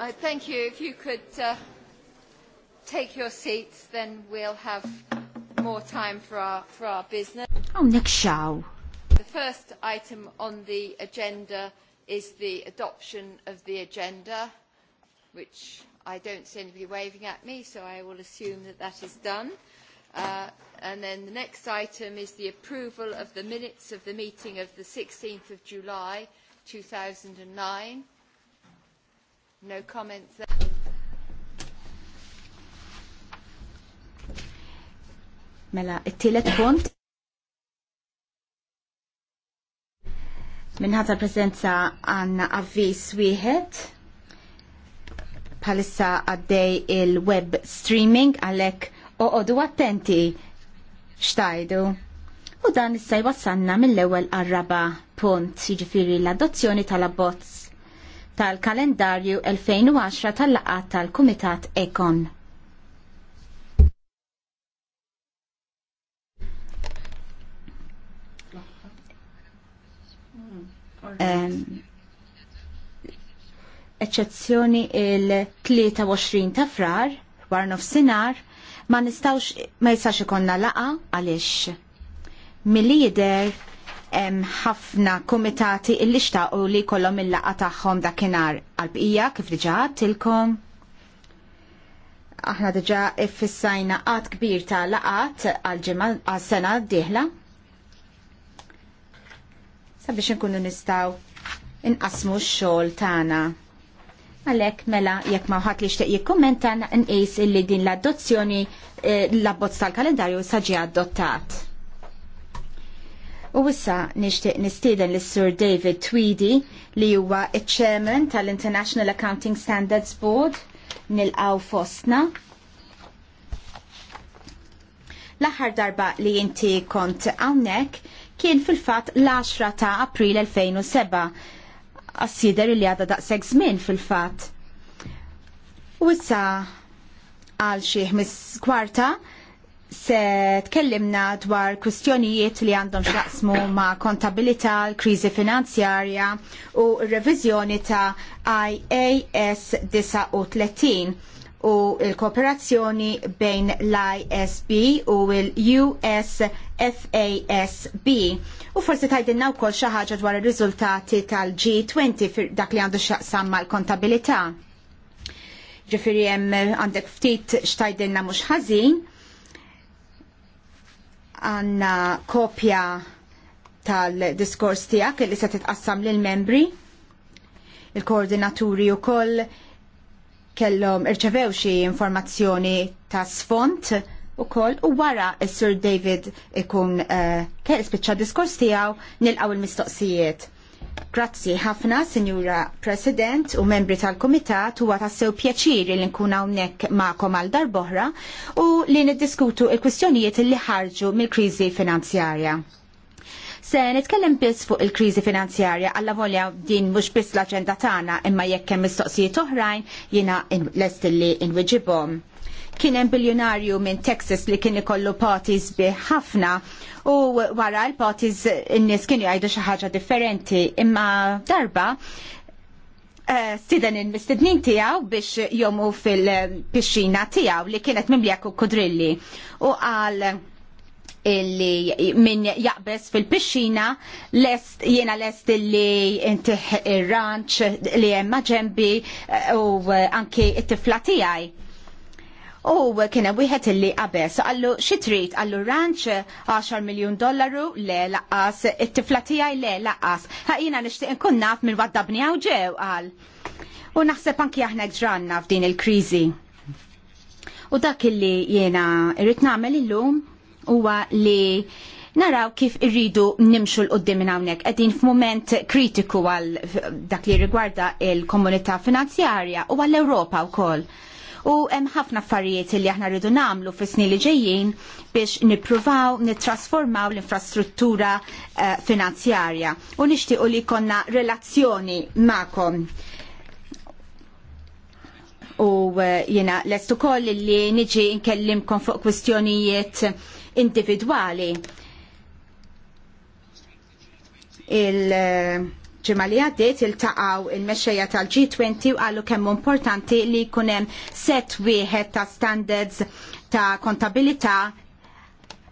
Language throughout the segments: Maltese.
I uh, thank you. If you could uh, take your seats, then we'll have more time for our, for our business. Oh, Nick Shaw. The first item on the agenda is the adoption of the agenda, which I don't see anybody waving at me, so I will assume that that is done. Uh, and then the next item is the approval of the minutes of the meeting of the 16th of July 2009. No comments. Mela, it-tielet punt. Minħata prezenza għanna avvis wieħed. Palissa għaddej il-web streaming għalek għodu attenti xtajdu. U dan issa jwassanna mill-ewwel għarraba punt, jiġifieri l-adozzjoni tal-abbozz tal-kalendarju 2010 tal-laqat tal-Kumitat Ekon. eċezzjoni il-23 ta' frar, war sinar, ma nistawx ma jistax ikonna laqa għalix. Mill-lider hemm ħafna kumitati illi xtaqu li jkollhom il laqgħa tagħhom dakinhar għal kif diġà għadtilkom. Aħna diġà iffissajna qatt kbir ta' laqat għal-ġimgħa għas-sena d-dieħla. Sabiex inkunu nistgħu inqasmu x-xogħol tagħna. Għalek, mela, jekk ma ħadd li xteq jikkommenta nqis illi din l-adozzjoni eh, l-abbozz tal-kalendarju saġi adottat. U issa nixtieq nistieden lis sur David Tweedy li huwa il chairman tal-International Accounting Standards Board nilqaw fostna. L-aħħar darba li inti kont hawnhekk kien fil-fatt l-10 ta' April 2007 Assider li għada da' żmien fil-fatt. U issa għal xi kwarta se tkellimna dwar kwistjonijiet li għandhom xaqsmu ma' kontabilità, l-kriżi finanzjarja u r-reviżjoni ta' IAS 39 u l-kooperazzjoni bejn l-ISB u l-USFASB. U forsi tajdinna wkoll xi ħaġa dwar ir-riżultati tal-G20 dak li għandu xaqsam mal-kontabilità. Ġifieri hemm għandek ftit xtajdilna mhux ħażin, għanna kopja tal-diskors tijak li se titqassam lil membri il-koordinaturi u koll kellom irċevew xi informazzjoni ta' sfont u koll u wara s-Sir David ikun uh, eh, kell spiċċa diskors tijaw nil-għaw il-mistoqsijiet. Grazzi ħafna, Sinjura President u membri tal-Komitat, huwa tassew pjaċiri li nkun hawnhekk magħkom għal darboħra u li niddiskutu il-kwistjonijiet li ħarġu mill-kriżi finanzjarja. Se nitkellem biss fuq il-kriżi finanzjarja alla volja din mhux biss l-aġenda tagħna imma jekk hemm mistoqsijiet oħrajn jiena lest li nwiġibhom. Kien hemm biljonarju minn Texas li kien ikollu parties bi ħafna u wara l parties in-nies kienu jgħidu xi ħaġa differenti imma darba eh, stiden il-mistednin tijaw biex jomu fil-pixxina tijaw li kienet minn u kudrilli u għal illi min jaqbes fil-pixxina lest jena lest illi intiħ il-ranċ li jemma ġembi eh, u anki it-tifla tijaj u kien hemm wieħed illi qabeż għallu xi trid għallu ranċ 10 eh, miljun dollaru le laqas it-tifla tiegħi le laqas. Ħa jiena nixtieq inkun naf minn waddabni għaw ġew qal. U naħseb anki aħna ġranna f'din il-kriżi. U dak illi jiena irrid nagħmel illum huwa li naraw kif irridu nimxu l-qoddim minn hawnhekk qegħdin f'mument kritiku għal dak li rigwarda il-komunità finanzjarja u għall-Ewropa wkoll u hemm ħafna affarijiet li aħna rridu nagħmlu fis-snin li ġejjin biex nippruvaw nittrasformaw l-infrastruttura eh, finanzjarja u nixtiequ li jkollna relazzjoni magħkom u eh, jena lestu koll li niġi nkellimkom fuq kwistjonijiet individuali. Il- eh, ġimma li għaddiet iltaqgħu il-mexxejja tal-G20 u għallu kemm importanti li jkun hemm set wieħed ta' standards ta' kontabilità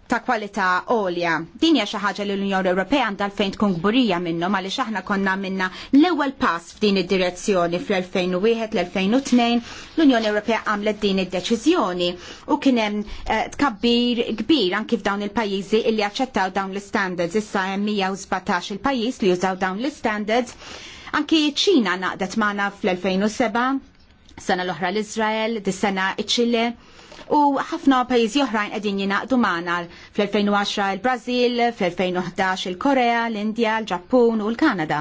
ta' kwalità għolja. Din hija xi ħaġa li l-Unjoni Ewropea għandha fejn tkun kburija minnhom għaliex aħna konna minna l-ewwel pass f'din id-direzzjoni fl-2001 l-2002 l-Unjoni Ewropea għamlet din id-deċiżjoni u kien hemm eh, tkabbir kbir anki f'dawn il-pajjiżi illi aċċettaw dawn l-standards issa hemm 117 il-pajjiż li jużaw dawn l-standards. Anki ċina naqdet magħna fl-2007 sena l-oħra l-Izrael, dis-sena iċ-Ċile u ħafna pajjiżi oħrajn qegħdin jingħaqdu magħna fl-2010 il-Brażil, fl-2011 il-Korea, l-Indja, l-Ġappun u l-Kanada.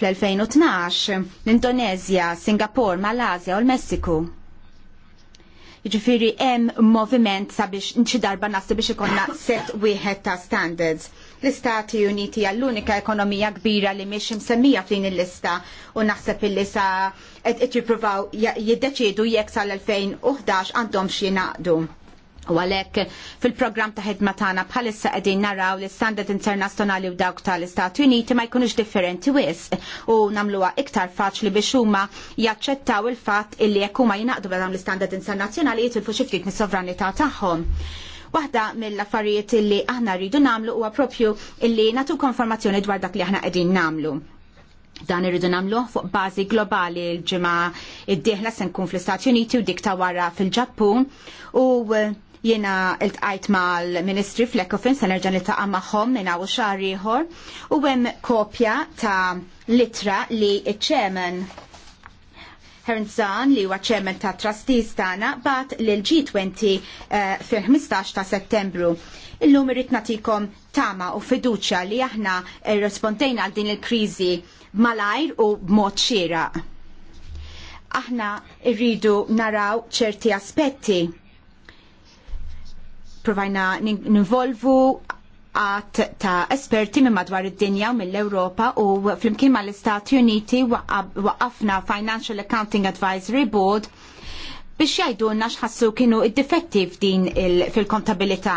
Fl-2012 l-Indonezja, Singapur, Malasja u l-Messiku. Jiġifieri hemm moviment sabiex inċi darba nasib biex ikonna set wieħed ta' standards L-Istati Uniti hija l-unika ekonomija kbira li mhix msemmija f'din il-lista u naħseb illi sa qed jippruvaw jiddeċiedu jekk sal-2011 għandhom x'jingħaqdu. U għalhekk fil-programm ta' ħidma tagħna bħalissa qegħdin naraw li standard internazzjonali u dawk tal-Istati Uniti ma jkunux differenti wisq u nagħmluha iktar faċli biex huma jaċċettaw il-fatt illi jekk huma jingħaqdu b'dawn l-istandard internazzjonali jitilfu xi ftit mis-sovranità tagħhom. Waħda mill-affarijiet illi aħna rridu nagħmlu huwa propju illi natu konformazzjoni dwar dak li aħna qegħdin nagħmlu. Dan irridu nagħmlu fuq bażi globali l-ġimgħa id-dieħla se nkun fl-Istati Uniti u dik wara fil-Ġappun u eh, jiena il-tqajt mal-Ministri fl-Ekofin, se nerġa' niltaqa' magħhom minn hawn xahar ieħor u hemm kopja ta' litra li ċ-ċemen Zan li huwa ċemen ta' trustees tagħna bat lil G20 eh, fil-15 ta' Settembru. Illum irrid nagħtikom tama u fiduċja li aħna rrispondejna eh, għal din il-kriżi malajr u b'mod xieraq. Aħna rridu naraw ċerti aspetti provajna ninvolvu għat ta' esperti minn madwar id-dinja u mill-Europa u flimkien mal istati Uniti waqafna Financial Accounting Advisory Board biex jajdunna xħassu kienu id-difetti f'din fil-kontabilità.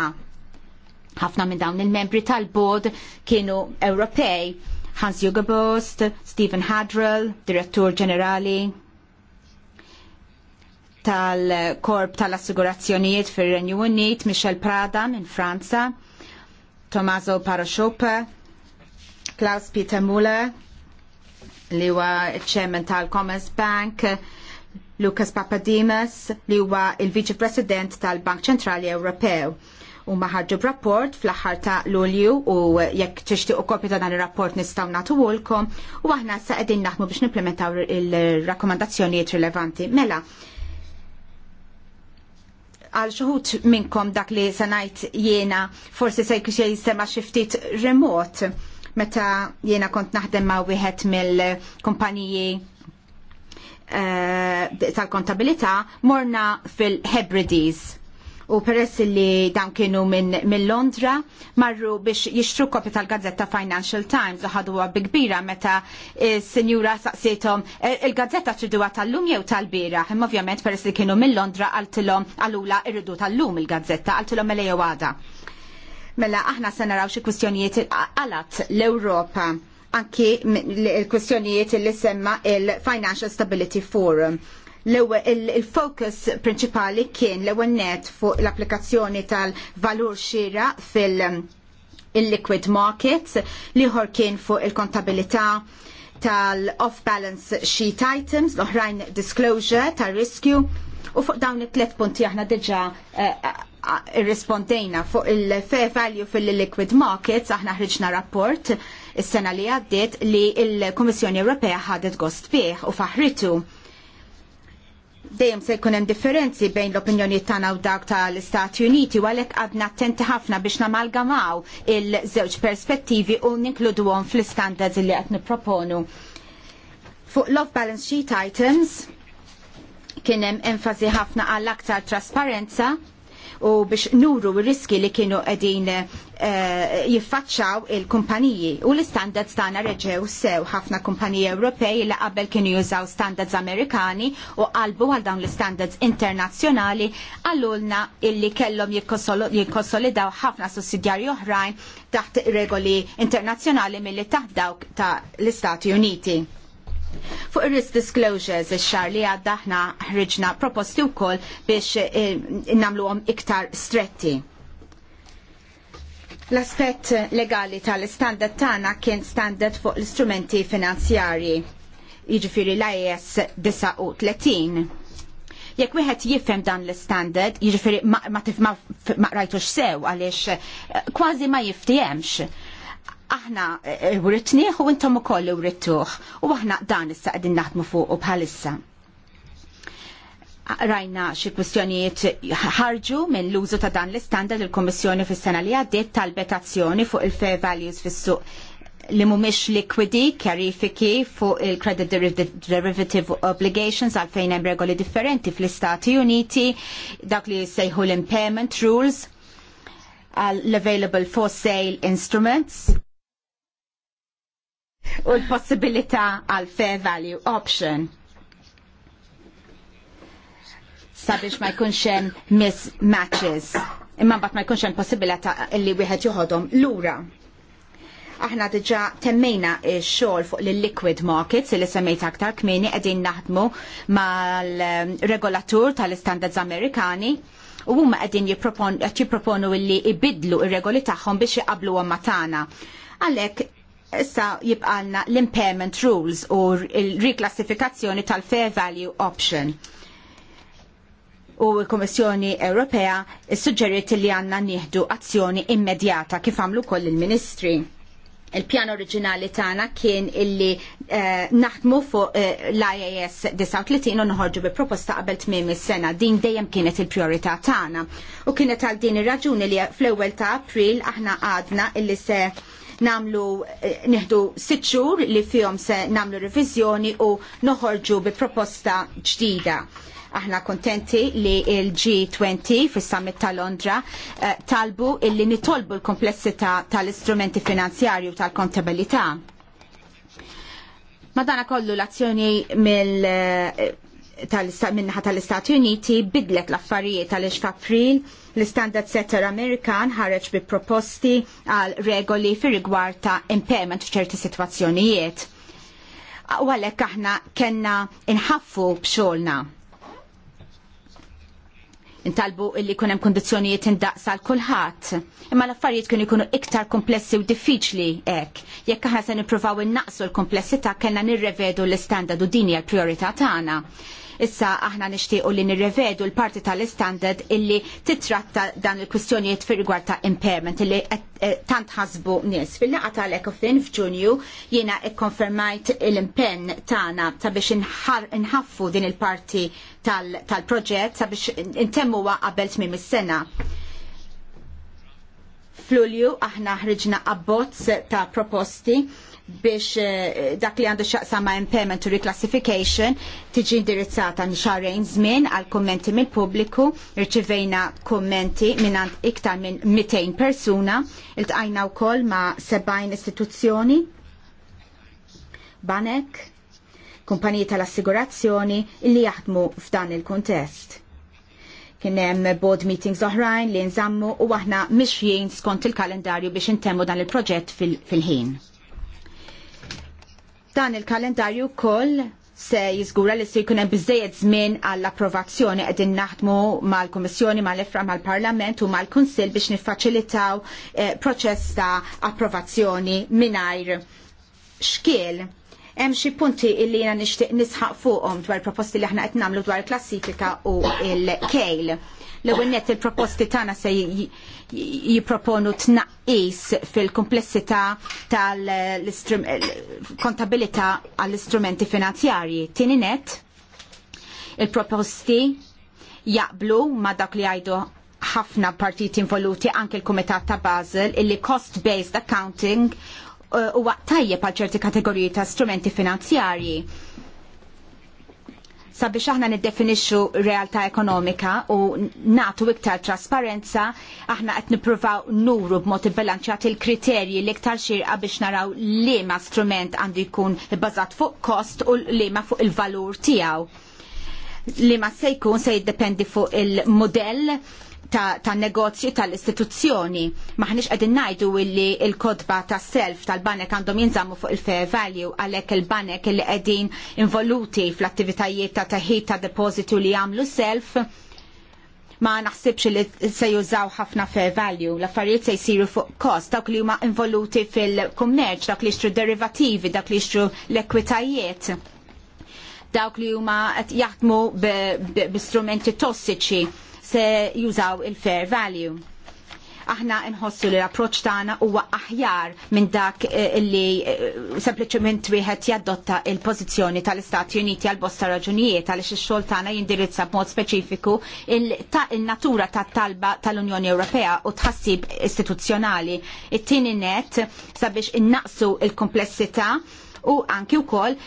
Ħafna minn dawn il-membri tal bord kienu Ewropej, Hans Jugabost, Stephen Hadrell, Direttur Ġenerali tal-Korp tal-Assigurazzjonijiet fir renju Unit, Michel Prada minn Franza, Tommaso Parashope, Klaus Peter Muller, li huwa ċ-Chairman tal-Commerce Bank, Lucas Papadimas, li huwa il-Vice President tal-Bank Ċentrali Ewropew. U maħarġu b'rapport fl-aħħar ta' Lulju u jekk tixtiequ kopju ta' dan ir-rapport nistgħu nagħtuhulkom u aħna sa' qegħdin naħmu biex nimplementaw il-rakkomandazzjonijiet rilevanti. Mela, għal xuħut minnkom dak li sanajt jena forsi se jkun xi xiftit remot meta jena kont naħdem ma' wieħed mill-kumpaniji eh, tal-kontabilità morna fil-Hebrides u peress li dan kienu minn min Londra marru biex jixtru kopja tal-gazzetta Financial Times u ħaduwa bikbira meta eh, s-senjura saqsietom eh, il-gazzetta triduwa tal-lum jew tal-bira imma ovvjament peress li kienu minn Londra għaltilhom għalula irridu tal-lum il-gazzetta għaltilhom mela jew għada. Mela aħna se naraw xi kwistjonijiet għalat l-Ewropa anki l-kwistjonijiet li semma il-Financial Stability Forum il-focus prinċipali kien l-ewwel net fuq l-applikazzjoni tal-valur xira fil-liquid markets, liħor kien fuq il-kontabilità tal-off-balance sheet items, l-oħrajn disclosure tal-riskju, u fuq dawn it-tlet punti aħna diġa eh, eh, irrispondejna fuq il-fair value fil-liquid markets, aħna ħriġna rapport is-sena li għaddiet li il-Kummissjoni Ewropea ħadet gost bieħ u faħritu dejjem se jkun hemm differenzi bejn l-opinjoni tagħna u dak tal-Istati Uniti u għalhekk għadna attenti ħafna biex namalgamaw il-żewġ perspettivi u ninkluduhom fl-istandards li qed nipproponu. Fuq love balance sheet items kien hemm enfasi ħafna għall aktar trasparenza u biex nuru r-riski li kienu qegħdin eh, jiffaċċaw il-kumpaniji u l standard tagħna reġew sew ħafna kumpaniji Ewropej li qabel kienu jużaw standards Amerikani u qalbu għal dawn l-standards internazzjonali għallulna illi kellhom jikkonsolidaw ħafna sussidjarji oħrajn taħt regoli internazzjonali milli taħt dawk ta' l-Istati Uniti. Fuq ir-risk disclosures ix-xar li għadda ħriġna proposti wkoll biex eh, nagħmluhom iktar stretti. L-aspett legali tal-standard tagħna kien standard fuq l-istrumenti finanzjarji, jiġifieri l-IS 39. Jekk wieħed jifhem dan l-standard, jiġifieri ma, ma, ma, rajtux sew għaliex eh, kważi ma jiftijemx aħna e, e, uritnieh u intom ukoll urittuh u aħna dan issa qegħdin naħdmu fuq u bħalissa. Rajna xi kwistjonijiet ħarġu minn l-użu ta' dan l-istandard il kummissjoni fis-sena li għaddiet tal-betazzjoni fuq il-fair values fis-suq li mumiex likwidi, kjarifiki fuq il-credit derivative obligations għalfejn hemm regoli differenti fl-Istati Uniti, dak li sejħu l-impairment rules, l-available for sale instruments u l-possibilità għal fair value option sabiex ma jkunx hemm matches. Imma mbagħad ma jkunx hemm possibilità li wieħed joħodhom lura. Aħna diġà temmejna x-xogħol fuq l liquid markets li semmejt aktar kmieni qegħdin naħdmu mal-regolatur tal-istandards Amerikani u huma qegħdin jipproponu illi jibidlu ir-regoli tagħhom biex iqablu matana. Għalhekk issa jibqalna l-impairment rules u l-riklassifikazzjoni tal-fair value option u l-Komissjoni Ewropea suġġeriet li għanna nieħdu azzjoni immedjata kif għamlu koll il-Ministri. Il-pjan oriġinali tagħna kien illi eh, naħdmu fuq eh, l-IAS 39 u nħorġu bi proposta qabel tmiem is-sena. Din dejjem kienet il-priorità tagħna. U kienet għal din ir-raġuni li fl-ewwel ta' April aħna għadna illi se namlu eh, nieħdu sitt xhur li fihom se namlu riviżjoni u noħorġu bi proposta ġdida. Aħna kontenti li il-G20 fis summit ta' Londra eh, talbu illi nitolbu l-komplessità tal-istrumenti finanzjarju tal-kontabilità. Madana kollu l-azzjoni mill eh, minnaħa tal-Istati Uniti bidlet l-affarijiet tal-10 f'April L-Standard Setter Amerikan ħareġ bi proposti għal regoli fi rigward ta' impairment f'ċerti sitwazzjonijiet. U aħna kellna inħaffu b'xogħolna. Intalbu illi kunem kondizjonijiet indaqsa l kulħadd. Imma l-affarijiet kienu jkunu iktar komplessi u diffiċli hekk. Jekk aħna se nippruvaw innaqsu l-komplessità kellna nirrevedu l-istandard u dini għal priorità tagħna. Issa aħna nixtiequ li nirrevedu l-parti tal-standard illi titratta dan il-kwistjonijiet fir rigward ta' impairment illi eh, tant ħasbu nies. Fil-laqa tal-Ecofin f'Ġunju jiena ikkonfermajt l-impenn tagħna ta' biex inħaffu din il-parti tal-proġett sabiex intemmuha qabel tmiem is-sena. F'Lulju aħna ħriġna abbozz ta' proposti biex eh, dak li għandu xaqsa ma' impairment to reclassification tiġi indirizzata xarrejn żmien għal kommenti mill pubbliku irċivejna kommenti minn għand iktar minn 200 persuna, u wkoll ma' 70 istituzzjoni, banek, kumpaniji tal-assigurazzjoni li jaħdmu f'dan il-kontest. Kien hemm board meetings oħrajn li nżammu u aħna mixjien skont il-kalendarju biex intemmu dan il-proġett fil-ħin. fil ħin Dan il-kalendarju koll se jizgura li se jkun hemm biżejjed żmien għall-approvazzjoni qegħdin naħdmu mal-Kummissjoni, mal ifra mal-Parlament u mal-Kunsill biex niffaċilitaw eh, proċess ta' approvazzjoni mingħajr xkiel. Hemm xi punti illi jiena nixtieq nisħaq fuqhom dwar proposti li aħna qed nagħmlu dwar klassifika u l-kejl L-ewwel il-proposti tagħna se jipproponu tnaqqis fil-komplessità tal-kontabilità għall-istrumenti finanzjarji. Tieni net il-proposti jaqblu ma dak li għajdu ħafna partiti involuti anke l-Kumitat ta' Basel illi cost-based accounting uh, huwa tajjeb għal ċerti kategoriji ta' strumenti finanzjarji sabiex aħna niddefinixxu realtà ekonomika u nagħtu iktar trasparenza, aħna qed nippruvaw nuru b'mod ibbilanċjat il-kriterji l-iktar xirqa biex naraw liema strument għandu jkun bbażat fuq kost u liema fuq il-valur tiegħu. Liema se jkun se jiddependi fuq il-modell ta', ta negozji tal-istituzzjoni. Maħniex qegħdin ngħidu illi il-kodba ta' self tal-banek għandhom jinżammu fuq il-fair value għalhekk il-banek li qegħdin involuti fl-attivitajiet ta' ta'ħit ta' depositu li jagħmlu self ma naħsibx li se jużaw ħafna fair value, l-affarijiet se jsiru fuq kost, dawk li huma involuti fil-kummerċ, dawk li jixtru derivativi, dawk li jixtru l-ekwitajiet, dawk li huma qed jaħdmu bi strumenti tossiċi se jużaw il-fair value aħna nħossu li l-approċ tagħna huwa aħjar minn dak eh, li eh, sempliċement wieħed jadotta il-pożizzjoni tal-Istati Uniti għal bosta raġunijiet għaliex ix-xogħol tagħna jindirizza b'mod speċifiku il-natura tat-talba tal-Unjoni Ewropea u tħassib istituzzjonali. It-tieni net sabiex innaqsu il-komplessità u anki wkoll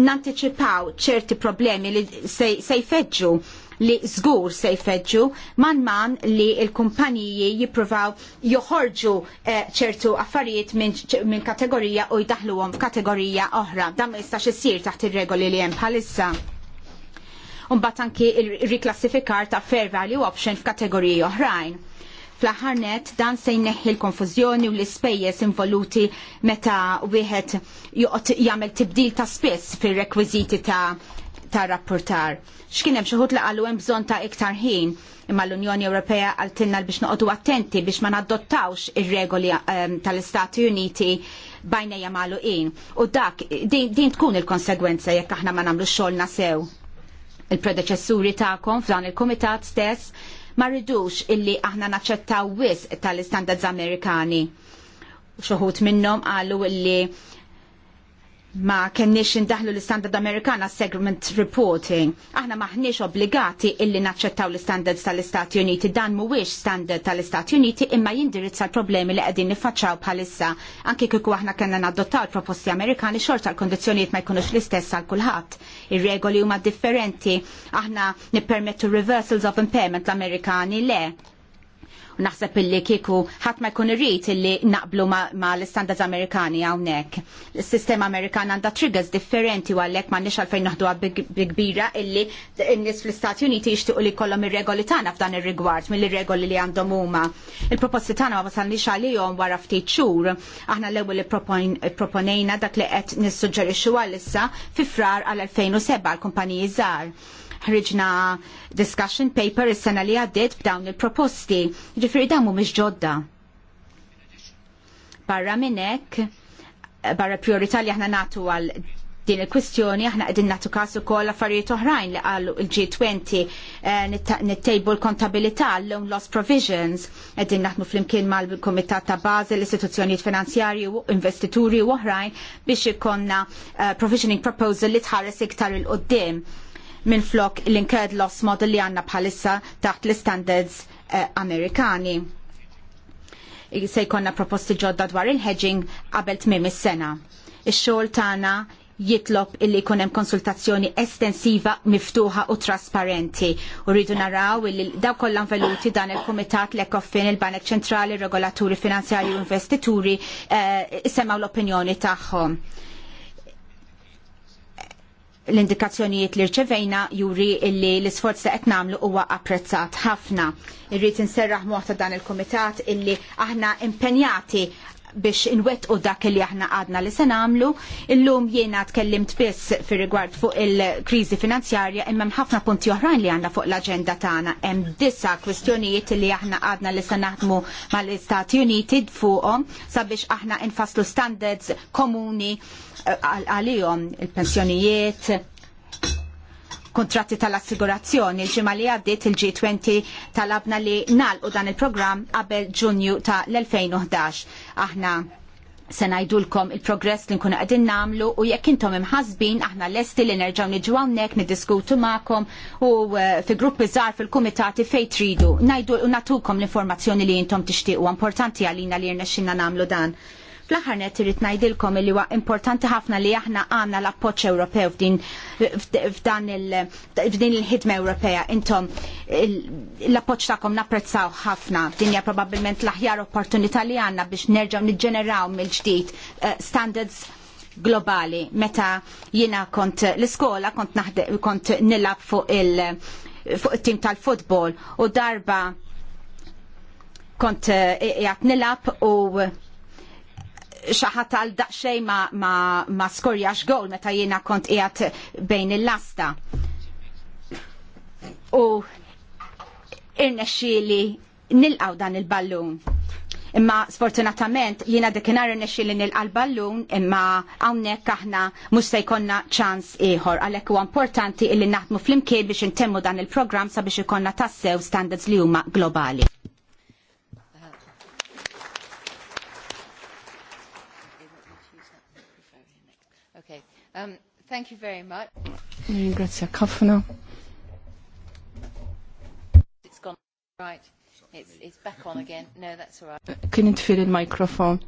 nantiċipaw ċerti problemi li se jfeġġu li żgur se jfeġġu man man li l-kumpaniji jippruvaw joħorġu eh, ċertu affarijiet minn kategorija u jdaħluhom f'kategorija oħra. Dan ma jistax isir taħt ir-regoli li hemm bħalissa. Umbat anki il-riklassifikar ta' fair value option f'kategoriji oħrajn. fl dan se jneħħi l-konfużjoni u l-ispejjeż involuti meta wieħed jagħmel tibdil ta' spiss fir-rekwiżiti ta' tar rapportar. X'kien hemm xi li qalu hemm bżonn ta' iktar ħin imma l-Unjoni Ewropea għaltinna biex noqogħdu attenti biex ma nadottawx ir-regoli ehm, tal-Istati Uniti bajna jamalu in. U dak, din, din tkun il-konsegwenza jekk aħna ma nagħmlu xogħolna sew. Il-predeċessuri tagħkom f'dan il-kumitat stess ma rridux illi aħna naċċettaw wisq tal-istandards Amerikani. Xuħut minnhom qalu illi ma kenniex indaħlu l-standard Amerikana segment reporting. Aħna maħniex obbligati illi naċċettaw l-standards tal-Istati Uniti. Dan mhuwiex standard tal-Istati Uniti imma jindirizza l-problemi li qegħdin nifaċċaw bħalissa. Anki kieku aħna kellna nadottaw proposti Amerikani xorta l-kondizzjonijiet ma jkunux l-istess għal kulħadd. Ir-regoli huma differenti. Aħna nippermettu reversals of impairment l-Amerikani le naħseb illi kieku ħadd ma jkun irrid illi naqblu ma l-istandards Amerikani hawnhekk. Is-sistema Amerikan għandha triggers differenti u għalhekk m'għandniex għalfejn naħduha bi kbira illi n-nies fl-Istati Uniti jixtiequ li jkollhom ir-regoli tagħna f'dan ir-rigward mill-regoli li għandhom huma. Il-proposti tagħna ma wasalniex għalihom wara ftit xhur. Aħna l-ewwel proponejna dak li qed nissuġġerixxu għalissa fi frar għal 2007 għall kumpaniji żgħar ħriġna discussion paper is-sena li għaddiet b'dawn il-proposti. Ġifieri dawn mhumiex ġodda. Barra minn hekk, barra priorità li aħna nagħtu għal din il-kwistjoni aħna qegħdin nagħtu każ ukoll affarijiet oħrajn li qalu l-G20 eh, nit l-kontabilità l-loan loss provisions qegħdin naħdmu flimkien mal-Kumitat ta' Bażi l-istituzzjonijiet finanzjarji u investituri u oħrajn biex ikonna eh, provisioning proposal li tħares iktar il-qoddim minn flok l inked loss model li għanna bħalissa taħt l-standards eh, Amerikani. Se jkonna proposti ġodda dwar il-hedging qabel tmiem is-sena. Ix-xogħol tagħna jitlob illi jkun hemm konsultazzjoni estensiva, miftuħa u trasparenti. U rridu naraw illi daw kollha veluti dan il kumitat l koffin, il-Banek Ċentrali, Regolaturi Finanzjarji u Investituri eh, semgħu l-opinjoni tagħhom l-indikazzjonijiet li rċevejna juri illi l-isforz li qed nagħmlu huwa apprezzat ħafna. Irrid inserraħ moħta dan il-kumitat illi aħna impenjati biex inwet u dak li aħna għadna li se nagħmlu. Illum jiena tkellimt biss fir rigward fuq il-kriżi finanzjarja imma ħafna punti oħrajn li għandna fuq l-aġenda tagħna. Hemm disa kwistjonijiet li aħna għadna li se naħdmu mal-Istati Uniti fuqhom sabiex aħna infaslu standards komuni eh, għalihom il-pensjonijiet, kontratti tal-assigurazzjoni. Il-ġimgħa li għaddiet il-G20 talabna li nalqu dan il-programm qabel Ġunju ta' l-2011. Aħna se ngħidulkom il-progress li nkunu qegħdin nagħmlu u jekk intom imħasbin aħna lesti li nerġgħu niġu hawnhekk niddiskutu magħkom u eh, fi gruppi żgħar fil-kumitati fejn tridu. Ngħidu u natukom l-informazzjoni li intom tixtiequ importanti għalina li jirnexxinna nagħmlu dan. Fl-aħħar net irid ngħidilkom li huwa importanti ħafna li aħna għandna l-appoġġ Ewropew f'din f'dan il ħidma Ewropea. Intom l-appoġġ tagħkom napprezzaw ħafna. Din hija probabbilment l-aħjar opportunità li għandna biex nerġgħu niġġeneraw mill-ġdid eh, standards globali meta jiena kont l-iskola kont, kont nilab fuq il- fuq it-tim tal-futbol u darba kont eh, jgħat nilab u xaħat għal daqxej ma, ma, ma skorjax gol meta jiena kont qiegħed bejn il-lasta. U irnexxieli nilqaw dan il-ballun. Imma sfortunatament jiena dekinar irnexxieli nilqaw il-ballun imma hawnhekk aħna mhux se jkollna ċans ieħor għalhekk huwa importanti illi naħdmu flimkien biex intemmu dan il-programm sabiex jkonna tassew standards li huma globali. Um, thank you very much. Grazie ħafna. It's gone right. It's, it's back on again. No, that's all right. Can Kien intfil il-mikrofon.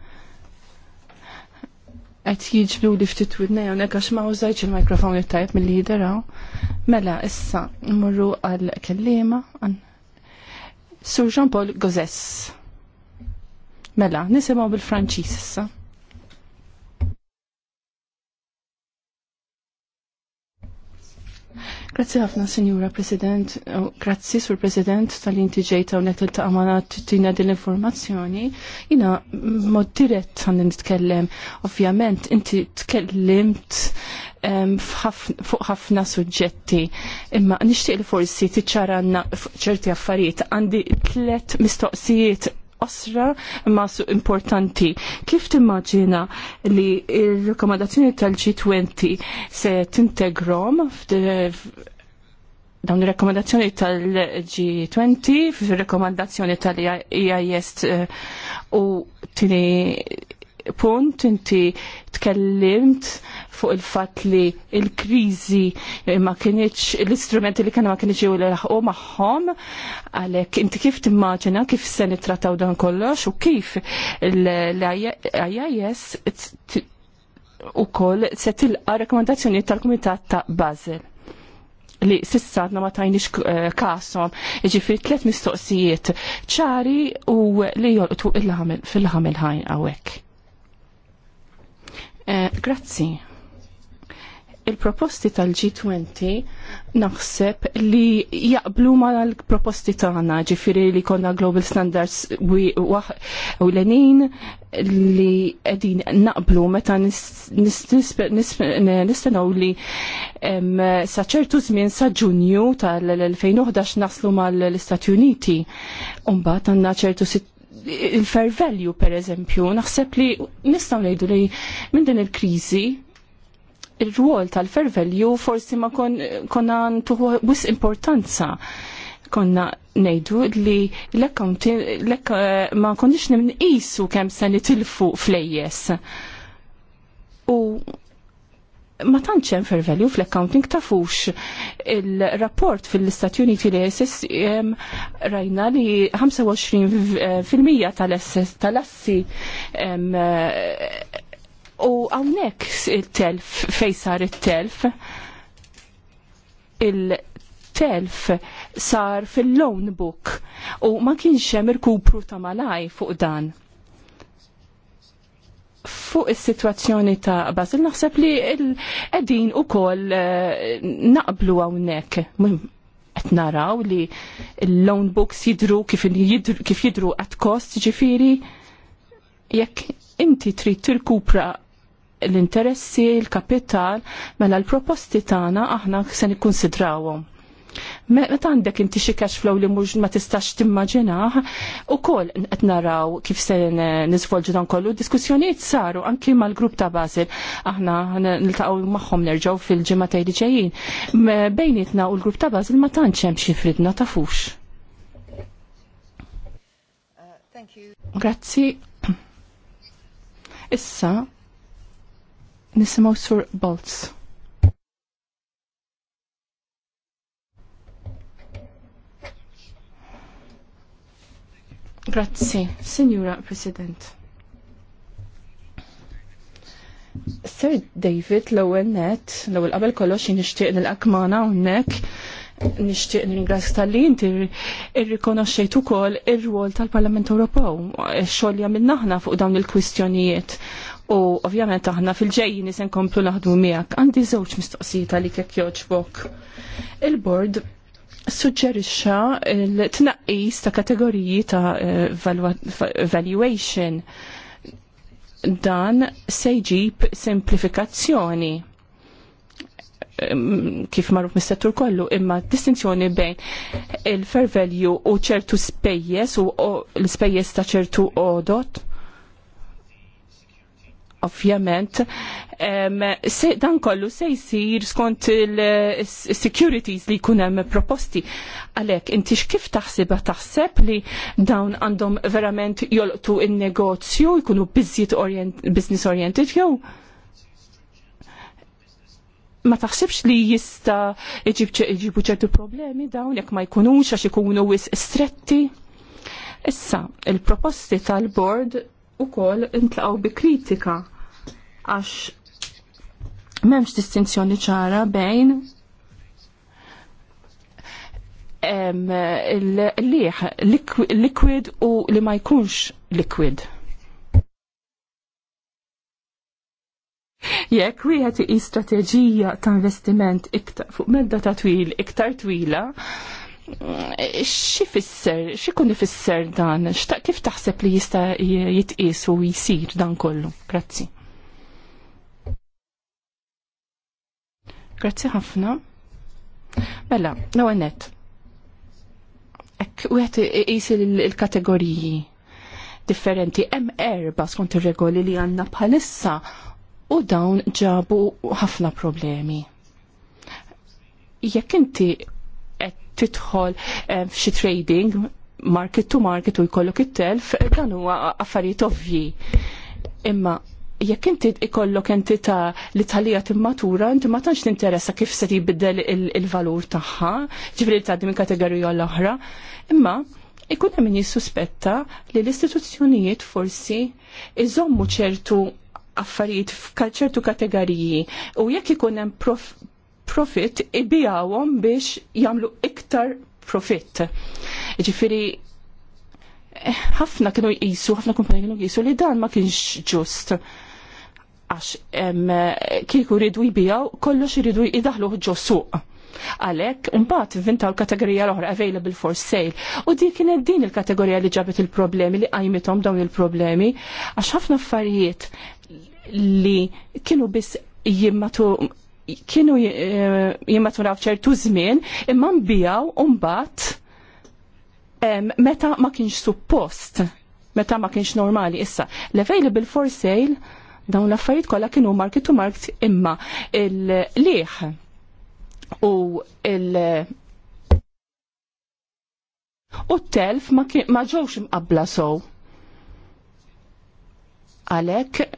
Qed jiġblu li ftit widnej hawnhekk għax ma użajċ il-mikrofon li tajb milli jidheraw. Mela, issa mmorru għal kelliema Sur Jean-Paul Gozess. Mela, nisimaw bil-Franċis issa. Grazzi ħafna, Signora President, oh, grazie Sur President tal-inti ġejta u nek il-taqmana tina dil-informazzjoni. Jina, mod dirett għan nitkellem, ovvjament, inti tkellimt fuq ħafna suġġetti, imma nishtiq li forsi tiċċaranna ċerti affarijiet. Għandi tlet mistoqsijiet osra ma su importanti. Kif timmaġina li il-rekomendazzjoni tal-G20 se tintegrom dawn il-rekomendazzjoni tal-G20 fil-rekomendazzjoni tal-EIS eh, u tini punt inti tkellimt fuq il-fat li il-krizi ma kienieċ l-istrumenti li kena ma kienieċ jew l raħu maħħom għalek inti kif timmaġina kif se nitrataw dan kollox u kif l-IIS u koll se tilqa rekomendazzjoni tal-Kumitat ta' Basel li sissa ma tajniex eh, kasom, ġifiri tlet mistoqsijiet ċari u li jolqtu il-ħamil fil-ħamil ħajn għawek. Eh, grazzi. Il-proposti tal-G20 naħseb li jaqblu ma l-proposti tagħna ġifiri li konna global standards u l-enin li qegħdin naqblu meta nistenaw li sa ċertu żmien sa ġunju tal-2011 naslu mal-Istati Uniti. Umbagħad għandna ċertu il-fair value per eżempju, naħseb li nistaw ngħidu li minn din il-kriżi ir-rwol tal-fair value forsi ma kon, konna ntuħu wis importanza konna nejdu li l ekka ma kondix kem kemm se nitilfu flejjes. U ma tantx hemm fair value fl-accounting tafux il-rapport fil-Istati Uniti li jesis rajna li 25% eh, tal-assi eh, u hawnhekk il-telf fejn sar it-telf il-telf sar fil-loan book u ma kienx hemm ir-kupru ta' malaj fuq dan fuq is-sitwazzjoni ta' Basil naħseb li u kol eh, naqblu hawnhekk. Mhmm, qed naraw li l-loan books jidru kif jidru għat kost ġifiri jekk inti trid tirkupra l-interessi, l-kapital, mela l-proposti tagħna aħna se nikkunsidrawhom Meta għandek inti xi cash flow li mhux ma tistax timmaġinah, ukoll qed naraw kif se nisvolġu dan kollu diskussjonijiet saru anki mal-grupp ta' Basil. Aħna niltaqgħu magħhom nerġgħu fil-ġimgħa li ġejjin. Bejnietna u l-grupp ta' Basil ma tantx hemm xi fridna tafux. Grazzi. Issa, nisimgħu Sur Bolz. Grazzi, Signora President. Sir David, l-ewwel net, l-ewwel qabel kollox nixtieq nilqak magħna hawnhekk nixtieq ningrazz tal-li inti rrikonoxxejt ukoll ir-rwol tal-Parlament Ewropew, x-xogħol li għamilna aħna fuq dawn il-kwistjonijiet. U ovvjament aħna fil-ġejjin se nkomplu naħdmu miegħek. Għandi żewġ mistoqsijiet għalik jekk jogħġbok. Il-bord suġġerixxa l-tnaqqis ta' kategoriji ta' valuation dan se jġib simplifikazzjoni kif marruf mis-settur kollu, imma distinzjoni bejn il-fair value u ċertu spejjes u l-spejjes ta' ċertu odot ovvjament, dan kollu se jsir skont il-securities li jkun hemm proposti. Għalhekk inti kif taħseb taħseb li dawn għandhom verament jolqtu in-negozju, jkunu business oriented jew? ma taħsibx li jista iġibu ċertu problemi dawn jekk ma jkunux għax ikunu wis stretti. Issa, il-proposti tal-board kol intlaqgħu bi kritika għax m'hemmx distinzjoni ċara bejn il-liħ liquid u li ma jkunx liquid. Jekk wieħed iqi strateġija ta' investiment iktar fuq medda ta' twil iktar twila, xi fisser, xi kun ifisser dan, kif taħseb li jista' jitqies u jsir dan kollu? Grazzi. Grazzi ħafna. Mela, l-ewwel nett. u wieħed il-kategoriji differenti hemm erba skont ir-regoli li għandna bħalissa u dawn ġabu ħafna problemi. Jekk inti qed tidħol eh, f'xi trading market to market u jkollok it-telf, dan huwa affarijiet ovvji. Imma jekk inti ikollok entità li tħallija timmatura, inti ma tantx tinteressa kif se tibiddel il-valur tagħha, ġifri tgħaddi minn kategorija l-oħra, imma ikun hemm jissuspetta li l-istituzzjonijiet forsi iżommu ċertu affarijiet f'ċertu kategoriji u jekk ikun hemm profit ibijawhom biex jagħmlu iktar profit. Ġifiri, eh, ħafna kienu jqisu, ħafna kumpani kienu jisu li dan ma kienx ġust. Għax kieku rridu jibijaw, kollox ridu jidaħlu ġo suq. Għalek, mbagħad vintaw kategorija l-oħra available for sale. U di kienet din il-kategorija li ġabet il-problemi li qajmithom dawn il-problemi għax ħafna affarijiet li kienu biss jimmatu kienu eh, jimmaturaw ċertu żmien imma bijaw mbagħad meta ma kienx suppost, meta ma kienx normali issa. L-available for sale dawn l-affarijiet kollha kienu market to market imma il-liħ u il- U t-telf ma ġewx imqabla sow. Għalhekk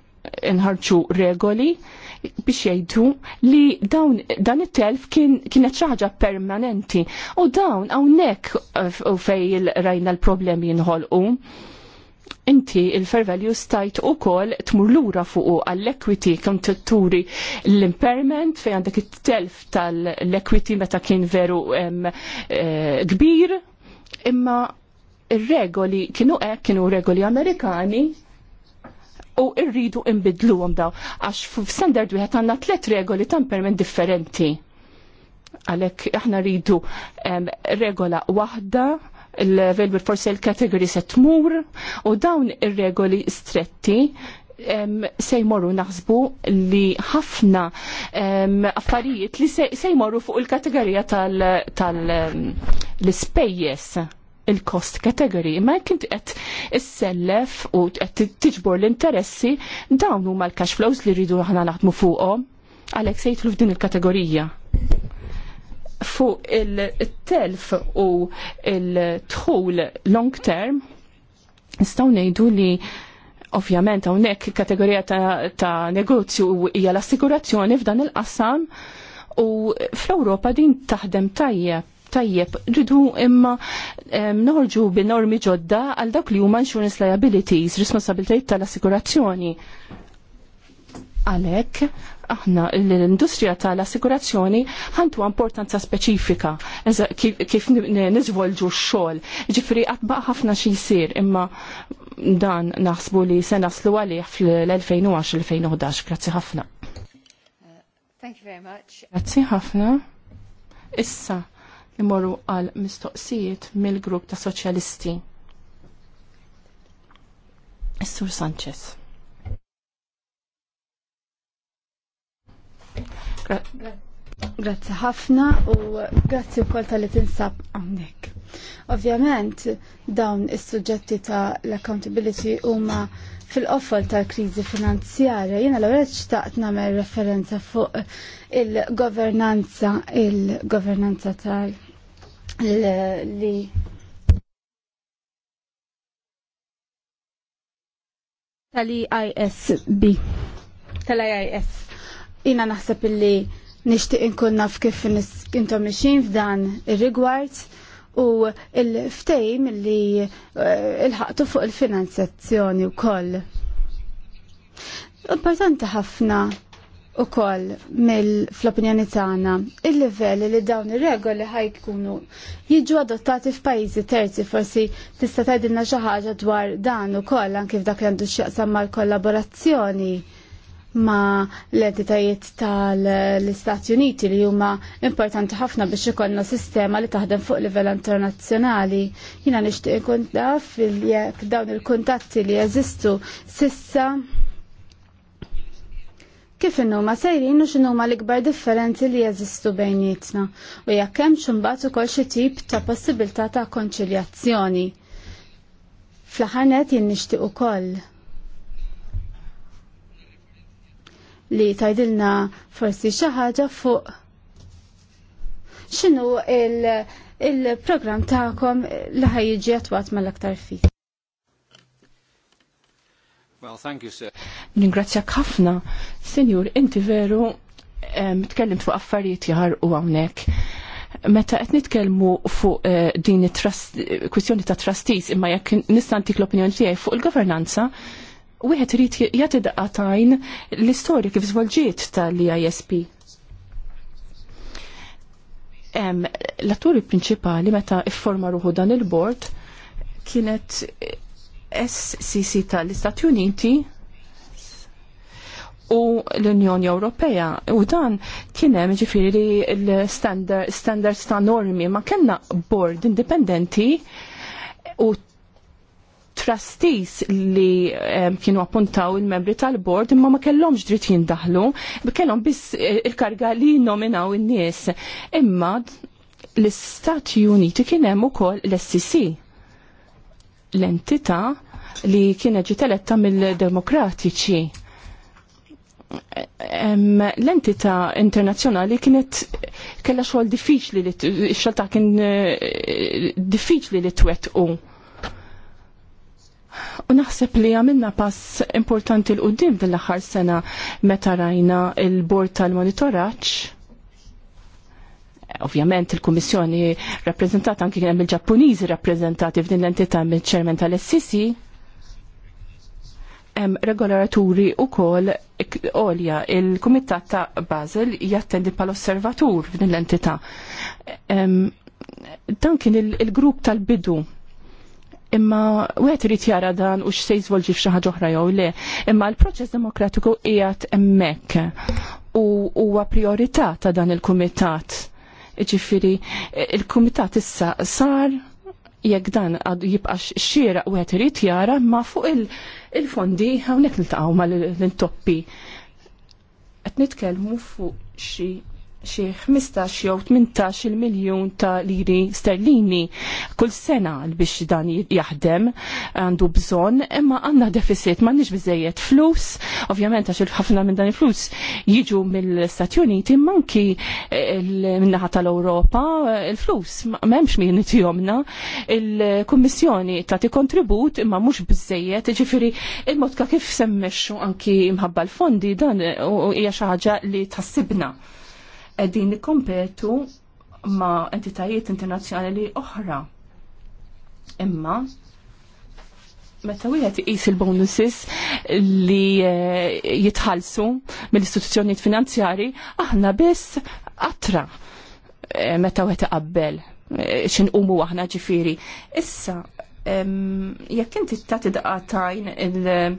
inħarġu regoli biex jgħidu li dawn dan it-telf kien kienet xi ħaġa permanenti u dawn hawnhekk uh, fej rajna l-problemi jinħolqu. Inti il-fair value stajt u kol tmur lura fuq għall-equity t turi l-impairment fejn għandek it-telf tal-equity meta kien veru eh, kbir imma il regoli kienu hekk kienu regoli Amerikani u rridu għom daw għax f-standard wieħed għandna tliet regoli temperament differenti. Għalhekk aħna rridu regola waħda il-level forse il-kategori se tmur u dawn ir-regoli stretti se jmorru naħsbu li ħafna affarijiet li se jmorru fuq il-kategorija tal-spejjes. Tal il-cost category. Ma inti qed issellef u qed tiġbor l-interessi dawn huma l-cash flows li rridu aħna naħdmu fuqhom. Għalhekk se f'din il-kategorija fuq il-telf u il-tħul long term nistgħu ngħidu li ovvjament hawnhekk kategorija ta', ta negozju hija l-assigurazzjoni f'dan il-qasam u fl-Ewropa din taħdem tajjeb tajjeb, ridu imma norġu bi normi ġodda għal dawk li huma insurance liabilities, responsabilitajiet tal-assigurazzjoni. Għalek, aħna l-industrija tal-assigurazzjoni ħantu importanza speċifika kif nizvolġu x-xogħol. Ġifieri qatt ħafna xi jsir imma dan naħsbu li se naslu għalih fl-2010-2011. Grazzi ħafna. Thank you very much. Grazzi ħafna. Issa, imorru għal mistoqsijiet mill-grupp ta' soċjalisti. sur Sanchez. Grazie Grazzi ħafna u u kol tal-li tinsab hawnhekk. Ovvjament dawn is-suġġetti ta' l-accountability huma fil qofol tal-kriżi finanzjarja. Jiena l xtaqt nagħmel referenza fuq il-governanza, il-governanza tal- li tal-ISB tal-IIS jina naħseb li nishtiq inkun naf kif intom mixin f'dan ir-rigward u il-ftejm li eh, il-ħaqtu fuq il-finanzazzjoni u koll. Importanti ħafna u koll mill-opinjoni tagħna il-livell li dawn ir-regoli ħajkunu jiġu adottati f'pajjiżi terzi forsi tista' tgħidilna xi ħaġa dwar dan ukoll anke f'dak li għandu x'jaqsam mal-kollaborazzjoni ma l-entitajiet tal-Istati Uniti li huma importanti ħafna biex ikollna sistema li taħdem fuq livell internazzjonali. Jiena nixtieq ikun naf jekk dawn il-kuntatti li jeżistu sissa kif innuma sejrin u x'inhuma l-ikbar differenzi li jeżistu bejnietna u jekk hemm x'imbagħad ukoll xi tip ta' possibilità ta' konċiljazzjoni. Fl-aħħar net jien nixtieq ukoll li tajdilna forsi xi ħaġa fuq x'inhu il-programm il tagħkom li ħajjiġi attwat mal-aktar fit. Well, thank you, Ningrazzjak ħafna. Senjur, inti veru tkellimt fuq affarijiet jahar u għawnek. Meta qed nitkellmu fuq eh, din kwistjoni ta' trustees imma jekk nistantik l-opinjoni tiegħi fuq il-governanza, wieħed irid jagħti daqatajn l-istorja kif żvolġiet tal-ISP. L-atturi prinċipali meta ifforma ruħu dan il-bord kienet SCC tal-Istati Uniti u l-Unjoni Ewropea. U dan kienem ġifiri l-standards ta' normi ma kena board indipendenti u trustees li um, kienu appuntaw il-membri tal-board imma ma kellhomx dritt jindaħlu, kellhom biss eh, il-karga li nominaw in-nies. Imma l-Istati Uniti kien hemm ukoll l-SCC l-entità li kienet ġiteletta mill-demokratiċi l-entità internazzjonali kienet kella xogħol diffiċli li x-xalta kien eh, diffiċli li twettqu. U naħseb li għamilna pass importanti l-qoddim fil aħħar sena meta rajna il-bord tal-monitoraċ Ovvjament il-Kummissjoni rappreżentata anki kienem il-Ġappuniżi rappreżentati f'din l-entità mill-ċermen tal-Essisi hemm regolaturi wkoll olja il-Kumitat ta' Basel jattendi pal osservatur f'din l-entità. Dan kien il-grupp tal-bidu imma wieħed irid jara dan u x'se jiżvolġi fxaħġa ħaġa oħra jew le, imma l-proċess demokratiku jgħat hemmhekk u huwa priorità ta' dan il-kumitat Ġifiri, il-kumitat issa sar jekk dan għad jibqax xira u għet rrit jara ma fuq il-fondi għaw nek nil-taqaw ma l-intoppi. Għet nitkelmu fuq xie xi 15 jew 18 miljun ta' liri sterlini kull sena biex dan jaħdem għandu bżonn, imma għandna deficit m'għandniex biżejjed flus, ovvjament għax ħafna minn dan il-flus jiġu mill-Stati Uniti manki minnaħa tal-Ewropa il-flus m'hemmx min tjomna il-Kummissjoni tagħti kontribut imma mhux biżejjed, ġifieri il-mod kif semmexxu anki mħabba l-fondi dan hija xi ħaġa li tħassibna qegħdin nikkompetu ma' entitajiet internazzjonali oħra. Imma meta wieħed iqis il-bonuses li eh, jitħallsu mill-istituzzjonijiet finanzjari, aħna biss attra eh, meta wieħed eh, xin umu aħna ġifieri. Issa jekk inti ta' tidqatajn il-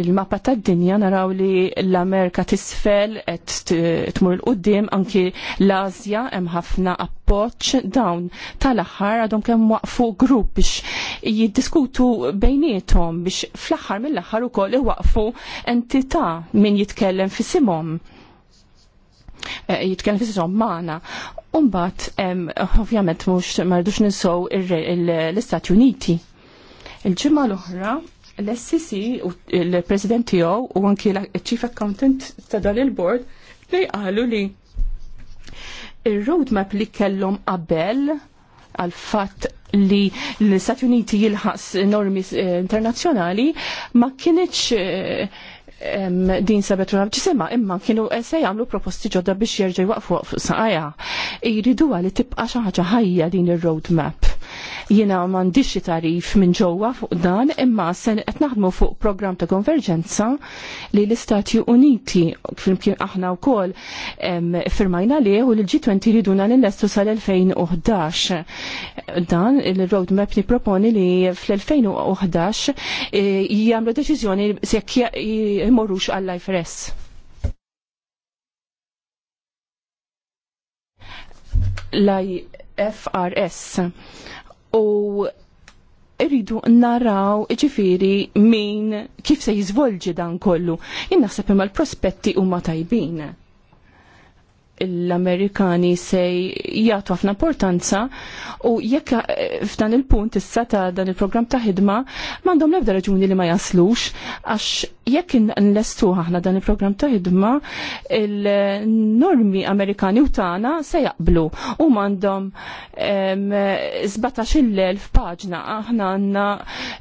il-mappa tad-dinja naraw li l-Amerika tisfel qed tmur l qudiem anki l-Asja hemm ħafna appoġġ dawn tal-aħħar għadhom kemm waqfu grupp biex jiddiskutu bejniethom biex fl-aħħar mill-aħħar ukoll iwaqfu entità min jitkellem fisimhom eh, jitkellem fisimhom magħna. Umbat, ovvjament, mux mardux ninsow l-Istati Uniti. Il-ġimma l-oħra l-SCC u l-President tiegħu u anki l-Chief Accountant ta' dan il-Board li qalu li il-roadmap li kellhom qabel għal fatt li l-Stati Uniti jilħas normi eh, internazzjonali ma kienieċ eh, din sabet rab ġisema imma kienu eh, se jagħmlu proposti ġodda biex jerġgħu waqfu fuq saqajja. jiridu għali tibqa' xi ħaġa ħajja din ir-roadmap. Jiena m'għandix tarif minn ġewwa fuq dan imma se qed naħdmu fuq programm ta' konverġenza li l-Istati Uniti flimkien aħna wkoll firmajna li u l-G20 riduna l-investu sal-2011. Dan il-roadmap ni proponi li fl-2011 eh, jagħmlu deċiżjoni sekk imorrux għall-IFRS. l-IFRS u irridu naraw ġifiri min kif se jizvolġi dan kollu. Jinn naħseb imma l-prospetti huma tajbin l-Amerikani se jagħtu ħafna importanza u jekk eh, f'dan il-punt issa ta' dan il-programm ta' ħidma m'għandhom l-ebda raġuni li ma jaslux għax jekk nlestu aħna dan il-programm ta' ħidma il-normi Amerikani u tagħna se jaqblu u mandom 17,000 paġna aħna għandna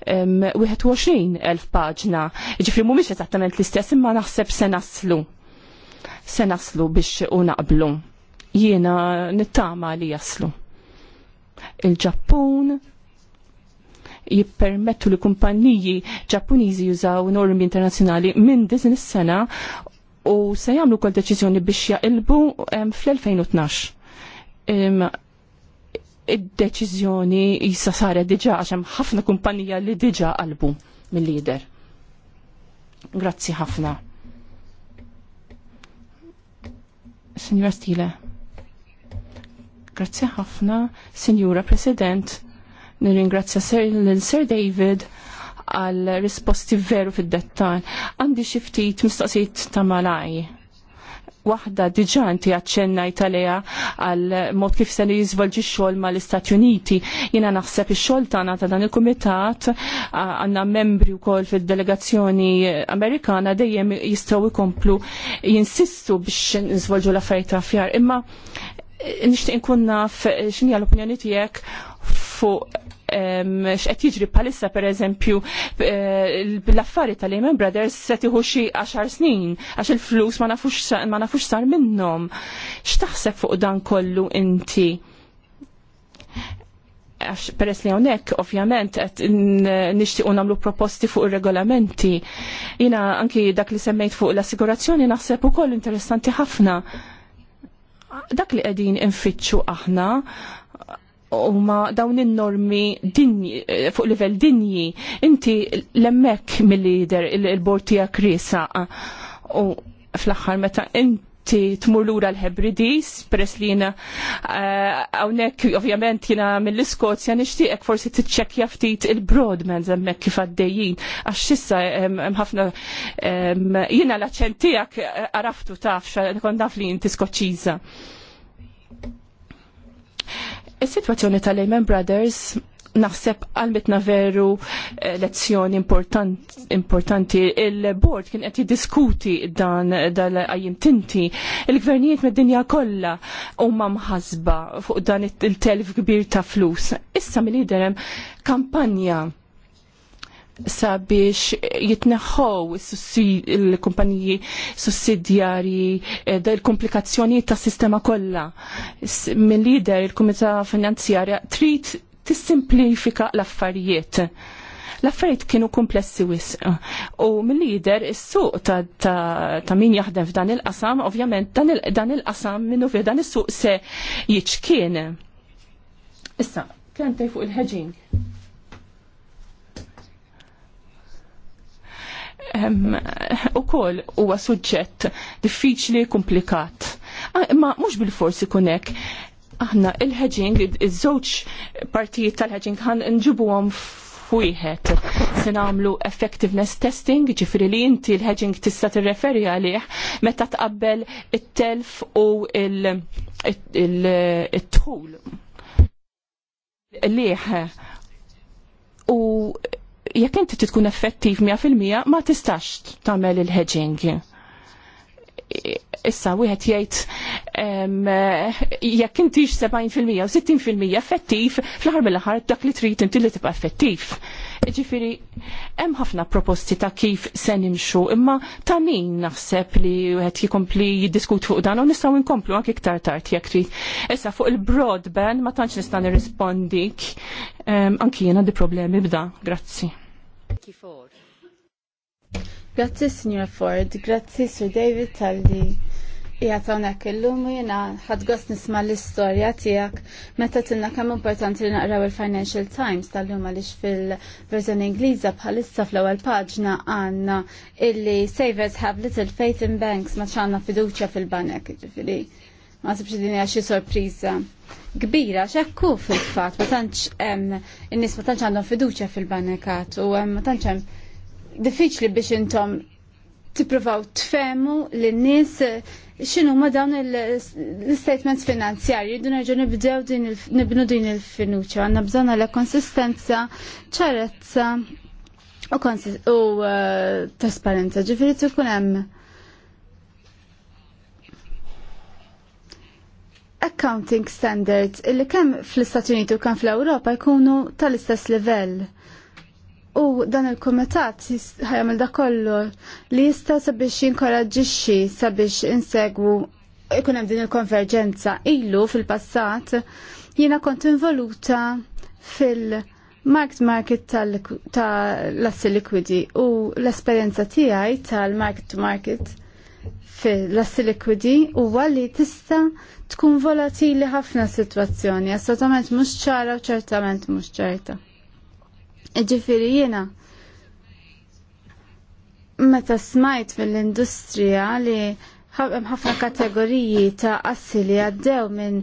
21,000 paġna. Ġifri mhumiex eżattament l-istess imma naħseb se naslu se naslu biex u naqblu. Jiena nittama li jaslu. Il-Ġappun jippermettu li kumpanniji Ġappuniżi jużaw normi internazzjonali minn din is-sena u se jagħmlu kol deċiżjoni biex jaqilbu fl-2012. Id-deċiżjoni jissa saret diġà għax hemm ħafna kumpanija li diġà qalbu mill-lider. Grazzi ħafna. Signora Stile. grazie ħafna, Signora President. Nirringrazzja l-Sir David għal risposti veru fid-dettal. Għandi xi ftit mistoqsijiet ta' malaj waħda diġà inti għaċċennajt għaliha għal mod kif se li jiżvolġi x-xogħol mal-Istati Uniti. Jiena naħseb ix-xogħol tagħna ta' dan il-kumitat għandna membri wkoll fil delegazzjoni Amerikana dejjem jistgħu jkomplu jinsistu biex nizvolġu l-affarijiet fjar. Imma eh, nixtieq nkun naf eh, xinja l-opinjoni tiegħek fuq x'qed jiġri bħalissa pereżempju eh, l-affari tal-Lehman Brothers se tieħu xi 10 snin għax il-flus ma nafux sar minnhom. X'taħseb fuq dan kollu inti? għax peress li għonek, ovvjament, għet nishtiqu namlu proposti fuq il-regolamenti. Jina anki dak li semmejt fuq l-assigurazzjoni naħseb u koll interessanti ħafna. Dak li għedin infittxu aħna, huma dawn in-normi dinji, eh, fuq livell dinji, inti l-emmek mill-lider il bortija tiegħek u fl-aħħar meta inti tmur lura l-Hebridis, peress li jina eh, hawnhekk ovvjament jiena mill-Iskozja nixtieqek forsi tiċċekkja ftit il-broadmans hemmhekk kif għaddejjin għax xissa hemm ħafna jiena l-aċċent tiegħek eh, għaraftu taf kont naf li jinti Skoċċiża Is-sitwazzjoni tal-Lehman Brothers naħseb għalmetna veru eh, lezzjoni importanti. Il-bord kien qed jiddiskuti dan dal-qajjim tinti. Il-gvernijiet mid-dinja kollha huma mħasba fuq dan il-telf kbir ta' flus. Issa mill-liderem kampanja sabiex jitneħħow il-kumpaniji sussidjarji eh, da il-komplikazzjoni ta' sistema kollha. Min lider il-Kumità Finanzjarja trid tissimplifika l-affarijiet. L-affarijiet kienu komplessi wisq. U mill-lider is-suq ta', ta, ta min jaħdem f'dan il-qasam, ovvjament dan il-qasam il minnu fi dan is-suq se jiċkien. Issa, kien fuq il ħeġin Ehm, u kol huwa suġġett diffiċli komplikat. Ma mhux bil-forsi kunek. Aħna il-hedging, iż-żewġ partijiet tal-hedging ħan nġibuhom f'wieħed. Se nagħmlu effectiveness testing, ġifri li inti l-hedging tista' tirreferi għalih meta tqabbel it-telf u il-tħul. Liħ u jekk inti tkun effettiv 100% ma tistax tagħmel il-hedging. Issa wieħed jgħid jekk intix 70% u 60% effettiv fl-aħħar mill-aħħar dak li trid inti li tibqa' effettiv. Ġifiri, hemm ħafna proposti ta' kif se nimxu, imma ta' min naħseb li wieħed jikompli jiddiskut fuq dan u nistgħu nkomplu għak iktar tard jekk trid. Issa fuq il-broadband ma tantx nista' nirrispondik. anki jiena di problemi b'da. Grazzi. Grazzi, Signora Ford. Grazzi, Sir David Taldi Ijat għonek il-lum u jena ħadgos nisma l-istoria tijak meta tinna kemm importanti li naqraw il-Financial Times tal-lum għalix fil-verżjoni Ingliża bħalissa fl-ewwel paġna għandna illi savers have little faith in banks ma ċanna fiduċja fil-banek, ġifieri. Ma sibx din hija xi sorpriża kbira x'hekk fil-fatt ma tantx hemm in-nies ma tantx għandhom fiduċja fil-banekat u hemm ma tantx hemm diffiċli biex intom tippruvaw tfemu lin-nies xinu ma dawn l-statements finanzjarji, jiddu nerġu nibdew nibnu din il-finuċa, għanna bżonna la konsistenza, ċarezza u, eh, trasparenza, ġifiri tkun hemm. Accounting standards illi kem fl-Istati Uniti u kemm fl-Ewropa jkunu tal-istess livell U dan il-komitat ħajamil da kollu li jista sabiex jinkoraġġixxi sabiex insegwu ikun hemm din il-konverġenza. Ilu fil-passat jiena kont involuta fil- market market tal-assi liquidi u l-esperienza tiegħi tal-market to market fil-assi liquidi u għalli tista tkun volatili ħafna situazzjoni, assolutament mhux ċara u ċertament mhux ċerta. Ġifiri jena, meta smajt fil-industrija li ħafna kategoriji ta' assi li għaddew minn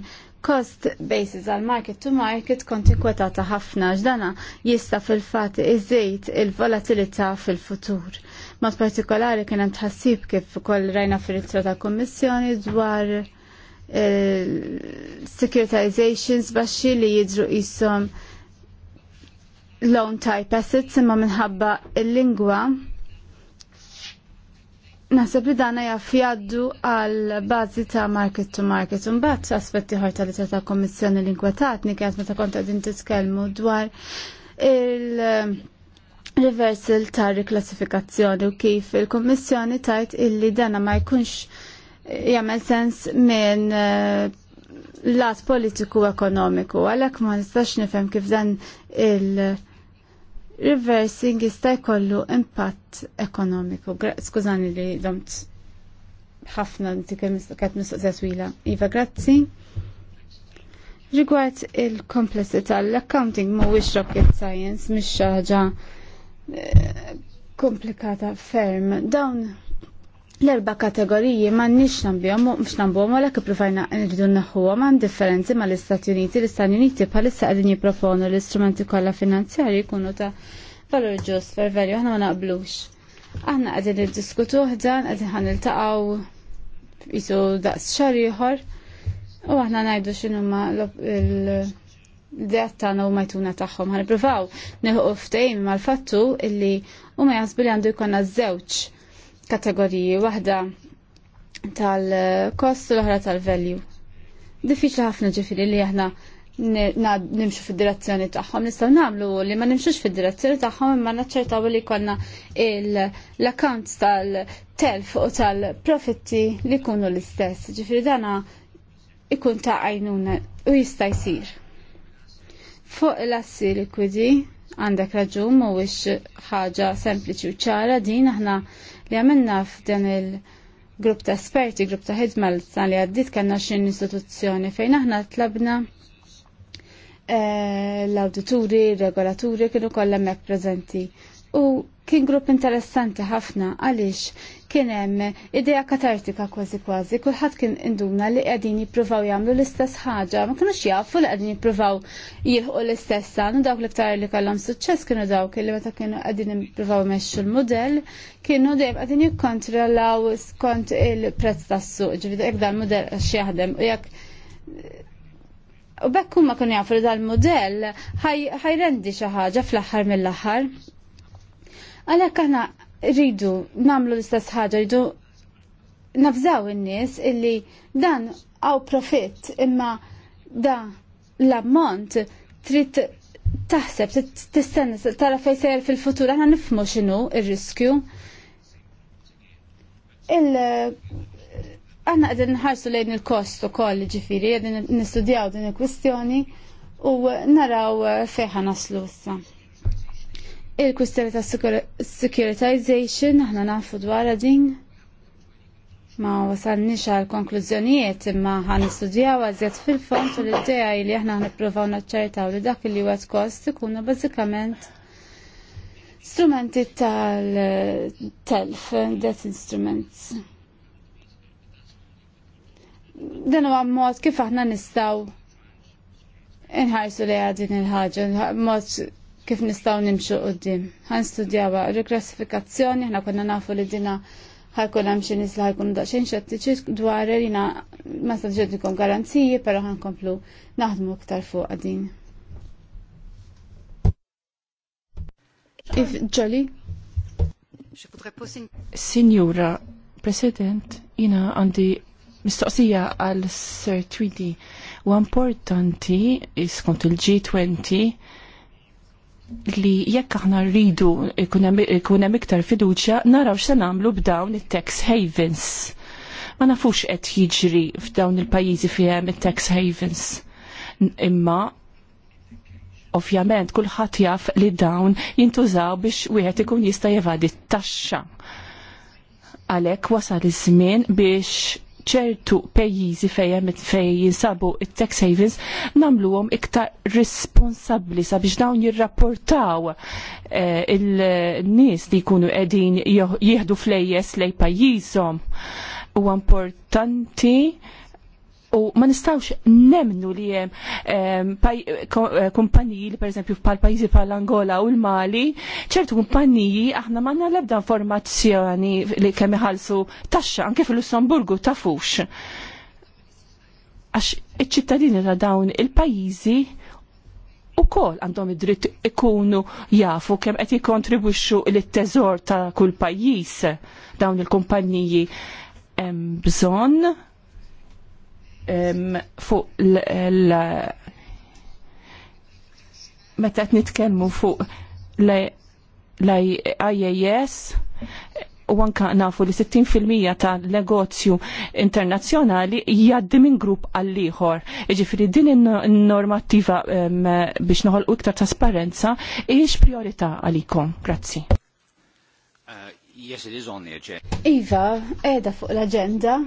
cost basis għal market to market kont inkwetata ħafna ġdana jista fil-fat iżejt il-volatilità fil-futur. Mod partikolari kien tħassib kif ukoll rajna fil-ittra ta' kommissjoni dwar securitizations baxxi li jidru jisom loan type assets imma minħabba il-lingwa Naħseb li dana jaff jaddu għal bazi ta' market to market. Unbat aspetti ħorta li ta' kommissjoni li inkwetatni kienet meta kont qegħdin titkellmu dwar il- reversal ta' riklassifikazzjoni u kif il-Kommissjoni tajt illi dana ma jkunx jagħmel sens minn eh, lat politiku ekonomiku għalhekk ma nistax nifhem kif dan il- reversing jista' jkollu impatt ekonomiku. Skużani li domt ħafna inti kemm qed mistoqsija twila. Iva, grazzi. Rigward il-komplessità, l-accounting mhuwiex rocket science, mhix xi ħaġa eh, komplikata ferm. Dawn L-erba kategoriji ma nix nambjom, mux nambjom, għala kiprufajna nridu naħuwa ma' differenzi ma' l-Istati Uniti. l istat Uniti bħalissa għedin jiproponu l-istrumenti kolla finanzjari kunu ta' valur ġust, ververju, għana ma naqblux aħna għedin id-diskutu ħdan, għedin ħan il-taqaw jisu daqs xarriħor, u aħna najdu xinu ma l-dijat tana u majtuna taħħom. Għan provaw neħu ftejn ma l-fattu illi u ma jasbili għandu jkonna zewċ kategoriji, waħda tal-kost u l-oħra tal-value. Diffiċli ħafna ġifiri li aħna nimxu fid-direzzjoni tagħhom nistgħu nagħmlu li ma nimxux fid-direzzjoni tagħhom imma naċċertaw li konna l-accounts tal-telf u tal-profitti li jkunu l-istess. Ġifieri dana ikun ta' għajnuna u jista' jsir. Fuq l-assi likwidi għandek raġun mhuwiex ħaġa sempliċi u ċara din aħna li għamilna f'dan il-grupp ta' esperti, grupp ta' ħidma l li għaddit kanna xin istituzzjoni fejn aħna tlabna eh, l-awdituri, regolaturi kienu kollha hemmhekk prezenti. U kien grupp interessanti ħafna għaliex kien hemm idea katartika kważi kważi, kulħadd kien induna li qegħdin jippruvaw jagħmlu l-istess ħaġa, ma kinux jafu li qegħdin jippruvaw jilħu l-istess sanu dawk l-iktar li kellhom suċċess kienu dawk li meta kienu qegħdin jippruvaw jmexxu l-mudell, kienu dejjem qegħdin jikkontrollaw skont il-prezz tas-suq, ġifieri jekk dan mudell għax jaħdem u jekk U bekk ma kienu jafu dal-modell ħajrendi xi ħaġa fl-aħħar mill-aħħar. Għalhekk aħna rridu namlu l-istess ħaġa, rridu nafżaw in-nies illi dan għaw profitt imma da l-ammont trid taħseb, tistenna tara fejn sejjer fil-futur, aħna nifmu x'inhu ir-riskju. Il aħna qegħdin nħarsu lejn il-kost ukoll ġifieri, qegħdin nistudjaw din il-kwistjoni u naraw fejn naslu issa. Il-kustjoni ta' securitization, aħna nafu dwar din. Ma wasalniex għal konklużjonijiet imma ħan nistudjaw għazjet fil-fond u l-idea li aħna nippruvaw naċċertaw li dak li huwa kost ikunu bażikament strumenti tal-telf, death instruments. Dan huwa mod kif aħna nistgħu inħarsu li għadin il-ħaġa, mod kif nistaw nimxu qoddim. Għan studjawa reklassifikazzjoni, ħna konna nafu li dina ħajkun hemm xi nies li ħajkunu daqsxejn xettiċi dwar erina ma staġġed nikun garanziji, però komplu naħdmu iktar fuq din. If Jolly? Signora President, jina għandi mistoqsija għal Sir Tweedy. U importanti, skont il-G20, li jekk aħna rridu ikun hemm iktar fiduċja naraw x'se nagħmlu b'dawn it-tax havens. Ma nafux qed jiġri f'dawn il-pajjiżi hemm it-tax havens. Imma ovvjament kulħadd jaf li dawn jintużaw biex wieħed ikun jista' jevadi t-taxxa. Għalhekk wasal iż-żmien biex ċertu pejjiżi fejn fej jinsabu it-tax havens namluhom iktar responsabbli sabiex dawn jirrapportaw eh, il-nies li jkunu qegħdin jieħdu flejjes lej pajjiżhom. Huwa importanti u ma nistawx nemnu li hemm eh, kumpaniji li pereżempju bħal pajjiżi pal Angola u l-Mali, ċertu kumpaniji aħna manna l-ebda informazzjoni li kemm iħallsu taxxa anke fil lussamburgu tafux. Għax iċ-ċittadini ta' dawn il-pajjiżi u kol għandhom id-dritt ikunu jafu kem qed jikontribwixxu l-teżor ta' kull pajjiż dawn il-kumpanniji hemm bżonn fuq l meta qed nitkellmu fuq l-IAS u anka nafu li 60% tal-negozju internazzjonali jgħaddi minn grupp għall ieħor. jiġifieri din in-normattiva biex noħolqu iktar trasparenza hijiex priorità għalikom. Grazzi. Uh, it is on the agenda. Iva, edha fuq l-agenda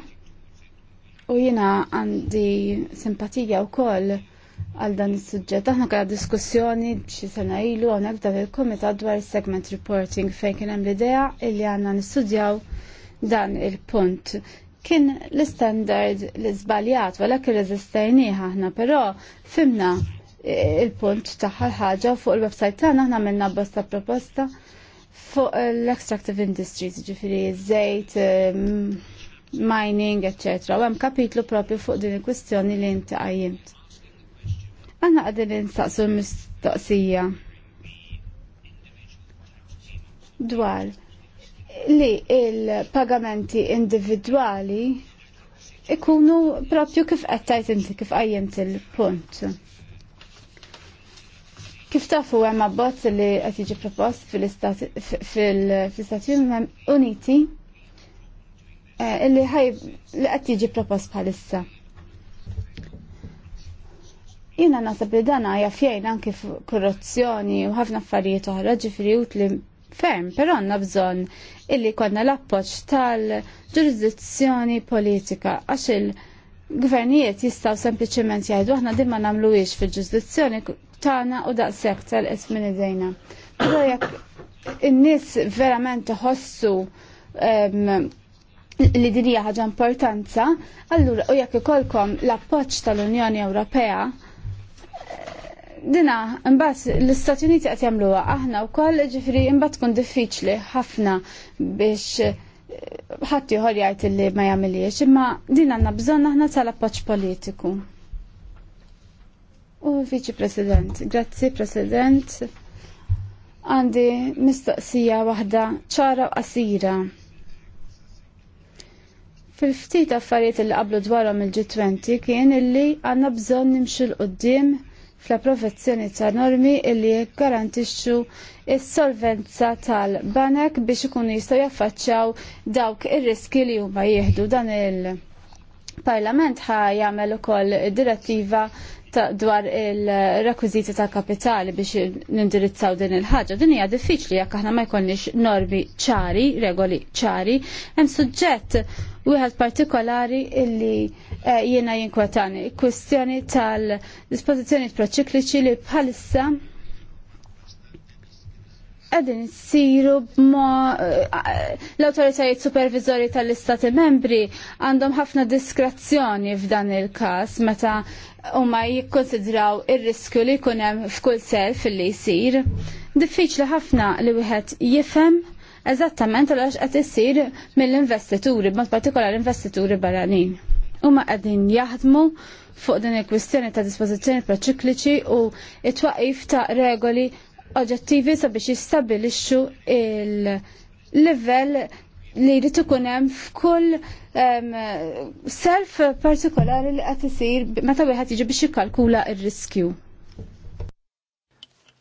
U jina għandi simpatija u koll għal dan is-suġġett. Aħna kena diskussjoni bċi sena ilu għon dan il-komitat dwar segment reporting fejn kien hemm l-idea illi għandna nistudjaw dan il-punt. Kien l-standard li żbaljat il irreżistejnieh aħna, però fimna il-punt taħħal ħaġa fuq il-website tagħna aħna għamilna bosta proposta fuq l-extractive industries, ġifieri żejt, mm, mining, etc. U hemm kapitlu propju fuq din il-kwistjoni li inti qajjimt. Għanna qegħdin nistaqsu l-mistoqsija dwar li il-pagamenti individwali ikunu propju kif qed inti kif qajjimt il-punt. Kif tafu hemm abbozz li qed jiġi propost fil-Istati Uniti Eh, illi ħaj li qed jiġi propos bħalissa. Jiena nasab li dan għajja fjejn anki korruzzjoni u ħafna affarijiet oħra ġifri utli ferm, però għandna bżonn illi konna l-appoġġ tal-ġurisdizzjoni politika għax il-gvernijiet jistgħu sempliċement jgħidu aħna din ma nagħmluhiex fil-ġurisdizzjoni tagħna u daqshekk tal-qis minn idejna. Però jekk in-nies verament iħossu li din hija ħaġa importanza, allura u jekk ikolkom l-appoġġ tal-Unjoni Ewropea, dina mbagħad l-Istati Uniti qed jagħmluha aħna wkoll ġifri mbagħad tkun diffiċli ħafna biex eh, ħadd ieħor jgħid li ma jagħmeliex, imma din għandna bżonn aħna tal-appoġġ politiku. U Viċi President, grazzi President, għandi mistoqsija waħda ċara u qasira. Fil-ftit affarijiet li qablu dwarhom il-G20 kien illi għandna bżonn nimxu l qudiem fl-approvazzjoni ta' normi illi jgarantixxu s-solvenza tal-banek biex ikunu jistgħu jaffaċċjaw dawk ir-riski li huma jieħdu dan il- Parlament ħa jagħmel ukoll direttiva Ta' dwar il-rekwiziti ta' kapitali biex nindirizzaw din il-ħaġa. Din hija diffiċli jekk aħna ma jkollniex normi ċari, regoli ċari, hemm suġġett wieħed partikolari illi eh, jiena jinkwetani, kwistjoni tal-dispożizzjoni proċikliċi li bħalissa għedin siru ma eh, l-autoritajiet supervizori tal-istati membri għandhom ħafna diskrazzjoni f'dan il-kas meta huma jikkonsidraw ir-riskju li jkun hemm f'kull self li jsir. Diffiċli ħafna li wieħed jifhem eżattament għalax qed jisir mill-investituri, b'mod partikolar investituri barranin. Huma qegħdin jaħdmu fuq din il-kwistjoni ta' dispożizzjoni proċikliċi u it-twaqif ta' regoli oġettivi sabiex jistabilixxu il-livell li jrid ikun hemm f'kull self partikolari li qed isir meta wieħed jiġi biex jikkalkula r-riskju.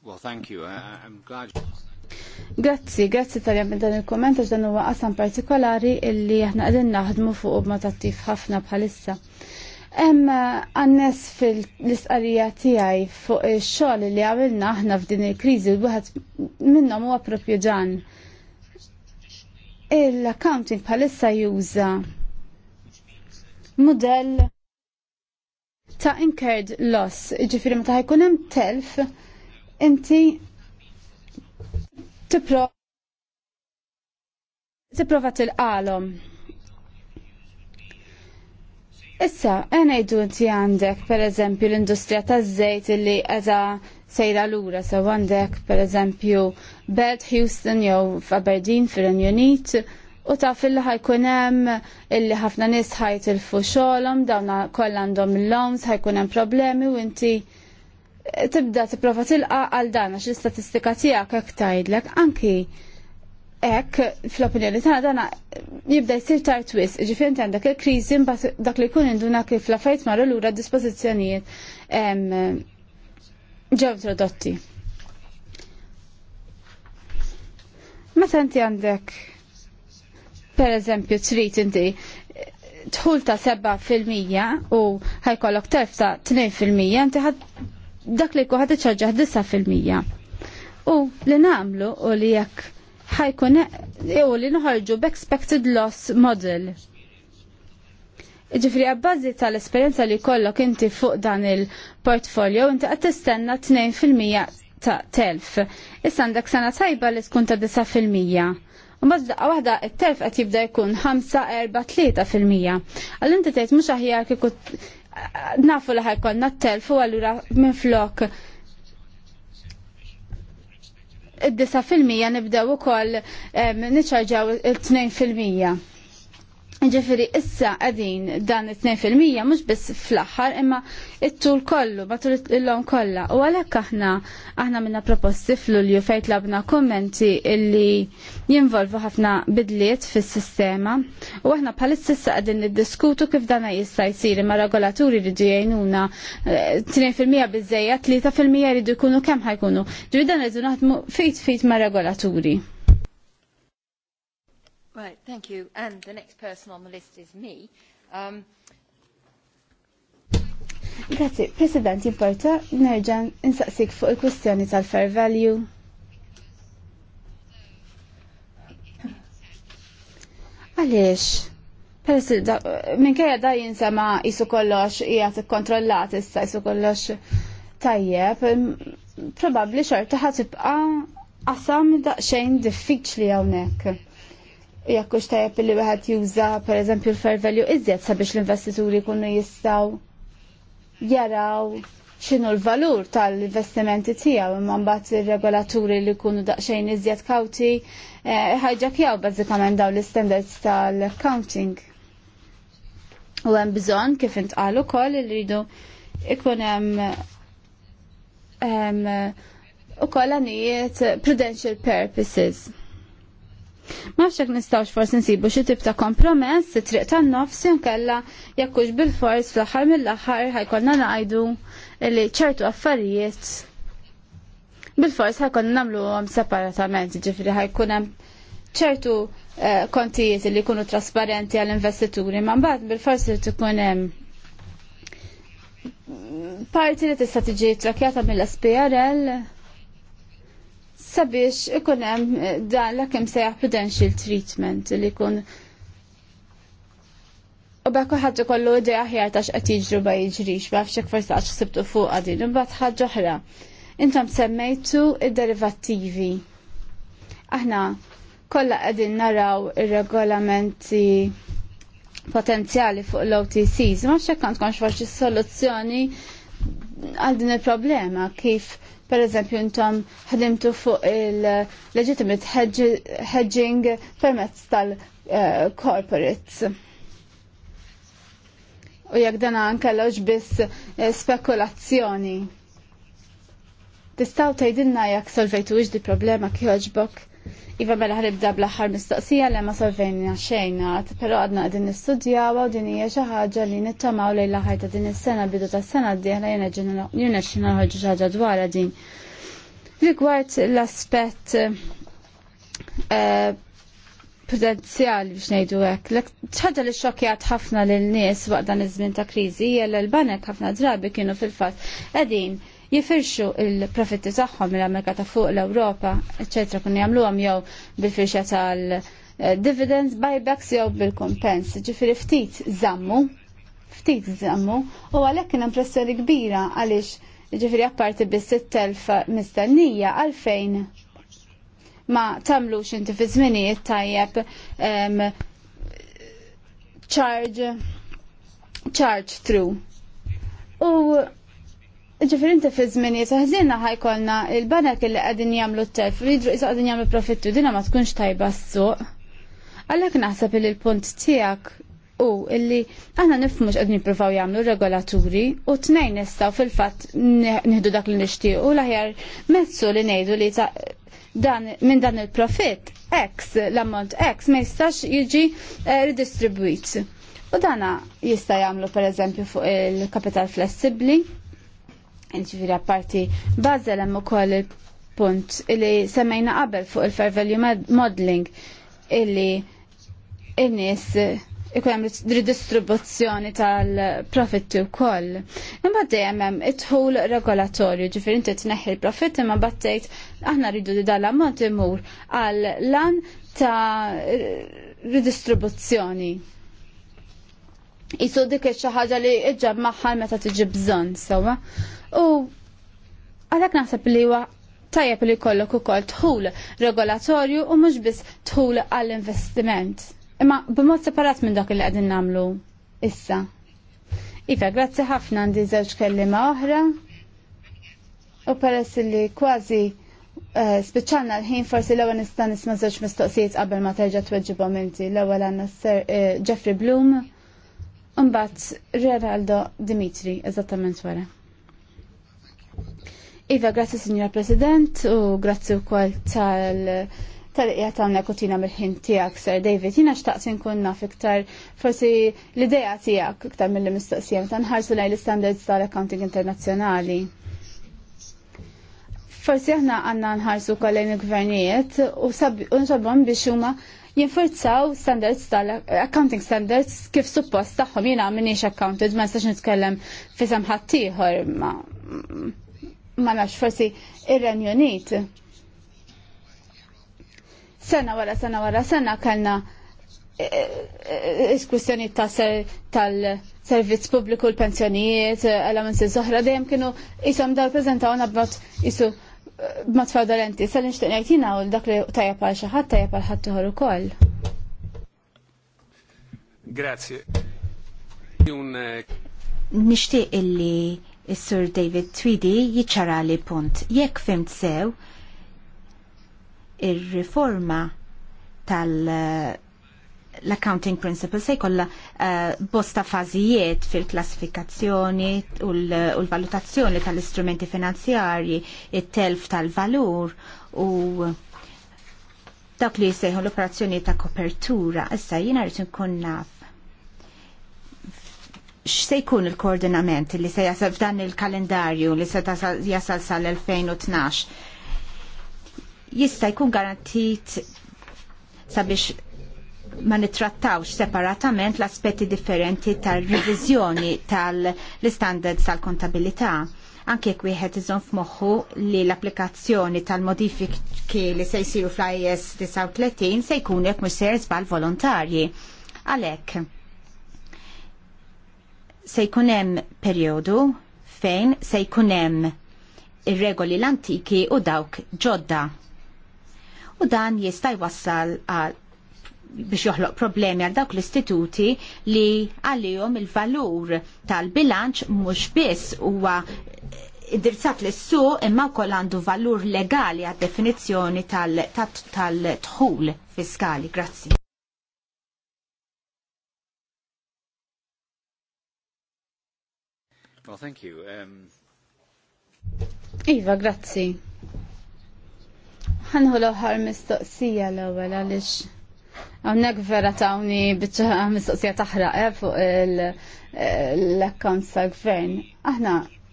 Well, thank you. Uh, I'm glad Grazzi, grazzi tal minn dan il-komment għax dan huwa qasam partikolari illi aħna qegħdin naħdmu fuq b'ma tattif ħafna bħalissa. Hemm għannes fil-isqarija tiegħi fuq ix-xogħol li għamilna aħna f'din il-kriżi wieħed minnhom huwa proprju ġan. Il-accounting bħalissa juża modell ta' incurred loss, ġifiri meta ħajkun hemm telf, inti tipprova tilqalhom. Issa, għana idu ti għandek, per eżempju, l-industrija ta' zejt li għaza sejra l-ura, sa' għandek, per eżempju, Belt Houston jew f'Aberdeen fil-Renju Unit, u ta' fil ħajkunem illi ħafna nis ħajt il-fu xolom, dawna koll għandhom l-loms, ħajkunem problemi u inti tibda t-prova tilqa għal dan għax l-istatistika tijak ektajdlek, anki ek, fl-opinjoni tana dana jibda jisir tar twis, ġifir inti għandak il-krizi, dak li kun induna kif l affajt marru l-ura dispozizjonijiet ġew introdotti. Meta inti għandek, per eżempju, trid inti tħul ta' 7% u ħajkollok terf ta' 2% inti ħad dak li kuħad iċċarġaħ 9%. U li namlu u li jekk ħajkun jew li nħorġu b'expected loss model. Ġifri għabbażi tal-esperienza li kollok inti fuq dan il-portfolio inti qed tistenna 2% ta' telf. Issa għandek sena tajba li tkun ta' 9%. U daqqa waħda t-telf qed jibda jkun 5-4-3%. Għal inti tgħid mhux aħjar kikut nafu li ħajkonna t-telf u allura minflok id-disa fil-mija nibdew u koll um, il-2 fil-mija. Ġifiri, issa għadin dan 2% mux biss fl-axħar imma it-tul kollu, matul il-lom kolla. U għalek aħna, aħna minna proposti fl-ulju fejt labna kommenti illi jinvolvu ħafna bidliet fis sistema U aħna bħal-istessa għadin niddiskutu kif dana jista jisir imma regolaturi ridu jajnuna 2% bizzejja, 3% ridu jkunu kem ħajkunu. Ġifiri dan ridu naħdmu fejt fejt ma regolaturi. Right, thank you. And the next person on the list is me. Um... Grazie, President, jimporta nerġan insaqsik fuq il-kwestjoni tal-fair value. Għaliex, da minn kajja da jinsema jisu kollox jgħat kontrollat issa jisu kollox tajjeb, probabli xorta ħatibqa tibqa qasam daqxejn diffiċli hawnhekk jekk hux tajjeb li wieħed juża pereżempju l-fair value iżjed sabiex l-investituri jkunu jistgħu jaraw x'inhu l-valur tal-investimenti tiegħu imma mbagħad ir-regolaturi li jkunu daqsxejn iżjed kawti eh, ħajġakjaw bażikament dawn l-istandards tal-accounting. U hemm bżonn kif intqal ukoll li jridu ikun hemm ukoll għanijiet prudential purposes. Ma nistawx forsi nsibu xi tip ta' kompromess, triq tan nofs jinkella jekkux bil-fors fl-aħħar mill-aħħar ħajkonna ngħidu li ċertu affarijiet bil-fors ħajkonna nagħmluhom separatament, ġifri ħajkun hemm ċertu eh, kontijiet li jkunu trasparenti għall-investituri, ma mbagħad bil-fors li tkun hemm parti li tista' tiġi trakjata mill-SPRL sabiex ikun hemm eh, dan l kemm sejjaħ potential treatment li ikun U bekk ħaġa kollu idea ħjar ta' x'qed jiġru ba jiġrix, ma fxek forsi għax sibtu fuq din, imbagħad ħaġa oħra. Intom semmejtu id-derivattivi. Aħna kollha qegħdin naraw ir-regolamenti potenzjali fuq l-OTCs, ma fxek kont konx forsi soluzzjoni għal din il-problema kif Per eżempju, intom ħdimtu fuq il-legitimate hedging permezz tal-corporates. Eh, U jekk dan anke loġ biss eh, spekulazzjoni. Tistaw tgħidilna jekk solvejtu di problema kjoġbok? Iva mela ħribda bl-aħħar mistoqsija li ma solvejna xejna, però għadna qegħdin nistudjaw u din hija xi ħaġa li nittamaw lejn l-aħħar ta' din is-sena bidu tas-sena d-dieħla jiena xi naħorġu xi ħaġa dwar din. Rigward l-aspett eh, potenzjali biex ngħidu hekk. ħaġa li xokjat ħafna lil nies waqt dan iż-żmien ta' kriżi hija l-banek ħafna drabi kienu fil-fatt qegħdin jifirxu il-profitti tagħhom mill-Amerika ta' fuq l-Ewropa, eccetera, kun jagħmluhom jew bil firxja tal-dividends buybacks jew bil-kompens. Ġifieri ftit żammu, ftit żammu, u għalhekk kien impressjoni kbira għaliex ġifieri apparti bis 6000 mistennija għalfejn ma tagħmlux inti fi żminijiet tajjeb charge charge through. U Ġifir inti fi zmini saħżinna ħajkolna il-banek li qegħdin jagħmlu t-telf ridru jidru għadin jamlu jagħmlu profittu dina ma tkunx tajba s-suq. Għalhekk naħseb li l-punt tiegħek u illi aħna nifmux għadin jippruvaw jagħmlu regolaturi u tnejn nistaw fil-fatt nieħdu dak li nixtiequ l-aħjar mezzu li ngħidu li dan minn dan il-profit X, l-ammont X ma jistax jiġi eh, redistribuit. U dana jista' jagħmlu pereżempju fuq il-kapital flessibbli Ġifiri apparti Basel hemm ukoll il-punt li semmejna qabel fuq il-fair value modeling illi in-nies ikun hemm ridistribuzzjoni tal-profitti wkoll. Imbagħad dejjem hemm idħul regolatorju, ġifieri inti tneħħi l-profitti imma bad aħna rridu li dan ammont imur għal lan ta' ridistribuzzjoni jisu dik xi ħaġa li iġġab magħha meta tiġi bżonn sewwa. U għalhekk naħseb li huwa tajjeb li jkollok ukoll tħul regolatorju u mhux biss tħul għall-investiment. Imma b'mod separat minn dak li qegħdin nagħmlu issa. Iva, grazzi ħafna għandi żewġ kellima oħra. U peress li kważi eh, spiċċalna l-ħin forsi l-ewwel nista' nisma' żewġ mistoqsijiet qabel ma terġa' tweġibhom inti. L-ewwel għandna eh, Jeffrey Bloom Mbagħad Geraldo Dimitri eżattament wara. Iva, grazzi Signora President u grazzi wkoll tal tal-qija tagħna kutina mill-ħin tiegħek Sir David, jiena xtaqs inkun naf iktar forsi l-idea tiegħek iktar mill-mistoqsija meta nħarsu lejn l-istandards tal-accounting internazzjonali. Forsi aħna għandna nħarsu lejn il-gvernijiet u nsabhom biex huma jinfurzaw standards tal-accounting standards kif suppost tagħhom jiena minniex accounted ma nistax nitkellem fi samħat ieħor ma ma nafx forsi ir-Renju Unit. Sena wara sena wara sena kellna eh, eh, is ta' tal-servizz pubbliku l-pensjonijiet, elements eh, iż dejjem kienu isom dal preżentawna b'mod isu ma enti, sal nixtieq ngħid u u dak li tajab għal xi ħadd tajjeb għal ħadd ieħor ukoll. Grazie. Eh, nixtieq illi s-Sur David Tweedy jiċċara li punt. Jekk fimt sew, ir-riforma tal- l-accounting principle se jkollha uh, bosta fażijiet fil-klassifikazzjoni u l-valutazzjoni tal-istrumenti finanzjarji, it-telf tal-valur u dak li jsejħu l-operazzjoni ta' kopertura. Issa jiena rrid nkun naf x'se jkun il-koordinament li se jasal f'dan il-kalendarju li se jasal sal-2012 jista' jkun garantit sabiex ma nittrattawx separatament l-aspetti differenti tal-revizjoni tal-standards tal-kontabilità. Anke jekk wieħed iżon f'moħħu li l-applikazzjoni tal-modifiki li se jsiru fl-IS 39 se jkun hekk mhux ser żball volontarji. Għalhekk se jkun hemm perjodu fejn se jkun hemm ir-regoli l-antiki u dawk ġodda. U dan jista' jwassal għal biex joħloq problemi għal dawk l-istituti li għalihom il-valur tal-bilanċ mhux biss huwa indirizzat l su imma wkoll għandu valur legali għad definizzjoni tal-tħul fiskali. Grazzi. Well, thank you. Um... Iva, grazzi. Ħanħu l-oħar mistoqsija l-ewwel għaliex Għamnek vera tawni bieċa mistoqsija taħraq eh, fuq eh, l-accounts tal-gvern. Aħna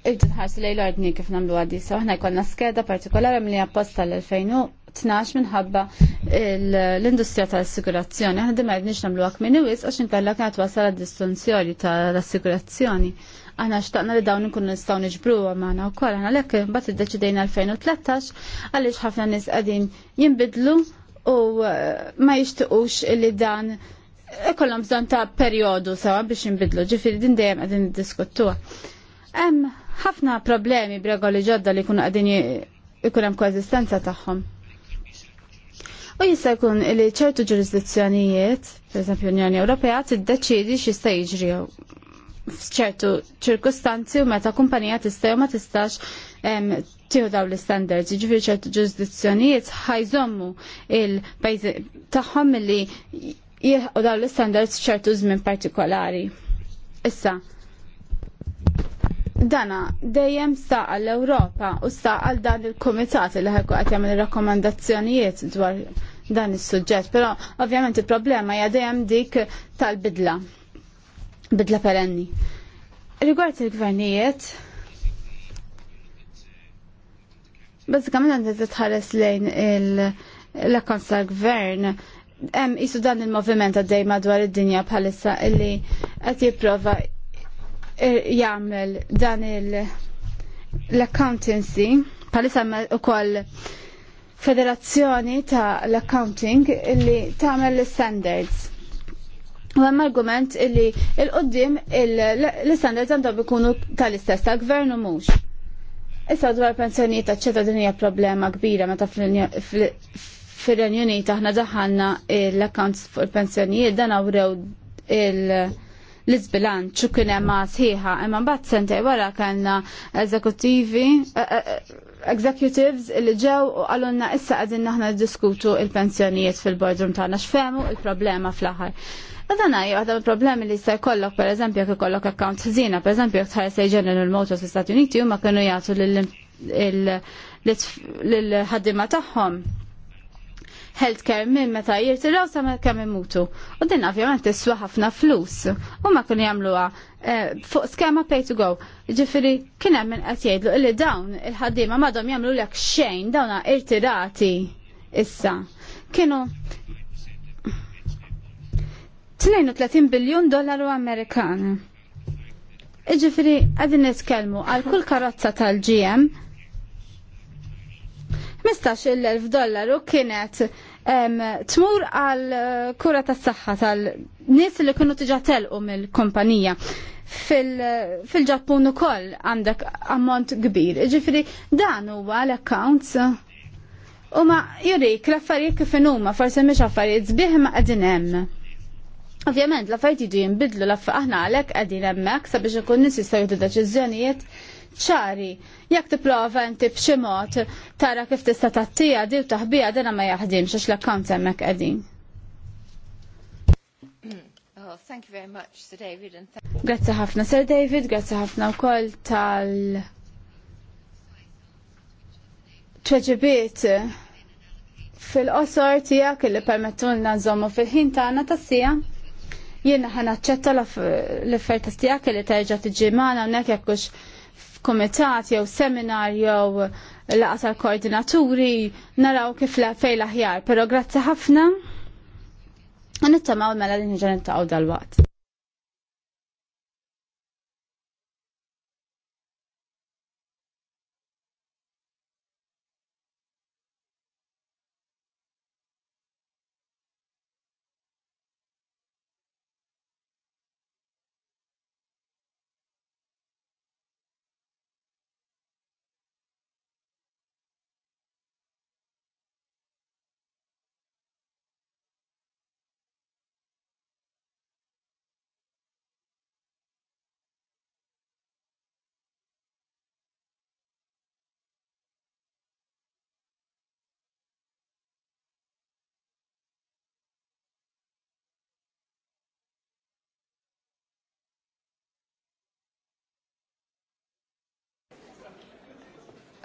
il nħarsu lej l-ordni kif namlu għaddi, so aħna jkollna skeda partikolari mill apposta l-2012 minħabba l-industrija tal-assigurazzjoni. Aħna dimma għednix xnamlu għak minn iwis, għax inkalla kienet wasal distanzjoni distunzjoni tal-assigurazzjoni. Aħna xtaqna li dawn nkunu nistaw nġbru għamana u koll, aħna lekk bat id-deċidejna 2013 għalli ħafna nis għadin jimbidlu u eh, ma jixtiqux li dan eh, kollom bżon ta' periodu sawa biex nbidlu, ġifiri din dejjem għadin diskuttuha. Hemm ħafna problemi li ġodda li kunu għadin ikun hemm koeżistenza tagħhom. U jista' jkun li ċertu ġurisdizzjonijiet, pereżempju Unjoni Ewropea, tiddeċiedi x'jista' jiġri f'ċertu ċirkustanzi u meta kumpanija tista' jew ma tistax tieħu dawn l-standards, jiġifieri ċertu ġurisdizzjonijiet ħajżommu il pajzi tagħhom milli jieħu dawn l-standards ċertu żmien partikolari. Issa, dana dejjem staq l-Ewropa u għal dan il-komitat li ħekku għat jagħmel rakkomandazzjonijiet dwar dan is-suġġett, però ovvjament il-problema hija dejjem dik tal-bidla bidla perenni. Rigward il-gvernijiet, bazzikament għandha titħares lejn l-akkons tal-gvern, hemm isu dan il-moviment għaddej madwar id-dinja bħalissa illi qed jipprova jagħmel dan l-accountancy bħalissa wkoll federazzjoni ta' l-accounting illi tagħmel l-standards U hemm argument illi il-qoddim l istandard għandhom ikunu tal-istess ta' gvern u mhux. Issa dwar pensjonijiet taċċetta din hija problema kbira meta fir-Renju Unit aħna daħanna l-accounts fuq il-pensjonijiet dan awrew l-izbilanċ u kien hemm sħiħa imma mbagħad sentej wara kellna eżekuttivi e- e- e- executives li ġew u għalunna issa qegħdin aħna diskutu il-pensjonijiet fil-boardroom tagħna x'femu il-problema fl-aħħar. Għadana, hija problemi li jista' jkollok pereżempju jekk ikollok account ħżiena, pereżempju jekk tħares l Motors fl-Istati Uniti huma kienu jagħtu lill ħaddima tagħhom healthcare minn meta jirtiraw sa kemm imutu. U din ovvjament tiswa ħafna flus. U ma kienu jagħmluha eh, fuq skema pay to go. Ġifieri kien hemm min qed jgħidlu li dawn il-ħaddiema m'għadhom jagħmlu lek xejn dawn irtirati issa. Kienu 32 biljun dollaru Amerikan. Iġifiri, għadin nitkelmu għal kull karozza tal-GM. 15.000 dollaru kienet tmur għal eh, kura tas saħħa tal-nies li kienu tiġa telqu mill-kumpanija. Fil-Ġappun ukoll għandek ammont kbir. Ġifiri, dan huwa l-accounts u ma jurik l-affarijiet kif huma forsi miex affarijiet sbieħ ma qegħdin hemm. Ovvjament, l-affarijiet jiġu jinbidlu l aħna għalhekk qegħdin hemmhekk sabiex ikun nies jistgħu jieħdu deċiżjonijiet ċari. Jekk tipprova inti b'xi mod tara kif tista' tattija di u taħbija dena ma jaħdimx għax l-akkant hemmhekk qegħdin. Oh, thank you very much, Sir David. Grazzi ħafna, Sir David, grazzi ħafna wkoll tal tweġibiet fil-qosor tiegħek li permettunna nżommu fil-ħin tagħna tassija. Jiena ħan aċċetta l-offerta tiegħek li terġa' tiġi magħna hawnhekk jekk f'kumitat jew seminar jew laqgħa tal-koordinaturi naraw kif la fej laħjar aħjar grazzi ħafna. Għanittamaw mela li nġan nittaqgħu dal-waqt.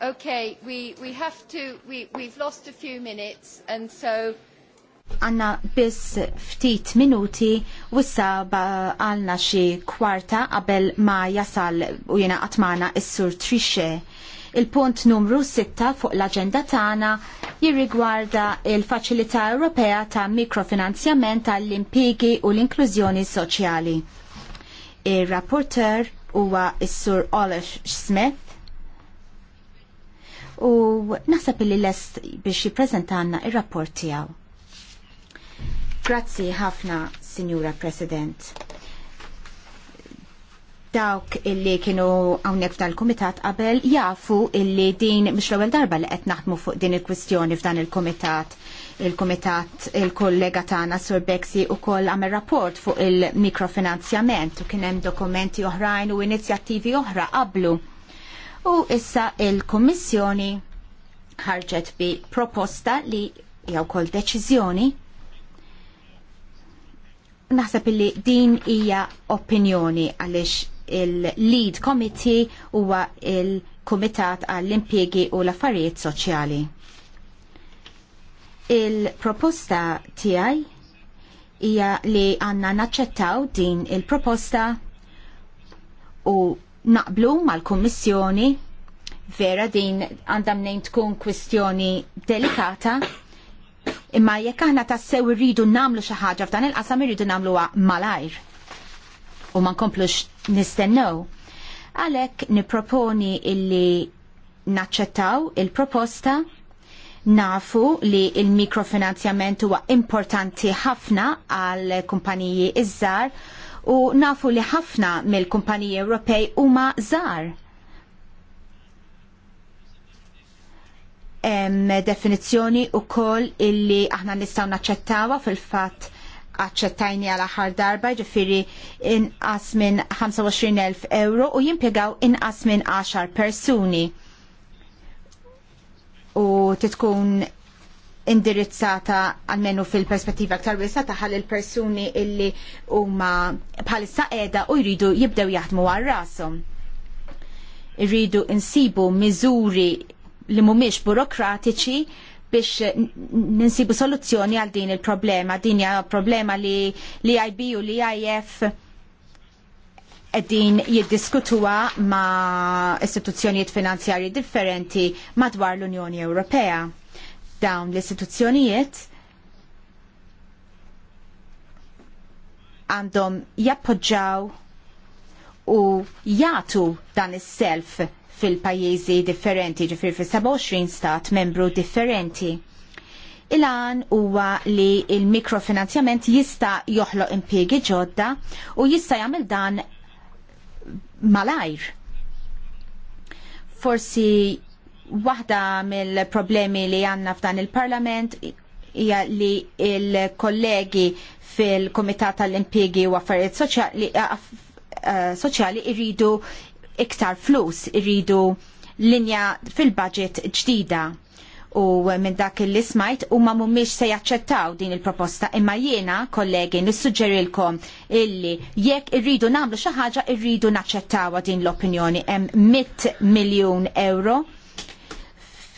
Okay, we, we have to, we, we've lost a few minutes and so... Għanna biss ftit minuti u saba għalna xi kwarta qabel ma jasal u jena għatmana s-sur trixe. Il-punt numru 6 fuq l-agenda tagħna jirrigwarda il-Faċilità Ewropea ta' mikrofinanzjament tal impjiegi u l-inklużjoni soċjali. Ir-rapporter huwa s-sur Olaf Smith u naħseb li lest biex jippreżentanna ir-rapport tiegħu. Grazzi ħafna, Signora President. Dawk illi kienu hawnhekk f'dan il-kumitat qabel jafu illi din mhux l-ewwel darba li qed naħdmu fuq din il-kwistjoni f'dan il-kumitat il-komitat il-kollega tagħna Sur Bexi wkoll għamel rapport fuq il-mikrofinanzjament u kien hemm dokumenti oħrajn u inizjattivi oħra qablu u issa il-Kommissjoni ħarġet bi proposta li jew kol deċiżjoni naħseb li din hija opinjoni għaliex il-lead committee huwa il-Kumitat għall-impjegi u l-affarijiet soċjali. Il-proposta tiegħi hija li għandna naċċettaw din il-proposta u naqblu mal-Kummissjoni vera din għandam nejn tkun kwistjoni delikata imma jekk aħna tassew irridu namlu xi ħaġa f'dan il-qasam irridu namluha malajr u ma nkomplux nistennew. Għalhekk nipproponi illi naċċettaw il-proposta nafu li il-mikrofinanzjament huwa importanti ħafna għal kumpaniji iż-żar u nafu li ħafna mill-kumpaniji Ewropej huma żgħar. Hemm definizzjoni wkoll illi aħna nistgħu naċċettawha fil-fatt aċċettajni għal aħħar darba ġifiri inqas minn 25.000 euro u jimpiegaw inqas minn 10 persuni. U titkun indirizzata għalmenu fil-perspettiva aktar wisa taħal il-persuni illi huma bħalissa qiegħda u jridu jibdew jaħdmu għal rashom. Irridu insibu miżuri li mhumiex burokratiċi biex ninsibu soluzzjoni għal din il-problema. Din hija problema li li IB u li IF qegħdin jiddiskutua ma' istituzzjonijiet finanzjarji differenti madwar l-Unjoni Ewropea dawn l-istituzzjonijiet għandhom jappoġġaw u jagħtu dan is-self fil-pajjiżi differenti, ġifir fil-27 stat membru differenti. Il-għan huwa li il-mikrofinanzjament jista' joħloq impjiegi ġodda u jista' jagħmel dan malajr. Forsi waħda mill-problemi li għanna f'dan il-parlament hija li il-kollegi fil-Komitat tal-Impjegi u Affarijiet Soċjali jridu irridu iktar flus, irridu linja fil-budget ġdida. U minn dak il-ismajt u ma mumiex se jaċċettaw din il-proposta imma jiena kollegi nissuġġerilkom illi jekk irridu namlu xi ħaġa irridu naċċettawha din l-opinjoni hemm 100 miljun euro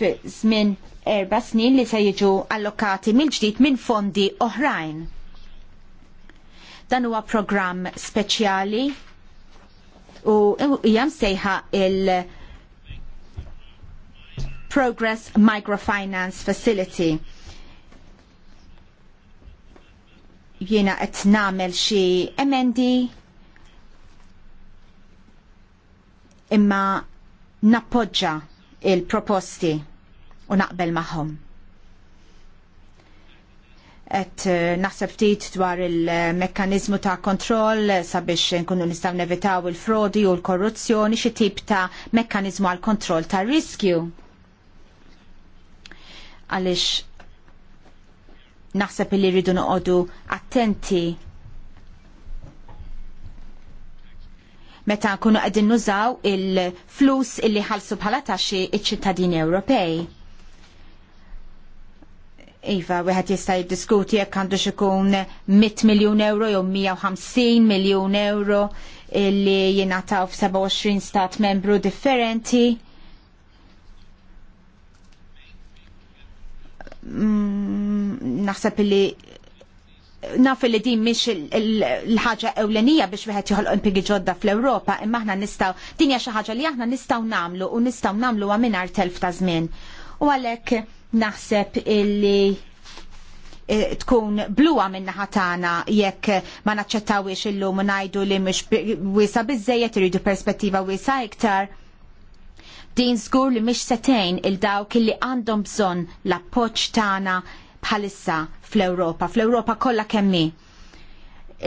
fi żmien erba snin li se jiġu allokati mill-ġdid minn fondi oħrajn. Dan huwa programm speċjali u jam sejħa il- Progress Microfinance Facility. Jiena qed nagħmel xi emendi imma nappoġġa il-proposti u naqbel magħhom. Et eh, naħseb ftit dwar il-mekkanizmu ta' kontroll sabiex nkunu nistgħu nevitaw il-frodi u l-korruzzjoni xi tip ta' mekkanizmu għal kontroll tar riskju. Għaliex naħseb li rridu noqogħdu attenti meta nkunu qegħdin nużaw il-flus illi ħalsu bħala taxxi iċ-ċittadini Ewropej. Iva, wieħed jista' jiddiskuti jekk għandu x'ikun 100 miljun euro jew 150 miljun euro li f f'27 stat membru differenti. Mm, naħseb li naf li din mhix l-ħaġa ewlenija biex wieħed joħolq impigi ġodda fl-Ewropa, imma ħna nistaw, din hija xi ħaġa li aħna nistgħu nagħmlu u nistgħu nagħmluha mingħajr telf ta' żmien. U għalhekk naħseb illi eh, tkun bluwa minn ħatana jekk ma naċċettawiex illum u ngħidu li mhux wiesa biżejjed iridu perspettiva wiesa iktar. Din żgur li mhix setejn il dawk li għandhom bżonn l-appoġġ tagħna bħalissa fl-Ewropa, fl-Ewropa kollha kemm hi.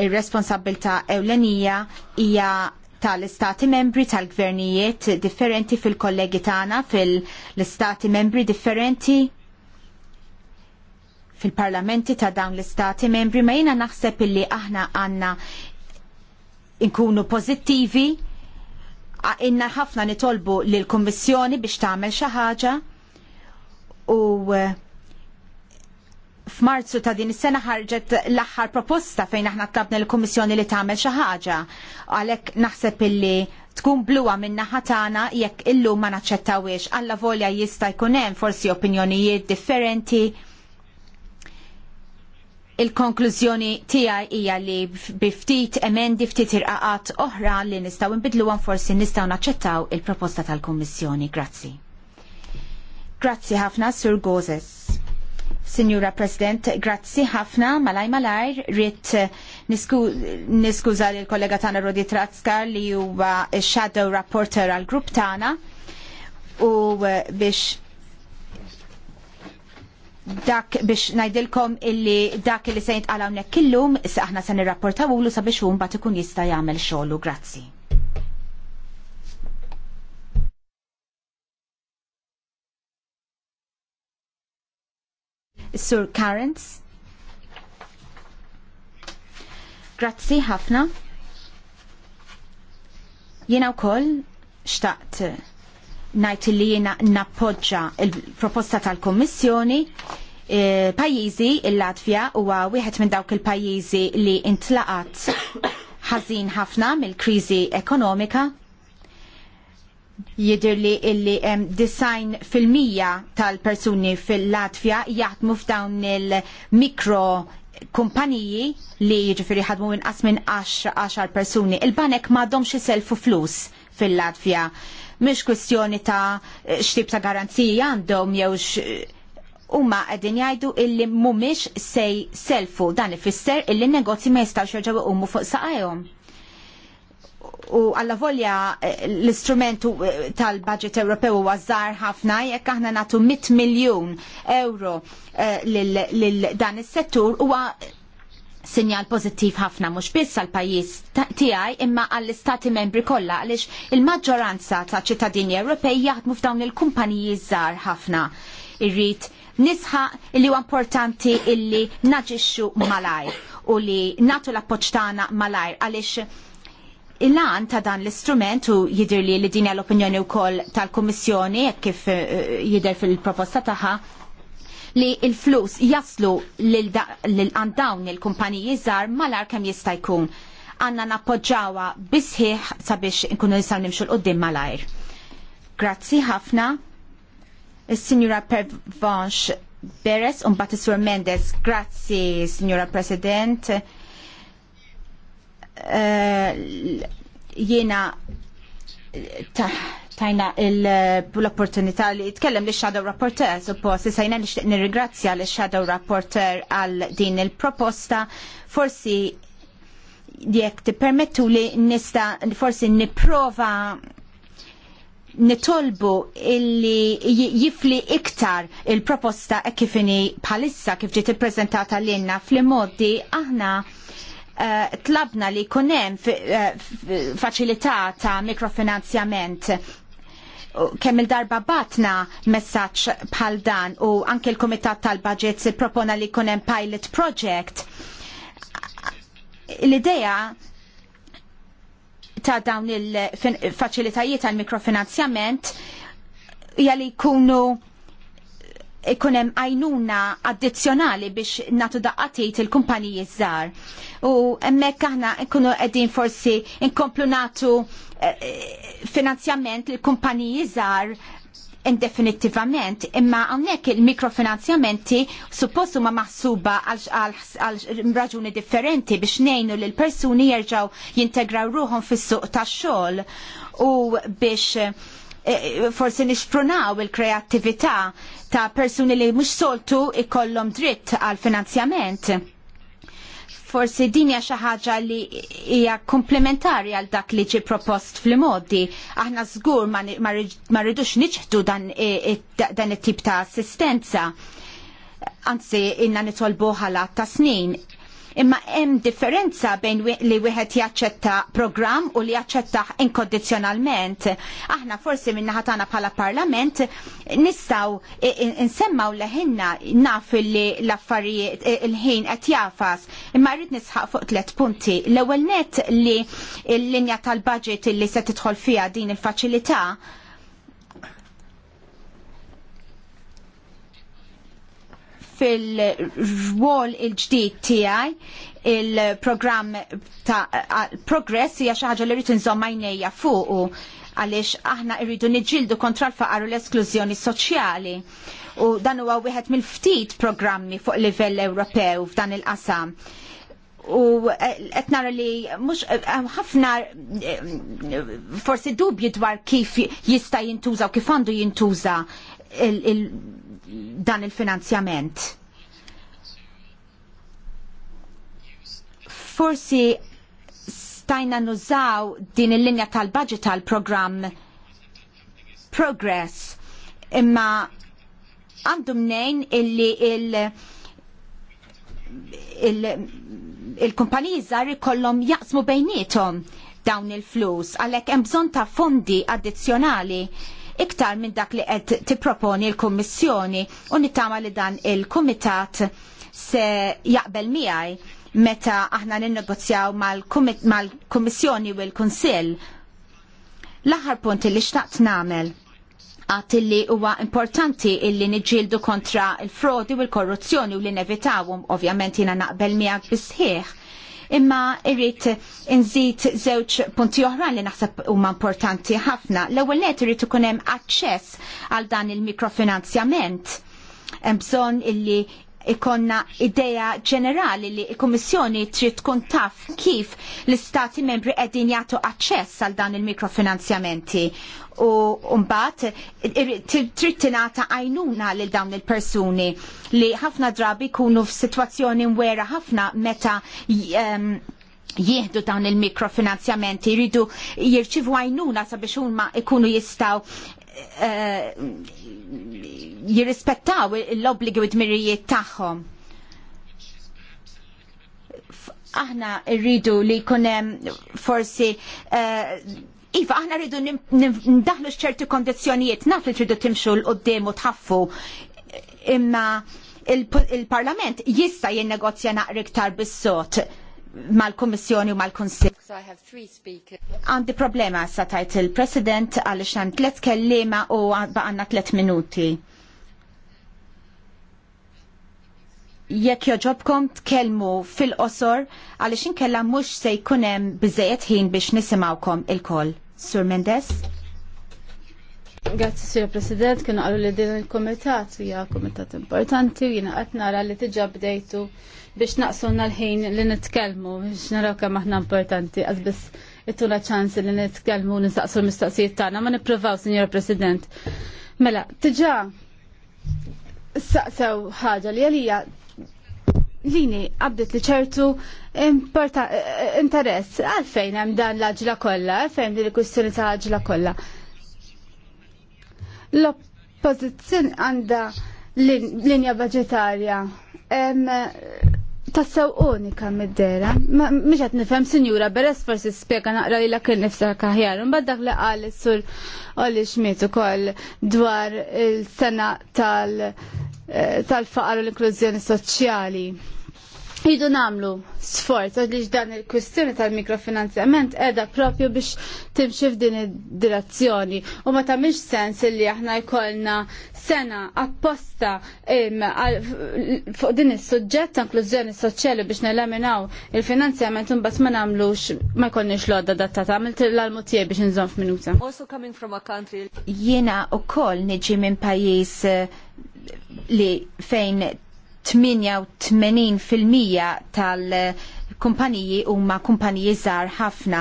Ir-responsabilità ewlenija hija tal-istati membri tal-gvernijiet differenti fil-kollegi tagħna fil-istati membri differenti fil-parlamenti ta' dawn l-istati membri ma jiena naħseb illi aħna għandna inkunu pożittivi inna ħafna nitolbu lill kummissjoni biex tagħmel xi ħaġa u eh, f'Marzu ta' din is-sena ħarġet l-aħħar proposta fejn aħna tlabna l-Kummissjoni li tagħmel xi ħaġa. Għalhekk naħseb illi tkun bluwa minn naħa tagħna jekk illum ma naċċettawiex alla volja jista' jkun hemm forsi opinjonijiet differenti. Il-konklużjoni tiegħi hija li bi ftit emendi ftit irqaqat oħra li nistgħu nbidluhom forsi nistgħu naċċettaw il-proposta tal-Kummissjoni. Grazzi. Grazzi ħafna Sur Gozes. Signora President, grazzi ħafna, malaj malajr, rrit niskuza li l-kollega tana Rodi Trazkar li huwa shadow rapporter għal grupp tana u uh, biex dak biex najdilkom illi dak illi sejnt għalawnek killum, killum, aħna se nirrapportaw u l-sabiex un bat ikun jista' jagħmel xogħlu. Grazzi. Sur Currents. Grazzi ħafna. Jiena wkoll xtaqt ngħid li jena nappoġġa il-proposta tal-Kommissjoni il e, pajjiżi il-Latvja huwa wieħed minn dawk il-pajjiżi li intlaqat ħażin ħafna mill-kriżi ekonomika jidir li illi um, design fil-mija tal-persuni fil-Latvja jaħdmu f'dawn il-mikro kumpaniji li jiġifieri ħadmu minn qas minn 10 persuni. Il-banek m'għadhomx iselfu flus fil-Latvja. Mhix kwestjoni ta' xtib ta' garanzija għandhom jew huma qegħdin jgħidu illi mhumiex se selfu dan ifisser illi negozji ma jistgħux jerġgħu jqumu fuq saqajhom u għalla volja eh, l-istrumentu eh, tal-budget Ewropew huwa żgħar ħafna jekk aħna nagħtu 100 miljun euro eh, lil dan is-settur huwa sinjal pożittiv ħafna mhux biss għal pajjiż tiegħi imma għall istati membri kollha għaliex il-maġġoranza ta' ċittadini Ewropej jaħdmu f'dawn il-kumpaniji żgħar ħafna. Irrid nisħa li huwa importanti illi naġixxu malajr u li natu l-appoċ tagħna malajr għaliex il-lan ta' dan l-istrument u jidir li li dinja l-opinjoni u koll tal-Komissjoni kif eh, jidir fil-proposta taħħa li il-flus jaslu l-għan l il-kumpaniji zar malar kem jista' jkun. Għanna nappoġġawa bisħiħ sabiex nkunu nisaw nimxu l-qoddim malajr. Grazzi ħafna. Signora Pervanche Beres un Batisur Mendes, grazzi, Signora President. Eh, jiena tajna l-opportunità li jitkellem l shadow rapporteur suppost sajna nixtieq nirrigrazzja li shadow rapporteur għal din il-proposta forsi jekk tippermettu li nista forsi nipprova nitolbu illi jifli iktar il-proposta e kifini bħalissa kif ġiet ippreżentata l-inna fl-modi aħna Eh, tlabna li kunem eh, faċilità ta' mikrofinanzjament kemm il-darba batna messaċ bħal dan u anke l-Komitat tal-Budget propona li kunem pilot project. L-idea ta' dawn il-faċilitajiet tal mikrofinanzjament hija li jkunu ikunem għajnuna addizjonali biex natu daqqatit il-kumpaniji żgħar. U hemmhekk aħna nkunu qegħdin forsi nkomplu natu eh, finanzjament lill kumpaniji żgħar indefinitivament, imma għonek il-mikrofinanzjamenti suppostu ma maħsuba għal raġuni differenti biex nejnu li l-persuni jerġaw jintegraw ruħom fis-suq tax-xogħol u biex Eh, eh, forsi nixprunaw il-kreattività ta' persuni li mhux soltu ikollom dritt għal finanzjament. Forsi din hija xi ħaġa li hija komplementari għal dak li ġie propost fl-modi. Aħna żgur ma rridux niċħdu dan it-tip ta' assistenza anzi inna nitolbu ħalat ta' snin imma hemm differenza bejn li wieħed jaċċetta programm u li jaċċettaħ inkondizzjonalment. Aħna forsi min-naħa tagħna bħala parlament nistgħu nsemmaw leħinna naf li l-affarijiet il-ħin qed jafas imma rrid nisħaq fuq tliet punti. L-ewwel net li l-linja tal-budget li se tidħol fiha din il-faċilità fil-rwol il-ġdid tiegħi il-programm ta' progress hija xi ħaġa li rrid inżomm għajnejja fuqu għaliex aħna rridu niġġieldu kontra l-faqar u l-esklużjoni soċjali. U dan huwa wieħed mill-ftit programmi fuq livell Ewropew f'dan il-qasam. U e, qed nara li mhux e, ħafna e, forsi dubji dwar kif jista' jintuża u kif għandu jintuża dan il-finanzjament. Forsi stajna nużaw din il-linja tal-budget tal-programm Progress imma għandu mnejn illi il- il-kumpaniji il żgħar ikollhom jaqsmu bejnietom dawn il-flus għalhekk hemm bżonn ta' fondi addizzjonali iktar minn dak li qed tipproponi l-Kummissjoni u nittama li dan il-Kumitat se jaqbel miegħi meta aħna ninnegozjaw mal-Kummissjoni u l-Kunsill. L-aħħar punt li xtaqt nagħmel għat li huwa importanti illi niġġieldu kontra il-frodi u l-korruzzjoni u li nevitawhom ovvjament jiena naqbel miegħek bisħieħ imma irrit nżid żewġ punti oħra li naħseb huma importanti ħafna. L-ewwel net irrid ikun hemm aċċess għal dan il-mikrofinanzjament. Hemm bżonn illi ikonna idea ġenerali li il-Kommissjoni trid tkun taf kif l-Istati membri qegħdin jagħtu aċċess għal dan il-mikrofinanzjamenti u mbagħad trid tingħata għajnuna lil dawn il-persuni li ħafna drabi jkunu f'sitwazzjoni mwera ħafna meta ehm, jieħdu dawn il-mikrofinanzjamenti jridu jirċivu għajnuna sabiex huma ikunu jistaw Eh, jirrispettaw l-obbligi u d-mirijiet tagħhom aħna rridu li kunem forsi eh, Iva, aħna rridu ndaħlu xċerti kondizjonijiet, naf li tridu timxu l-qoddim u tħaffu, imma il-parlament jista jinnegozja naqri ktar bis-sot mal-Kommissjoni u mal-Konsil. Għandi problema sa tajt il-President għalix għan tlet kellima u għanna tlet minuti. Jekk joġobkom tkellmu fil-qosor għalix inkella mux se jkunem bizzejet ħin biex nisimawkom il-koll. Sur Mendes? Grazie, Sir President, kienu għallu li din il-komitat, hija komitat importanti, jina għatnara li tiġa bdejtu biex naqsunna l-ħin li nitkellmu biex naraw kemm aħna importanti għaż biss ittuna ċansi li nitkellmu nistaqsu l-mistoqsijiet tagħna ma nippruvaw, Sinjor President. Mela, tiġà saqsew ħaġa li għalija lini għabdit li ċertu interess għalfejn hemm dan l-aġla kollha, għalfejn din il-kwistjoni ta' aġla kollha. L-oppożizzjoni għandha linja budgetarja tassew unika mid-dera. Mħiċat nifem, sinjura, beres forsi spiega naqra li l-akil nifsar kaħjar. Mbaddaq li għal sur Olli Schmidt u koll dwar il-sena eh, tal-faqar u l-inklużjoni soċjali. Jidu namlu sforz għaliex dan il-kwistjoni tal-mikrofinanzjament edha propju biex timxi f'din id-direzzjoni u ma tamix sens li aħna jkollna sena apposta fuq din is-suġġett inklużjoni soċjali biex neleminaw il-finanzjament un mbagħad ma nagħmlux ma jkollniex l-għodda ta' għamilt l-almu tiegħi biex nżomm f'minuta. Also coming from a country. Jiena koll niġi minn pajjiż eh, li fejn 88% tal-kumpaniji huma kumpaniji żgħar ħafna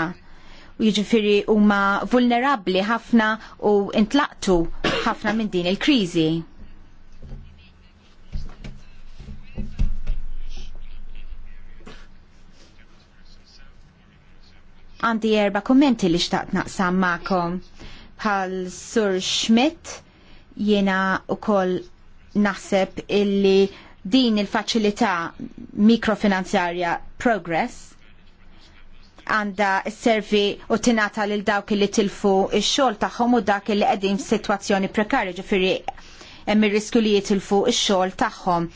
jiġifieri huma vulnerabbli ħafna u intlaqtu ħafna minn din il-kriżi. Għandi erba kommenti li xtaqt naqsam ma'kom. Pal Sur Schmidt jena u kol naħseb illi din il-faċilità mikrofinanzjarja Progress għanda s-servi u tinata lil dawk li tilfu il-xol taħħom u dak li għedin situazzjoni prekarja ġifiri hemm ir-riskju li jitilfu il-xol taħħom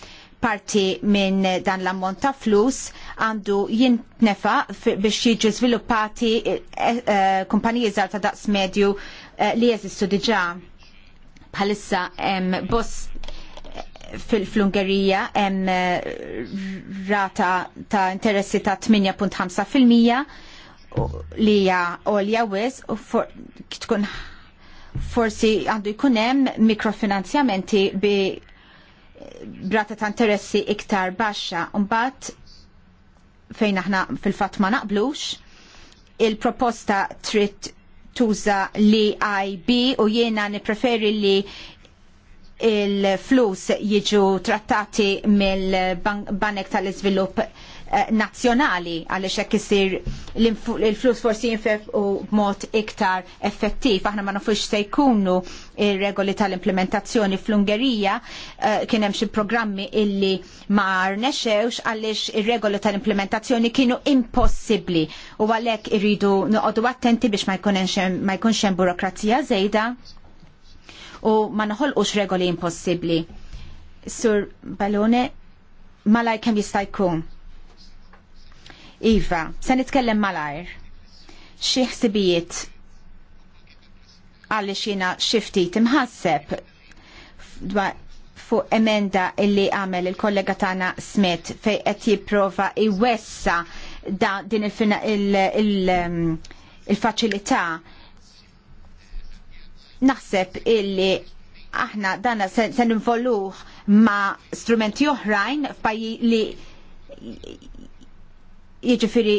parti minn dan l-ammont ta' flus għandu jintnefa biex jiġu sviluppati eh, eh, kumpaniji żgħar ta' daqs medju eh, li jeżistu diġà bħalissa hemm boss fil-Flungerija hemm eh, rata ta' interessi ta' 8.5% li hija olja wis u tkun forsi għandu jkun hemm mikrofinanzjamenti bi rata ta' interessi iktar baxxa. Mbagħad fejn aħna fil-fatt ma naqblux, il-proposta trid tuża li IB u jiena nipreferi li il-flus jiġu trattati mill-Banek tal-Iżvilupp eh, nazzjonali għaliex hekk isir il-flus forsi jinfef u b'mod iktar effettiv. Aħna ma nafux se jkunu il regoli tal-implementazzjoni fl-Ungerija eh, kien hemm xi programmi illi ma rnexxewx għaliex ir-regoli tal-implementazzjoni kienu impossibbli u għalhekk irridu noqogħdu attenti biex ma jkunx hemm burokrazija żejda u ma naħolqux regoli impossibbli. Sur Balone, malaj kem jista' jkun. Iva, se nitkellem malajr. Xi ħsibijiet għalli xina xi ftit imħasseb fuq emenda illi għamel il-kollega Tana Smith fejn qed jipprova iwessa da din il-faċilità il, il, il, il faċilità naħseb illi aħna danna se involuħ ma strumenti oħrajn f'pajji li jiġifieri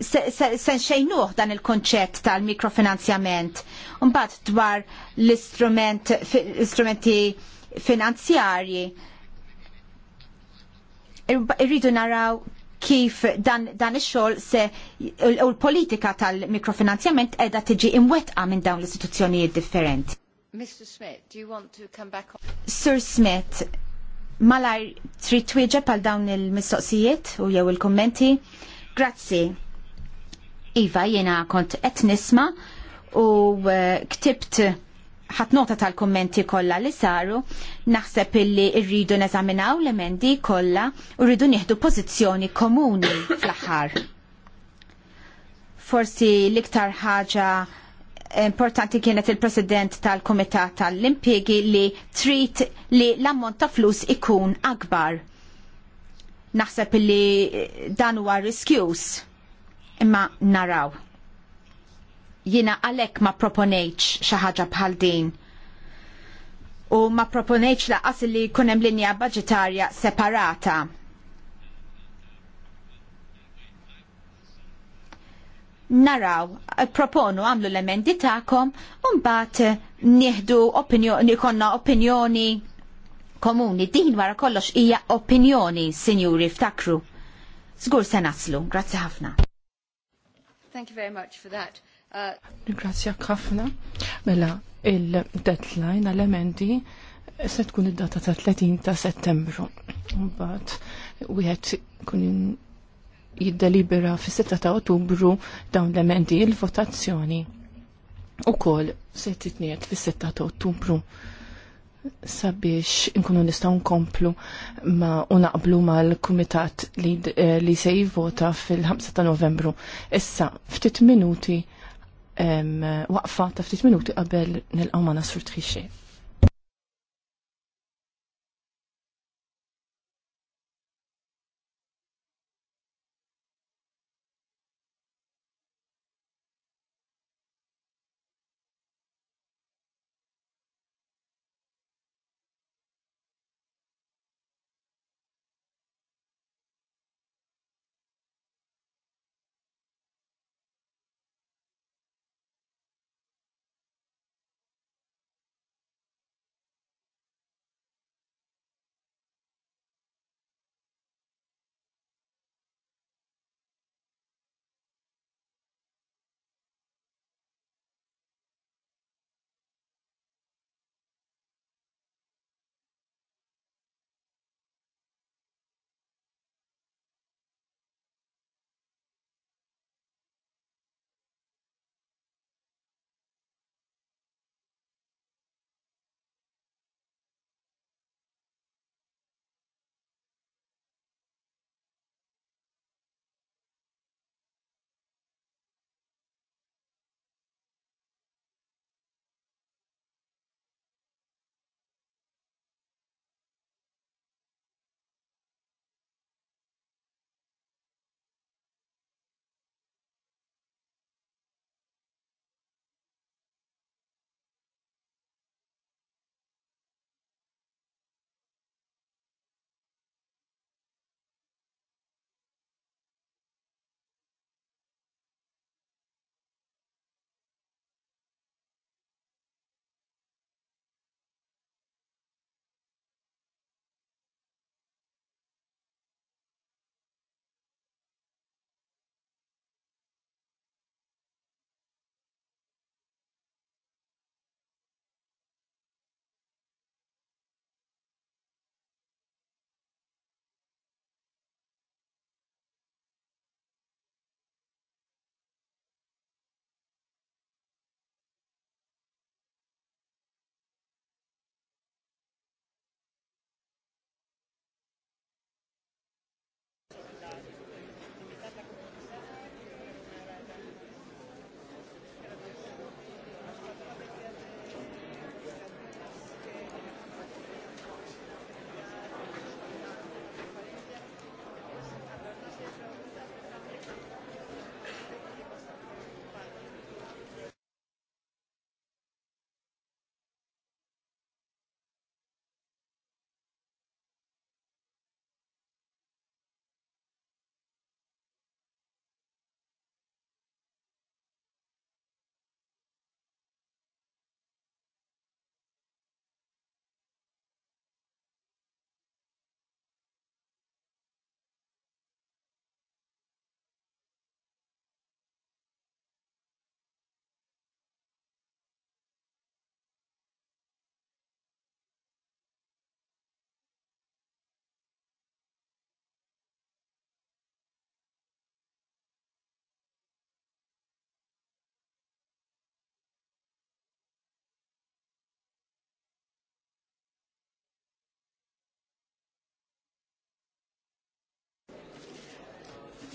se nxejnuh dan il-konċett tal-mikrofinanzjament. Mbagħad dwar l-istrument istrumenti finanzjarji irridu naraw kif dan, dan ix-xogħol se u l-politika tal-mikrofinanzjament qiegħda tiġi imwettqa minn dawn l-istituzzjonijiet differenti. Mr. Smith, do you want to come back on? Sir Smith, malajr trid twieġeb għal dawn il-mistoqsijiet u jew il-kummenti. Grazzi. Iva, jiena kont qed nisma' u eh, ktibt ħat nota tal-kommenti kollha li saru, naħseb illi rridu neżaminaw l-emendi kollha u rridu nieħdu pożizzjoni komuni fl-aħħar. Forsi l-iktar ħaġa importanti kienet il-president tal-Komitat tal-Impjegi li trid li l-ammont ta' flus ikun akbar. Naħseb illi dan huwa riskjus imma naraw. Jiena għalhekk ma proponejċ xi ħaġa bħal din. U ma proponejtx laqas li jkun hemm linja budgetarja separata. Naraw, proponu għamlu l-emendi tagħkom u mbagħad nieħdu opinjoni, konna opinjoni komuni. Din wara kollox hija opinjoni, sinjuri, ftakru. Zgur se naslu. Grazzi ħafna. Thank you very much for that. Grazzjak ħafna. Mela, il-deadline għal-emendi se tkun id-data ta' 30 ta' settembru. Mbagħad wieħed kun jiddelibera fis-6 ta' Ottubru dawn l-emendi il-votazzjoni. Ukoll se titniet fis-6 ta' Ottubru sabiex nkunu nistgħu nkomplu ma unaqblu mal-kumitat li, eh, li se jivvota fil-5 ta' Novembru. Issa, ftit minuti waqfa ta' ftit minuti qabel nilqgħu ma' nasru trixxi.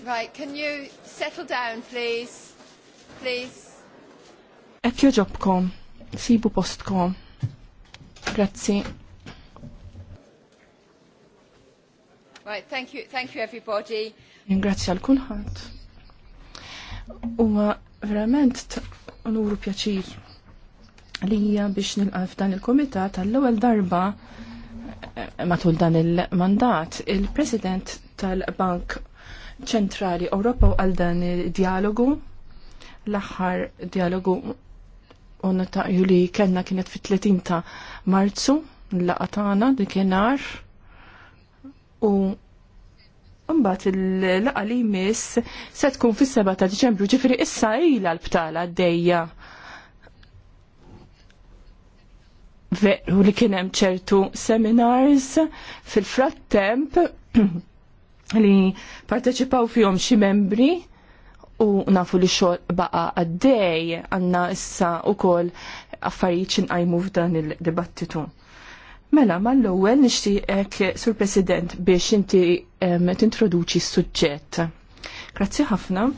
Right, can you settle down, please? Please. Ek joġobkom, sibu postkom. Grazzi. Right, thank you, thank you everybody. Ringrazzi għal kulħadd. Huwa verament l-uru pjaċir lija biex nilqa' f'dan il-komitat l ewwel darba eh, eh, matul dan il-mandat il-President tal-Bank ċentrali u għal dan dialogu l-aħħar dialogu unna ta' li kellna kienet fit-30 ta' Marzu l-laqatana dikinar u Mbagħad il-laqa li jmiss se tkun fis-7 ta' Diċembru ġifri issa ilha l-btala għaddejja. Veru li kien hemm ċertu seminars fil-frattemp li parteċipaw fihom xi membri u nafu li xogħol baqa għaddej għandna issa wkoll affarijiet xinqajmu f'dan il-dibattitu. Mela, mal-ewwel nixtieqek, Sur President, biex inti tintroduċi s-suġġett. Grazzi ħafna.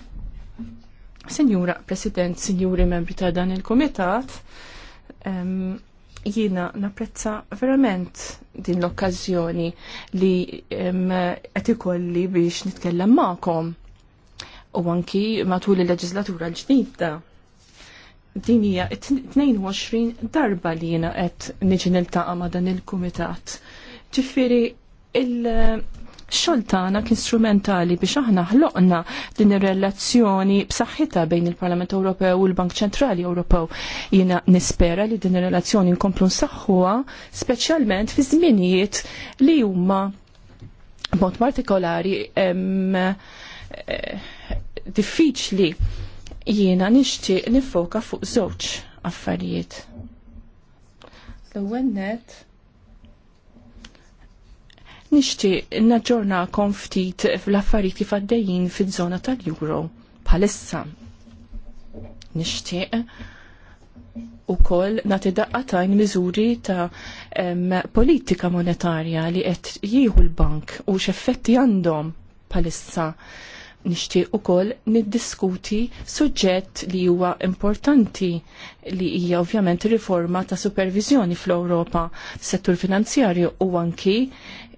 Sinjura President, Sinjuri Membri ta' dan il-Kumitat, Jiena napprezza verament din l-okkazjoni li qed ikolli biex nitkellem magħkom u anki matul il-leġislatura l-ġdida. Din hija 22 darba li jiena qed niġi niltaqa' ma' dan il-kumitat. Ġifieri xoltana k-instrumentali biex aħna ħloqna din ir-relazzjoni b'saħħita bejn il-Parlament Ewropew u l-Bank Ċentrali Ewropew. Jiena nispera li din ir-relazzjoni nkomplu nsaħħuha speċjalment fi żminijiet li huma b'mod partikolari eh, diffiċli jiena nixtieq nifoka fuq żewġ affarijiet. L-ewwel net Nixtieq naġġorna konftit fl-affarijiet kif għaddejjin fiż-żona tal-Euro bħalissa. Nixtieq ukoll nagħti daqqatajn miżuri ta' politika monetarja li qed jieħu l-bank u x'effetti għandhom bħalissa nixtieq ukoll niddiskuti suġġett li huwa importanti li hija ovvjament riforma ta' supervizjoni fl-Ewropa, settur finanzjarju u anki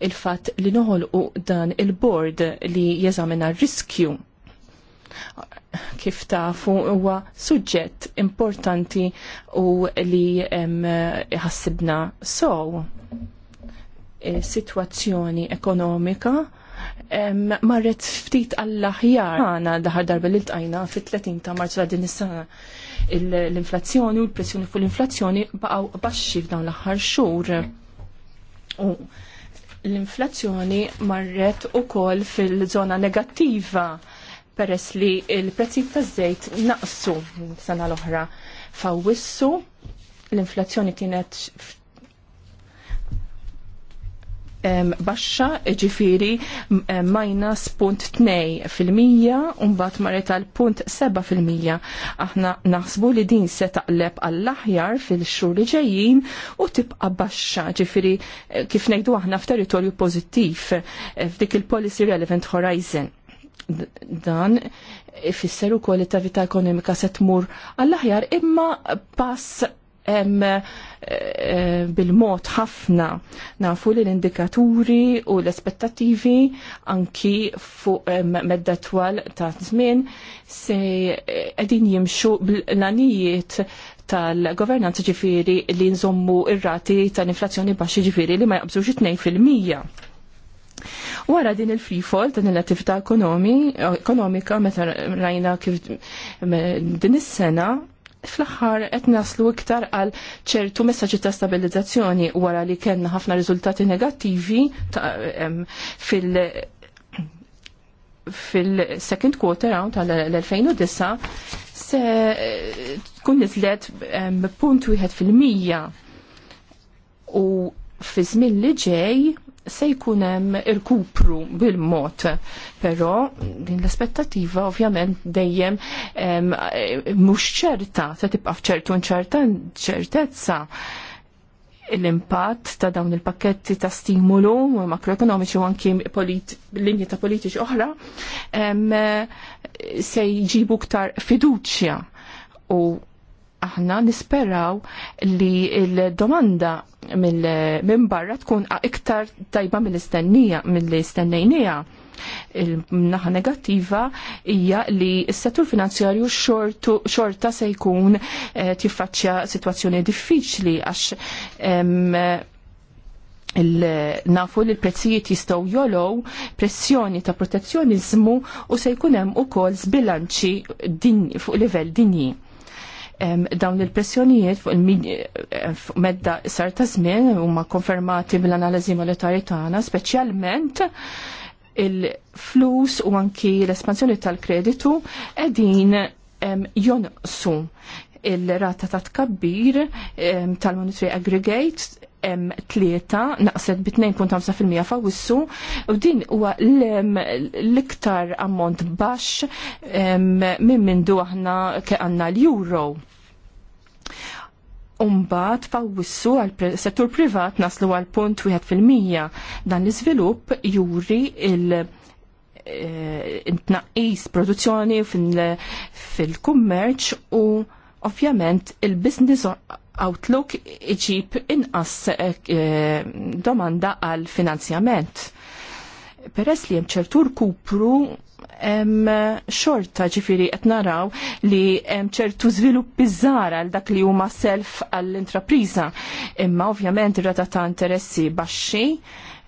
il-fatt li noħolqu dan il-board li jeżamina riskju kif tafu huwa suġġett importanti u li ħassibna sow. E, situazzjoni ekonomika marret ftit għall-aħjar għana daħar darba li l-tajna fit-30 ta' marzu din is-sena. L-inflazzjoni u l-pressjoni fuq l-inflazzjoni baqgħu baxxi f'dawn l-aħħar xhur. U L-inflazzjoni marret ukoll fil-żona negattiva peress li il prezzi taż-żejt naqsu sena l-oħra. Fawissu l-inflazzjoni kienet baxxa ġifiri minus punt tnej fil-mija unbat marret għal punt seba fil-mija. Aħna naħsbu li din se taqleb għall-aħjar fil-xhur li ġejjin u tibqa' baxxa ġifiri eh, kif ngħidu aħna f'territorju pożittiv eh, f'dik il-Policy Relevant Horizon dan ifisser ukoll ta' vita ekonomika se tmur għall-aħjar imma pass Eh, eh, bil-mod ħafna nafu li l-indikaturi u l-aspettativi anki fuq medda twal ta' żmien se eh, qegħdin jimxu bl-lanijiet tal-governanza ġifiri li nżommu ir-rati tal-inflazzjoni baxxi ġifiri li ma jaqbżux 2%. Wara din il-free din l-attività ekonomika, meta rajna kif din is-sena, fl-aħħar qed naslu iktar għal ċertu messaġġi ta' stabilizzazzjoni wara li kellna ħafna riżultati negattivi fil- fil-second quarter round tal-2009 se eh, tkun nizlet punt wieħed fil-mija u fi żmien li ġej se jkun hemm irkupru bil-mod, però din l-aspettativa ovvjament dejjem mhux ċerta, se tibqa' f'ċertu nċerta ċertezza l-impatt ta' dawn il-pakketti ta' stimulu makroekonomiċi u anki linji ta' politiċi oħra se jġibu ktar fiduċja u aħna nisperaw li l-domanda minn barra tkun iktar tajba mill-istennija, mill-istennejnija. Il-naħa negattiva hija li s-settur finanzjarju xorta se jkun eh, tiffaċċja situazzjoni diffiċli għax nafu li l-prezzijiet jistgħu jolow pressjoni ta' protezzjonizmu u se jkun hemm ukoll zbilanċi fuq livell dinji dawn il-pressjonijiet fuq il medda sar ta' żmien huma konfermati mill-analiżi monetari tagħna, speċjalment il-flus u anki l-espansjoni tal-kreditu qegħdin jonqsu il-rata ta' tkabbir tal-Monetary Aggregate tlieta naqset bi 2.5% fawissu u din huwa l-iktar ammont baxx minn mindu aħna ke għanna l-euro. Umbat fawissu għal settur privat naslu għal punt 1% dan l-iżvilupp juri il- eh, tnaqqis produzzjoni fil-kummerċ u Ovvjament il-business outlook iġib inqas eh, domanda għal finanzjament. Peress li hemm ċertu rkupru hemm xorta ġifiri qed naraw li hemm ċertu żviluppi żgħar għal dak li huma self għall intrapriża Imma ovvjament ir-rata ta' interessi baxxi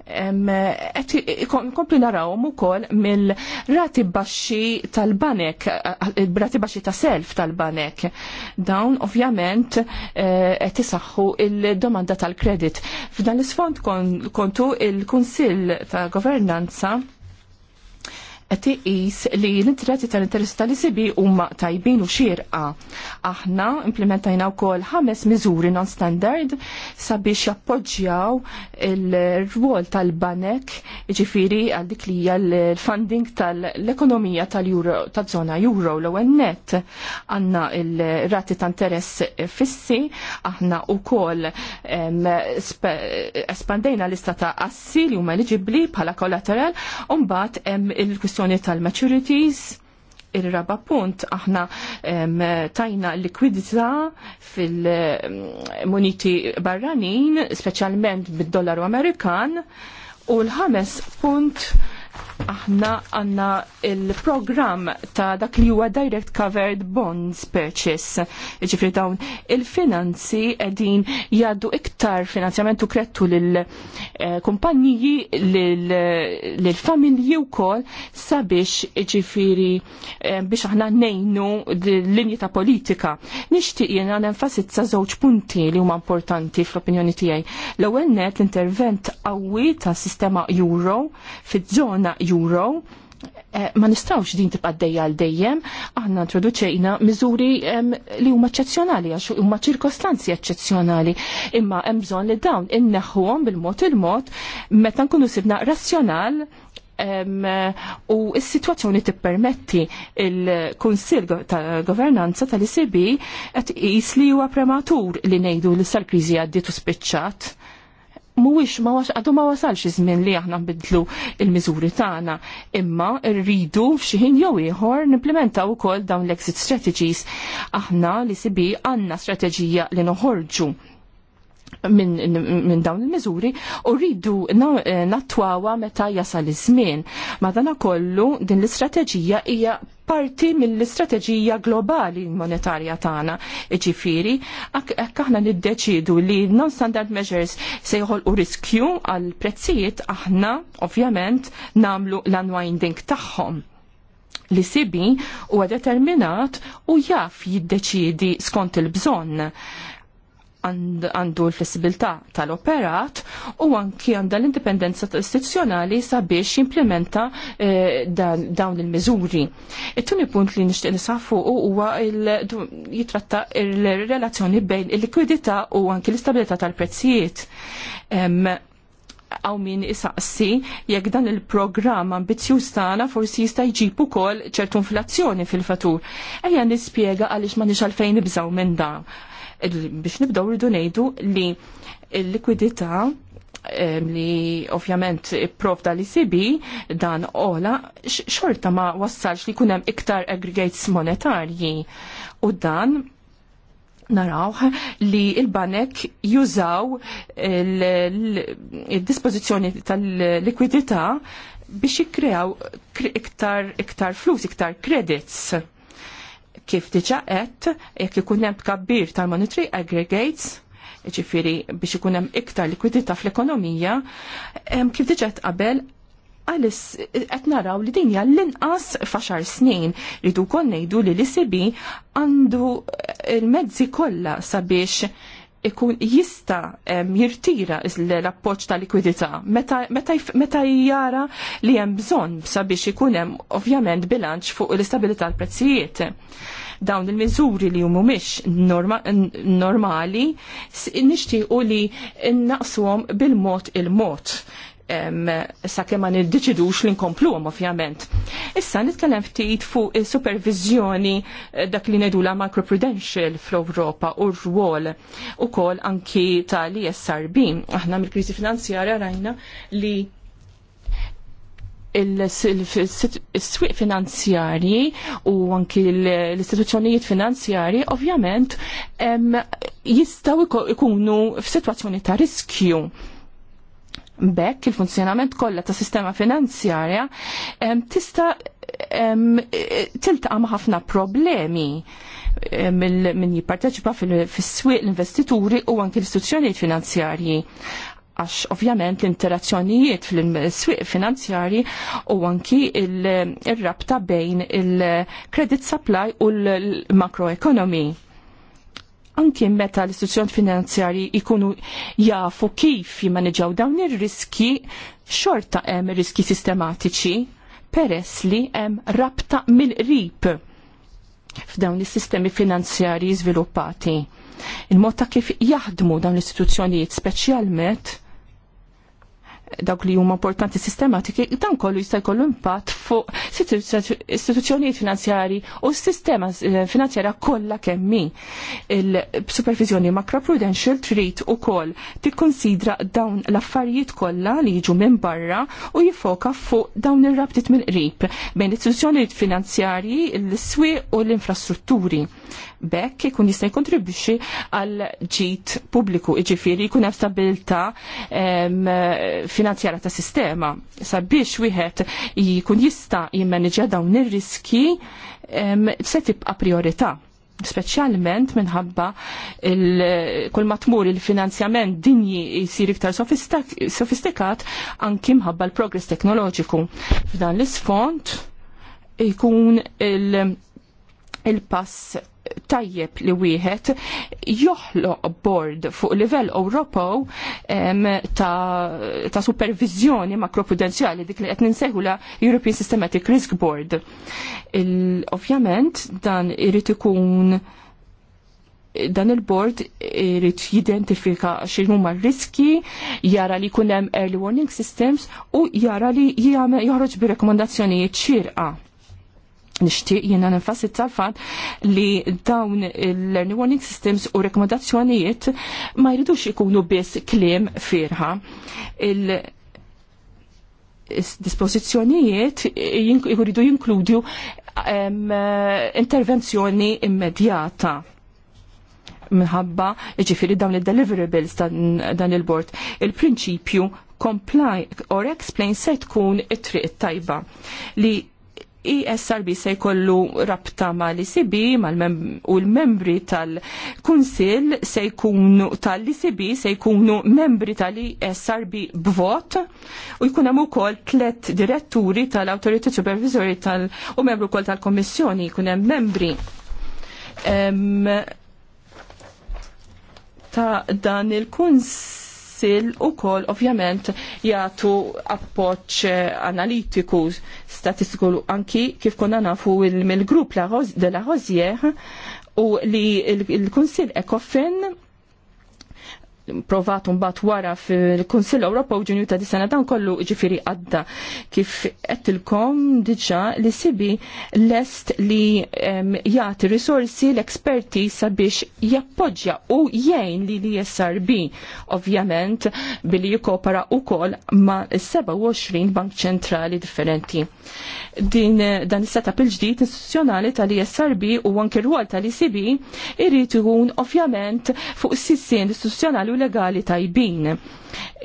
naraw narawhom ukoll mill-rati baxxi tal-banek, eh, eh, rati baxi ta' self tal-banek. Dawn ovvjament qed eh, isaħħu il-domanda tal-kredit. F'dan l-isfond kontu il-Kunsill ta' Governanza qed iqis li l-interati tal-interess tal-ICB huma tajbin u xierqa. Aħna implementajna wkoll ħames miżuri non-standard sabiex jappoġġjaw il-rwol tal-banek ġifiri għal dik li l-funding tal-ekonomija tal zona taż-żona euro l ewwel net. Għandna il-rati ta' interess fissi, aħna wkoll espandejna l istata ta' assi li huma eliġibbli bħala kollateral u mbagħad il-kwistjoni kwistjoni tal-maturities, il-raba punt aħna um, tajna likwidità fil-muniti barranin, specialment bid-dollaru Amerikan, u l-ħames punt aħna għanna il-program ta' dak li huwa Direct Covered Bonds Purchase. Ġifri dawn il-finanzi edin jaddu iktar finanzjamentu krettu l eh, kumpanniji l familji u kol sabiex ġifiri eh, biex aħna nejnu l-linji ta' politika. Nishtiq jena l-enfasizza żewġ punti li huma importanti fl-opinjoni tiegħi. L-ewwel net l-intervent qawwi ta' sistema euro fiż-żona euro eh, ma nistawx din tibqa' dejja għal dejjem, aħna introduċejna miżuri li huma eċċezzjonali għax huma ċirkostanzi eċċezzjonali, imma hemm bżonn li dawn inneħħuhom bil-mod il-mod meta nkunu sibna razzjonal u s-situazzjoni tippermetti il-Kunsil ta' Governanza tal-ICB qed qis li huwa prematur li ngħidu li sal-kriżi għaddiet u spiċċat mhuwiex ma għadu ma wasalx iżmin żmien li aħna nbidlu il-miżuri tagħna, imma rridu f'xi ħin jew ieħor nimplementaw ukoll dawn l-exit strategies. Aħna li sibi għandna strateġija li noħorġu minn min dawn il-miżuri u rridu eh, nattwawa meta jasal iż-żmien. Madana kollu din l-istrateġija hija parti mill-istrateġija globali monetarja tagħna. Iġifieri, hekk aħna niddeċidu li non-standard measures se jħolqu riskju għal prezzijiet aħna ovvjament namlu l-unwinding tagħhom li sibi huwa determinat u jaf jiddeċidi skont il-bżonn għandu l-flessibilità tal-operat u anki għanda l-indipendenza istituzzjonali sabiex jimplementa eh, dawn il-miżuri. It-tuni punt li nixtieq nisafu huwa jitratta il-relazzjoni bejn il-likwidità u anki l-istabilità tal-prezzijiet. Għaw min isaqsi jekk dan il-programm ambizjuż tagħna forsi jista' jġib ukoll ċertu inflazzjoni fil-fatur. Ejja nispjega għaliex ma nix għalfejn nibżgħu minn dan biex nibdaw rridu ngħidu li l-likwidità li ovvjament provda li sibi dan ola xorta ma wassalx li kunem iktar aggregates monetarji u dan naraw li il-banek jużaw il-dispozizjoni tal-likwidità biex jikreaw iktar, iktar flus, iktar credits Kif diġa qed, jekk ikun hemm tkabbir tal-monetary aggregates, ġifiri biex ikun hemm iktar likwidità fl-ekonomija, kif diġa qabel għalis qed naraw li dinja l-inqas faxar snin ridu kon ngħidu li l-ICB għandu eh, il-mezzi kollha sabiex ikun jista jirtira l-appoċ ta' likwidità meta, jara li hemm bżonn sabiex ikun hemm ovvjament bilanċ fuq l-istabilità tal-prezzijiet dawn il-miżuri li jumu mhix normali nixtiequ li naqsuhom bil-mod il-mod sa kemm ma niddeċidux li nkompluhom ovvjament. Issa nitkellem ftit fuq supervizjoni eh, dak li la macroprudential fl-Ewropa u r-rwol ukoll anki tal-ISRB. Aħna mill-kriżi finanzjarja rajna li il-swiq finanzjarji u anki l-istituzzjonijiet finanzjarji ovvjament jistaw ikunu f'sitwazzjoni ta' riskju. Bekk il-funzjonament kollha ta' sistema finanzjarja tista' tiltaqa' ħafna problemi minn jipparteċipa fis-swieq l-investituri u anki l-istituzzjonijiet finanzjarji għax ovvjament l-interazzjonijiet fl-swiq finanzjari u anki il-rabta bejn il-credit supply u l-makroekonomi. Anki meta l-istituzzjoni finanzjari ikunu jafu kif jimaneġaw dawn ir-riski xorta hemm riski sistematiċi peress li hemm rabta mill-qrib f'dawn is-sistemi finanzjari żviluppati il-mod ta' kif jaħdmu dawn l-istituzzjonijiet speċjalment dawk li huma importanti sistematiki, dan kollu jista' jkollu impatt fuq istituzzjonijiet finanzjari u s-sistema eh, finanzjara kollha kemm hi. Il-supervizjoni macroprudential trid ukoll tikkonsidra dawn l-affarijiet kollha li jiġu minn barra u jifoka fuq dawn ir-rabtiet mill qrib bejn istituzzjonijiet finanzjari, l-swieq u l-infrastrutturi. Bekk ikun jista' jkontribwixxi għal ġid pubbliku, jiġifieri jkun hemm stabilità finanzjara ta' sistema sabiex wieħed jkun jista' jimmanġa dawn ir-riski se tibqa' priorità speċjalment minħabba kull tmur il-finanzjament dinji jisir iktar sofistikat anki mħabba l-progress teknoloġiku. F'dan l-isfond ikun il-pass il tajjeb li wieħed joħloq board fuq livell Ewropew ta', ta supervizjoni makroprudenzjali dik li qed ninsegu la European Systematic Risk Board. Ovvjament dan irid ikun dan il-board irid jidentifika x'inhuma riski, jara li jkun hemm early warning systems u jara li joħroġ bi rekomandazzjonijiet xierqa nishtiq jena nifasit tal-fat li dawn il-learning warning systems u rekomendazzjonijiet ma jridux ikunu biss klim firħa. Il- dispozizjonijiet jridu jinkludju intervenzjoni immedjata minħabba ġifiri dawn il-deliverables dan il-bord. Il-prinċipju comply or explain se tkun it-triq tajba li ISRB e se jkollu rabta ma l-ICB e u l-membri tal-Kunsil se jkunu tal-ICB se jkunu membri tal-ISRB b'vot u jkun hemm ukoll tliet diretturi tal-Awtorità Supervisori tal- u membru wkoll tal-Kommissjoni jkun hemm membri ta' dan il-Kunsil il u kol ovvjament jagħtu appoġġ eh, analitiku statistiku anki kif konna nafu mill-grupp de la Rosière u li il-Kunsill Ecofin provat mbagħad wara fil-Kunsill Ewropew Ġunju ta' dis-sena dan kollu ġifiri għadda kif qedtilkom diġà li sibi lest li jagħti risorsi l-eksperti sabiex jappoġġja u jgħin li li SRB ovvjament billi jikopera wkoll ma' 27 bank ċentrali differenti. Din dan is-setup il-ġdid istituzzjonali tal-ISRB u anke r-rwol tal-ICB irid ikun ovvjament fuq is-sissien istituzzjonali legali tajbin.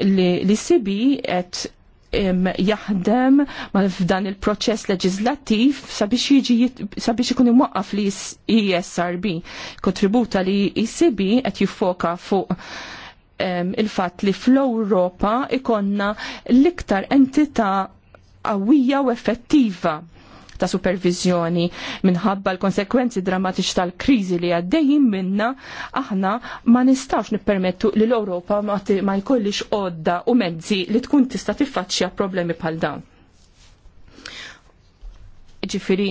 Li sibi qed jaħdem f'dan il-proċess leġislattiv sabiex jiġi sabiex ikun imwaqqaf li isrb Kontributa li ECB qed jiffoka fuq il-fatt li fl-Ewropa ikonna l-iktar entità qawwija u effettiva ta' supervizjoni minħabba l-konsekwenzi drammatiċi tal-kriżi li għaddejjin minna aħna ma nistax nippermettu li l-Ewropa ma jkollix għodda u mezzi li tkun tista' tiffaċċja problemi bħal dawn. Ġifiri,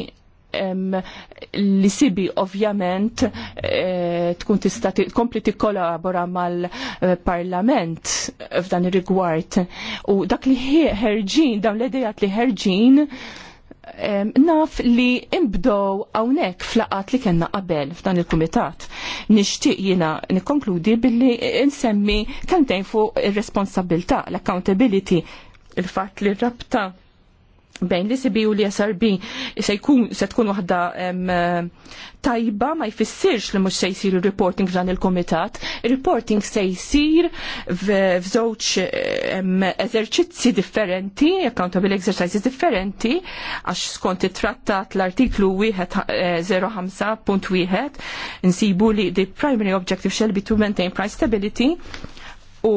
li sibi ovvjament eh, tkun tista' tkompli tikkolabora mal-Parlament f'dan ir-rigward u dak li ħerġin dawn l-idejat li ħerġin naf li imbdow hawnhekk flaqat li kellna qabel f'dan il-kumitat. Nixtieq jiena nikkonkludi billi nsemmi kantejn fuq ir-responsabilità, l-accountability, il-fatt li rabta bejn li sibi u li SRB se jkun se tkun waħda tajba ma jfissirx li mhux se jsir reporting f'dan il-kumitat. Reporting se jsir f'żewġ eżerċizzi differenti, accountable exercises differenti, għax skont it-trattat l-artiklu eh, wieħed nsibu li the primary objective shall be to maintain price stability u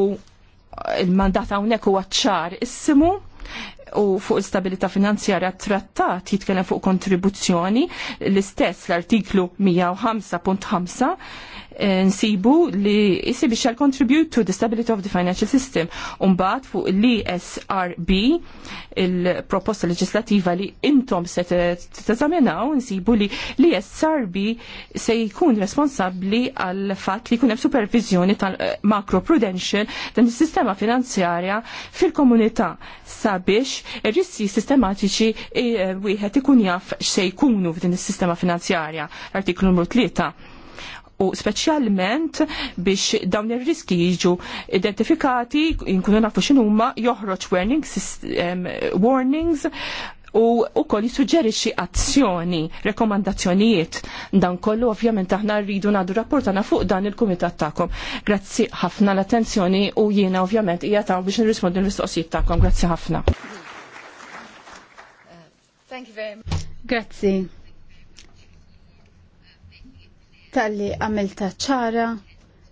il-mandat hawnhekk huwa ċar issimu u fuq il finanzjarja trattat jitkellem fuq kontribuzzjoni l-istess l-artiklu 105.5 Eh, nsibu li jisib shall contribute to the stability of the financial system. Umbat fuq l-ESRB, il-proposta leġislativa li intom se tazamenaw nsibu li l-ESRB se jkun responsabli għal fat li kunem supervizjoni tal-macroprudential eh, dan il-sistema finanzjarja fil-komunità sabiex rissi sistematiċi eh, wieħed ikun jaf xejkunu f'din is-sistema finanzjarja. Artiklu numru 3 u speċjalment biex dawn ir-riski jiġu identifikati, jinkunu nafu x'inhuma joħroġ warnings u wkoll jisuġġerixxi azzjoni, rekomandazzjonijiet. Dan kollu ovvjament aħna rridu nagħdu rapportana fuq dan il-kumitat tagħkom. Grazzi ħafna l-attenzjoni u jiena ovvjament hija taw biex nirrispondi l-mistoqsijiet tagħkom. Grazzi ħafna. Thank you very much. Grazzi tal-li għamilta ċara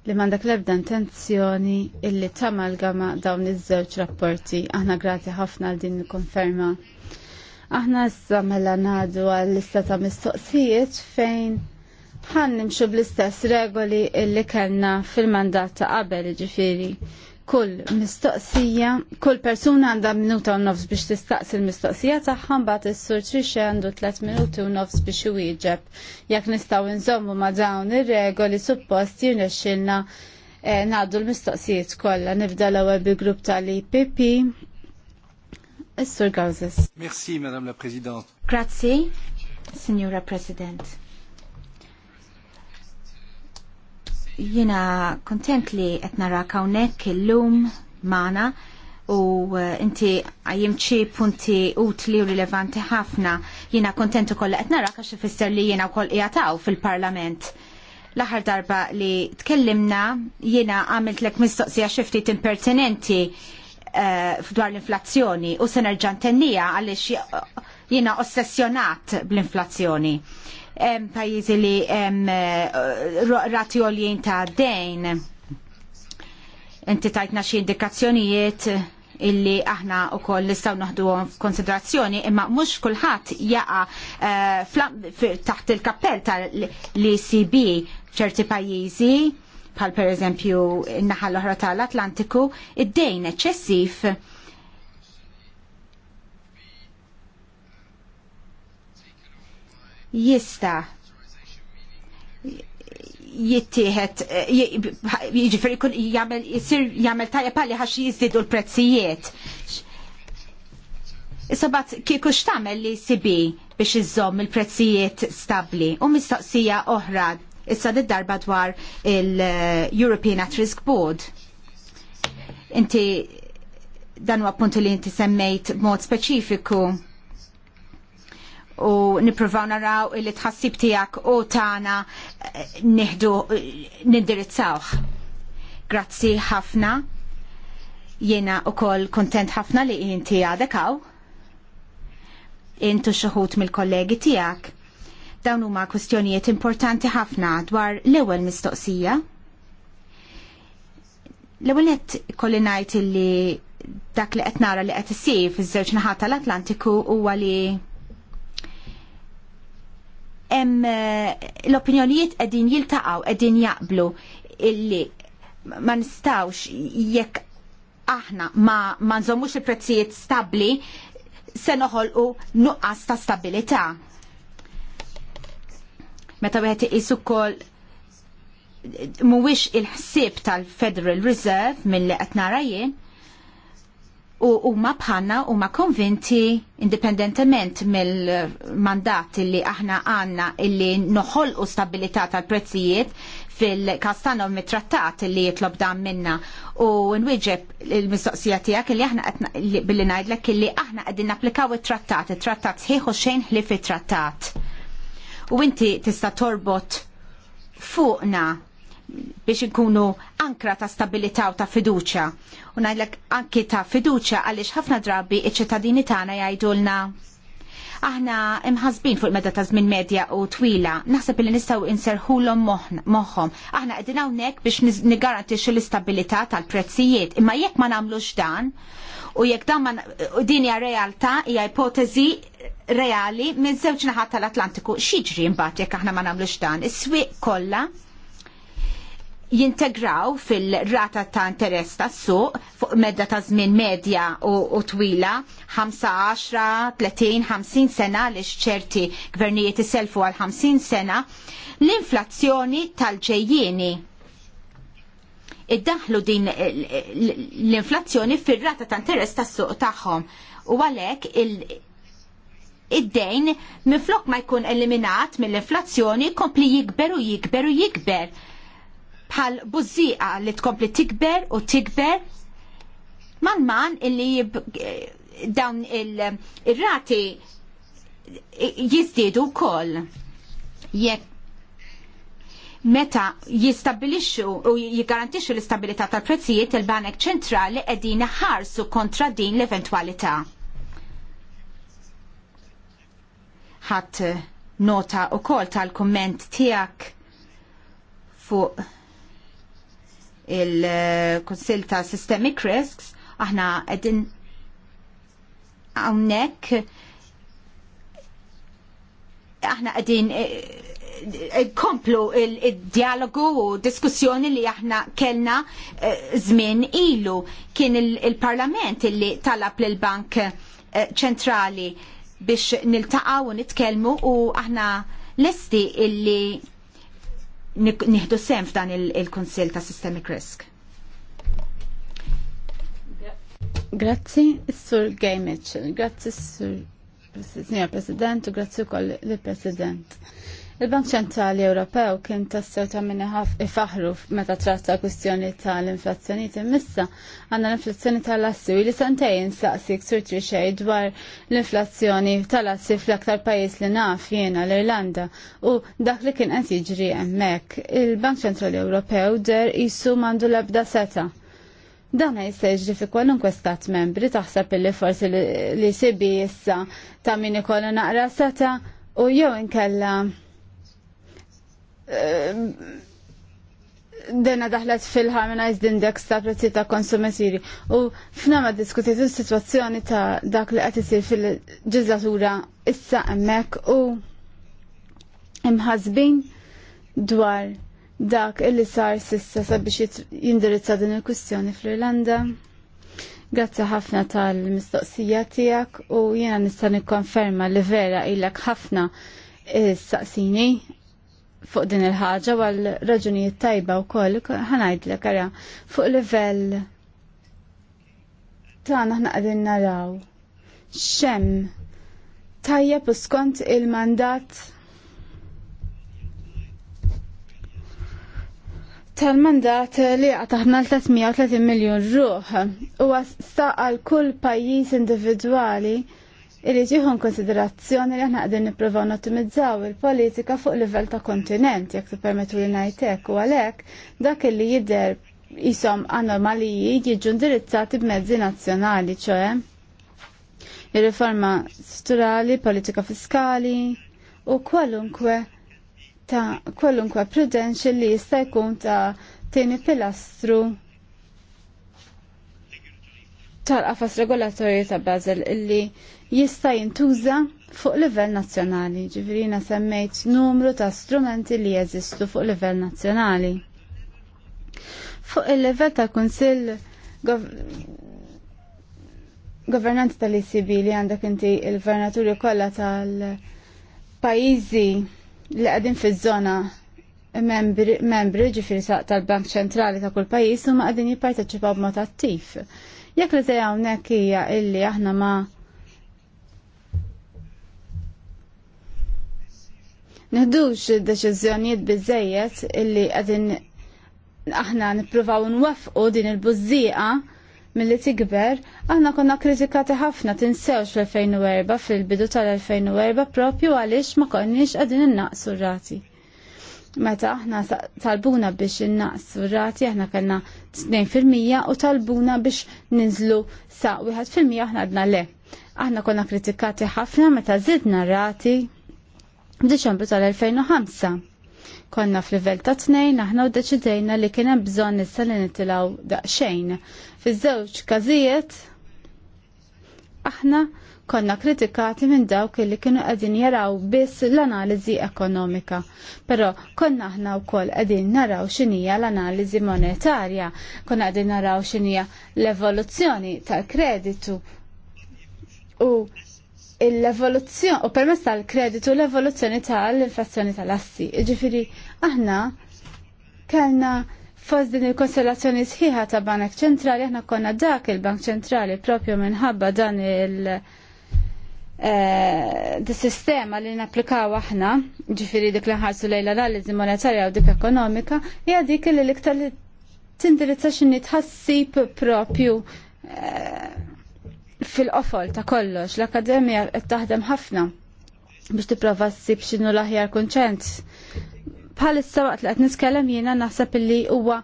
li mandak lebda intenzjoni illi tamalgama dawn iż-żewġ rapporti. Aħna grati ħafna għal din konferma. Aħna issa mela ngħadu għall-lista ta' mistoqsijiet fejn ħan nimxu bl-istess regoli illi kellna fil-mandat ta' qabel ġifiri kull mistoqsija, kull persuna għandha minuta u nofs biex tistaqsi l-mistoqsija taħħan bat is-sur Trisha għandu tliet minuti u nofs biex iġeb. Jekk nistgħu nżommu ma' dawn ir-regoli suppost jirnexxilna eh, ngħaddu l-mistoqsijiet kollha. Nibda l-ewwel bil-grupp tal-IPP. Is-Sur Gawzes. Merci, Madame la President. Grazzi, Signora President. Jina kontent li qed nara hawnhekk illum magħna u uh, inti għajimċi punti utli u rilevanti ħafna. Jina kontent u kolla etnara għax ifisser li jina u koll jgħataw fil-parlament. l darba li tkellimna jina għamilt lek mistoqsija xifti impertinenti uh, f'dwar l-inflazzjoni u senerġan tennija għalix uh, jina ossessjonat bl-inflazzjoni pajjiżi li eh, rati li ta' dejn. Inti tajtna xi indikazzjonijiet illi aħna u koll nistaw naħdu konsiderazzjoni imma mux kullħat jaqa eh, taħt il-kappell tal-ECB ċerti pajjiżi bħal per eżempju naħa l-oħra tal-Atlantiku id-dejn eċċessiv jista jittieħed eh, jiġifieri jkun jagħmel jisir jagħmel tajjeb pali għax jiżdiedu l-prezzijiet. Issa bat kieku x'tagħmel li sibi biex iżomm il-prezzijiet stabbli u mistoqsija oħra issa darba dwar il-European At Risk Board. Inti dan huwa appuntu li inti semmejt mod speċifiku u nippruvaw naraw li tħassib tiegħek u tagħna eh, nihdu eh, nindirizzawh. Grazzi ħafna. Jiena wkoll kuntent ħafna li jinti għadek Intu xi mill-kollegi tiegħek. Dawn huma kwistjonijiet importanti ħafna dwar l-ewwel mistoqsija. L-ewwel net kolli ngħid illi dak li qed nara li qed isir fiż-żewġ naħat tal-Atlantiku huwa li Eh, l-opinjonijiet qegħdin jiltaqgħu qegħdin jaqblu illi ma nistawx jekk aħna ma, ma nżommux il-prezzijiet stabli se noħolqu nuqqas ta' stabilità. Meta wieħed iqis ukoll mhuwiex il-ħsieb tal-Federal Reserve milli qed nara jien, u huma bħalna huma konvinti indipendentement mill-mandat li aħna għanna illi noħolqu stabilità tal-prezzijiet fil-kastanom mit-trattat li jitlob dan minna u nwieġeb il-mistoqsija tiegħek li aħna billi ngħidlek illi aħna qegħdin applikaw it-trattat, it-trattat sħiħu xejn ħlif it-trattat. U inti tista' torbot fuqna biex inkunu ankra ta' stabilità u ta' fiduċja u ngħidlek anki ta' fiduċja għaliex ħafna drabi iċ-ċittadini tagħna jgħidulna aħna imħazbin fuq meta ta' żmien medja u twila, naħseb li nistgħu inserħulhom moħħhom. Aħna qegħdin hawnhekk biex nigarantixxu l-istabilità tal-prezzijiet, imma jekk ma nagħmlux dan u jekk dan ma din hija realtà hija ipotezi reali minn żewġ naħat tal-Atlantiku x'jiġri mbagħad jekk aħna ma nagħmlux dan. Is-swieq kollha jintegraw fil-rata ta' interess tas suq fuq medda ta' żmien medja u, u twila 15 30, 50 sena li xċerti gvernijiet iselfu għal 50 sena l-inflazzjoni tal-ġejjieni id-daħlu din l-inflazzjoni fir-rata ta' interess tas suq tagħhom u għalhekk il- id-dejn minflok ma jkun eliminat mill-inflazzjoni kompli jikber u jikber u jikber bħal bużziqa li tkompli tikber u tikber man-man illi eh, dawn il-rati eh, eh, jizdidu kol. Jekk meta jistabilixxu u jiggarantixxu l-istabilità tal-prezzijiet il-Banek Ċentrali qegħdin ħarsu kontra din l-eventwalità. Ħadd nota wkoll tal-kumment tiegħek fuq il-Konsil ta' Systemic Risks, aħna għedin għawnek aħna għedin eh, komplu il-dialogu u diskussjoni li aħna kellna eh, żmien ilu kien il-parlament il li talab l-bank eh, ċentrali biex niltaqaw u nitkelmu u aħna lesti illi nieħdu sem f'dan il konsil ta' Systemic Risk. Grazzi, Sur Gay Mitchell. Grazzi, Sur Presidente, President, grazzi u koll l-President. Il-Bank Ċentrali Ewropew kien tassew ta' minn ħaf ifaħru meta tratta kwistjoni tal-inflazzjoni timmissa għandna l-inflazzjoni tal-assi u li santejn saqsi ksur trixej dwar l-inflazzjoni tal-assi fl-aktar pajjiż li naf jiena l-Irlanda u dak li kien qed jiġri hemmhekk. Il-Bank Ċentrali Ewropew der isu mandu l-ebda seta. Dan jista' jiġri fi kwalunkwe stat membri taħseb illi forsi li sibi issa ta' min ikollu naqra seta u jew inkella Ehm, dena daħlet fil-Harmonized Index ta' prezzi ta' konsumatiri u f'nama diskutiet il-situazzjoni ta' dak li qed isir fil ġizzatura issa hemmhekk u imħazbin dwar dak illi sar sissa sabiex jindirizza din il-kwistjoni fl-Irlanda. Grazzi ħafna tal-mistoqsija tiegħek u jiena nista' nikkonferma li vera illak ħafna s-saqsini fuq din il-ħaġa għal raġunijiet tajba u koll ħanajdlek għara fuq livell tagħna naħna għadin naraw xem tajjeb u skont il-mandat tal-mandat li għataħna l-330 miljon ruħ u għasta għal kull pajjiż individwali irrid jieħu konsiderazzjoni li aħna qegħdin nippruvaw nottimizzaw il-politika fuq livell ta' kontinent jekk tippermettu li ngħid hekk u għalhekk dak li jidher isom anomaliji jiġu indirizzati b'mezzi nazzjonali, ċoe ir-riforma strutturali, politika fiskali u kwalunkwe ta' kwalunkwe prudential li jista' jkun ta' tieni pilastru tal-qafas regolatorju ta' Basel illi jista' jintuża fuq livell nazzjonali, ġifirina semmejt numru ta' strumenti li jeżistu fuq livell nazzjonali. Fuq il-livell ta' kunsill gov governanti tal-ECB li għandek inti il-gvernaturi kollha tal-pajjiżi li għadin fiż-żona membri, ġifiri tal-Bank Ċentrali ta' kull pajjiż huma qegħdin jipparteċipaw b'mod attiv Jekk li dejja hawnhekk hija illi aħna ma' Nħdux deċizjonijiet bizzejiet illi għadin aħna nipruvaw nwafqu din il buzzija mill-li tikber, aħna konna kritikati ħafna tinsewx fl-2004 fil-bidu tal-2004 propju għaliex ma konniex għadin innaqsu rati. Meta aħna talbuna biex innaqsu rati aħna kellna 2% u talbuna biex ninżlu sa 1% aħna għadna le. Aħna konna kritikati ħafna meta zidna rati f'Diċembru tal-2005. Konna f'livell ta' tnejn aħna u deċidejna li kien hemm bżonn issa li nitilgħu daqsxejn. Fiż-żewġ każijiet aħna konna kritikati minn dawk li kienu qegħdin jaraw biss l-analiżi ekonomika. Però konna aħna wkoll qegħdin naraw x'inhija l-analiżi monetarja, konna qegħdin naraw x'inhija l-evoluzzjoni tal-kreditu u l-evoluzzjoni u permess tal-kreditu l-evoluzzjoni tal-inflazzjoni tal-assi. Ġifieri aħna kellna Fost din il-konstellazzjoni sħiħa ta' Bank Ċentrali, aħna konna dak il-Bank Ċentrali propju minħabba dan il- eh, di sistema li napplikaw aħna, ġifiri dik li ħarsu lejla l-analizi monetarja u dik ekonomika, hija dik li l-iktar li tindirizza xinni tħassib propju eh, fil-qofol ta' kollox. L-Akademija qed taħdem ħafna biex tipprova ssib xinu l-aħjar kunċent bħalissa waqt li qed niskellem jiena naħseb illi huwa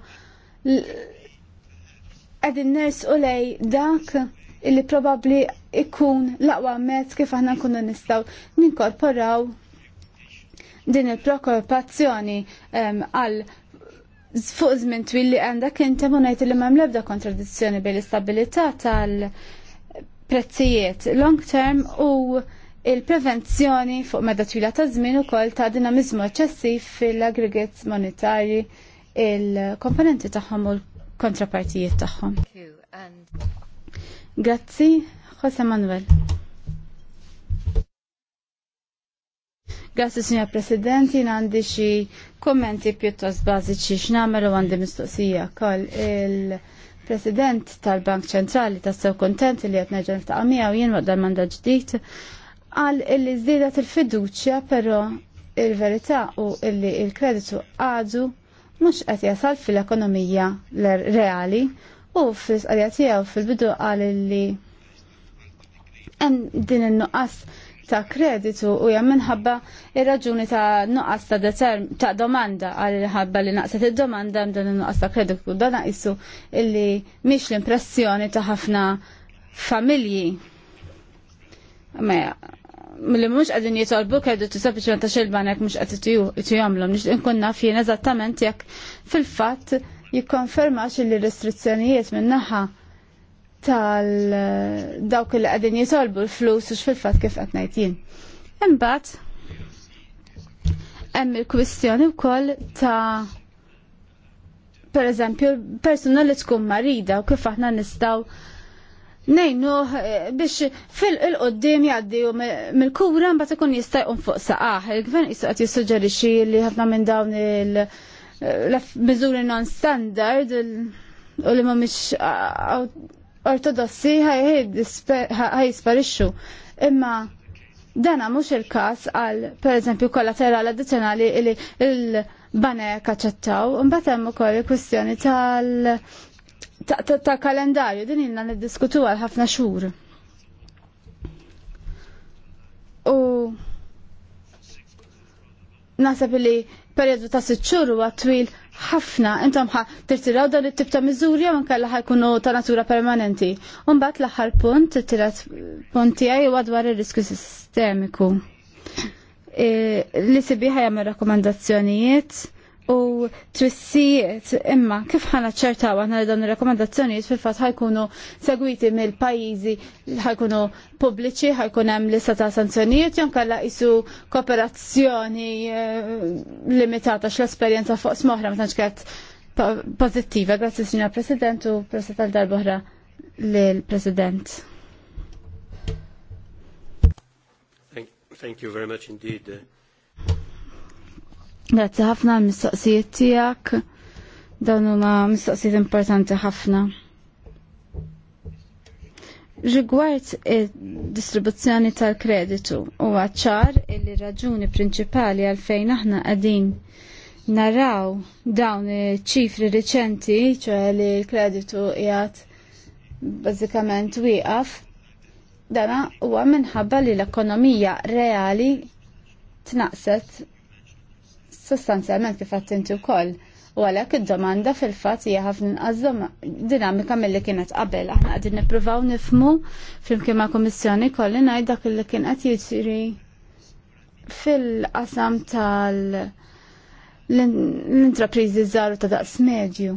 qegħdin u lej dak illi probabbli ikun l-aqwa mezz kif aħna nkunu nistgħu ninkorporaw din il prokorpazzjoni ehm, għal fuq żmien twil li għandek inti ngħid li m'hemm lebda kontradizzjoni bejn l-istabilità tal-prezzijiet long term u Il-prevenzjoni fuq meda twila ta' żmien ukoll ta' dinamiżmu eċċessiv fil-aggregates monetari il-komponenti tagħhom u l-kontrapartijiet tagħhom. Grazzi, Jose Manuel. Grazzi, Signor Presidenti, jien għandi xi kommenti pjuttost bażiċi x'nagħmel u għandi mistoqsija koll il-President tal-Bank Ċentrali tassew kontent li qed nerġa' ta' miegħu jien waqt dal-mandat ġdid għal illi zdidat il-fiduċja però il-verità u illi il-kreditu għadu mux qed jasal fil-ekonomija reali u fil-sqarja tiegħu fil-bidu għal li hemm din il nuqqas ta' kreditu u hemm minħabba il raġuni ta' nuqqas ta' determ ta' domanda għal ħabba li naqset id-domanda hemm din il nuqqas ta' kreditu dan naqissu illi mhix l-impressjoni ta' ħafna familji. Ma mill mux għadin jitolbu kħeddu t-sabiċ ma tax banek mux għad t nix inkunna naf jien eżattament jekk fil-fat jikkonfermax li restrizzjonijiet minnaħa tal-dawk li għadin jitolbu l-flus u fil-fat kif għatnajt jien. Imbat, hemm il-kwistjoni wkoll ta' per eżempju persuna li tkun marida u kif aħna nistgħu nejnu eh, biex fil-qoddim u mill-kura mbagħad ikun jista' un fuq saqaħ. Il-gvern għat jissuġġeri jissuġġerixxi li ħafna minn dawn il-miżuri eh, non-standard u li mhumiex ortodossi ħaj ħajsparixxu. Imma dana mhux il-każ għal pereżempju kollaterali addizzjonali li il-banek aċċettaw, imbagħad hemm ukoll il-kwistjoni tal- ta' kalendarju din ilna niddiskutu għal ħafna xhur. U naħseb li periodu ta' sitt xhur huwa twil ħafna intom ħa tirtiraw dan it-tip ta' miżuri jew ħajkunu ta' natura permanenti. U mbagħad l-aħħar punt, t-tirat punt tiegħi huwa dwar ir-riskju sistemiku. E, li sibiħa jagħmel rakkomandazzjonijiet u twissijiet imma kif ħana ċertaw għana li dawn il-rekomendazzjonijiet fil-fat ħajkunu segwiti mill-pajizi ħajkunu pubbliċi, ħajkun hemm lista ta' sanzjonijiet jon kalla isu kooperazzjoni eh, limitata x'l-esperjenza fuq smoħra ma tantx pozittiva, grazie signor President u tal għal darbohra l-President. Thank, thank you very much indeed. Grazzi ħafna l-mistoqsijiet tiegħek. Dawn huma mistoqsijiet importanti ħafna. Rigward id-distribuzzjoni tal-kreditu huwa ċar illi raġuni prinċipali għalfejn aħna qegħdin naraw dawn iċ-ċifri riċenti, ċoħe li l-kreditu qiegħed bażikament wieqaf, dana huwa minħabba li l-ekonomija reali tnaqset sostanzjalment kif qed inti wkoll. U għalhekk id-domanda fil-fatt hija ħafna inqas dinamika milli kienet qabel. Aħna qegħdin nippruvaw nifhmu flimkien ma' kummissjoni kolli ngħid dak li kien qed jiġri fil-qasam tal- l-intrapriżi żgħar ta' daqs medju.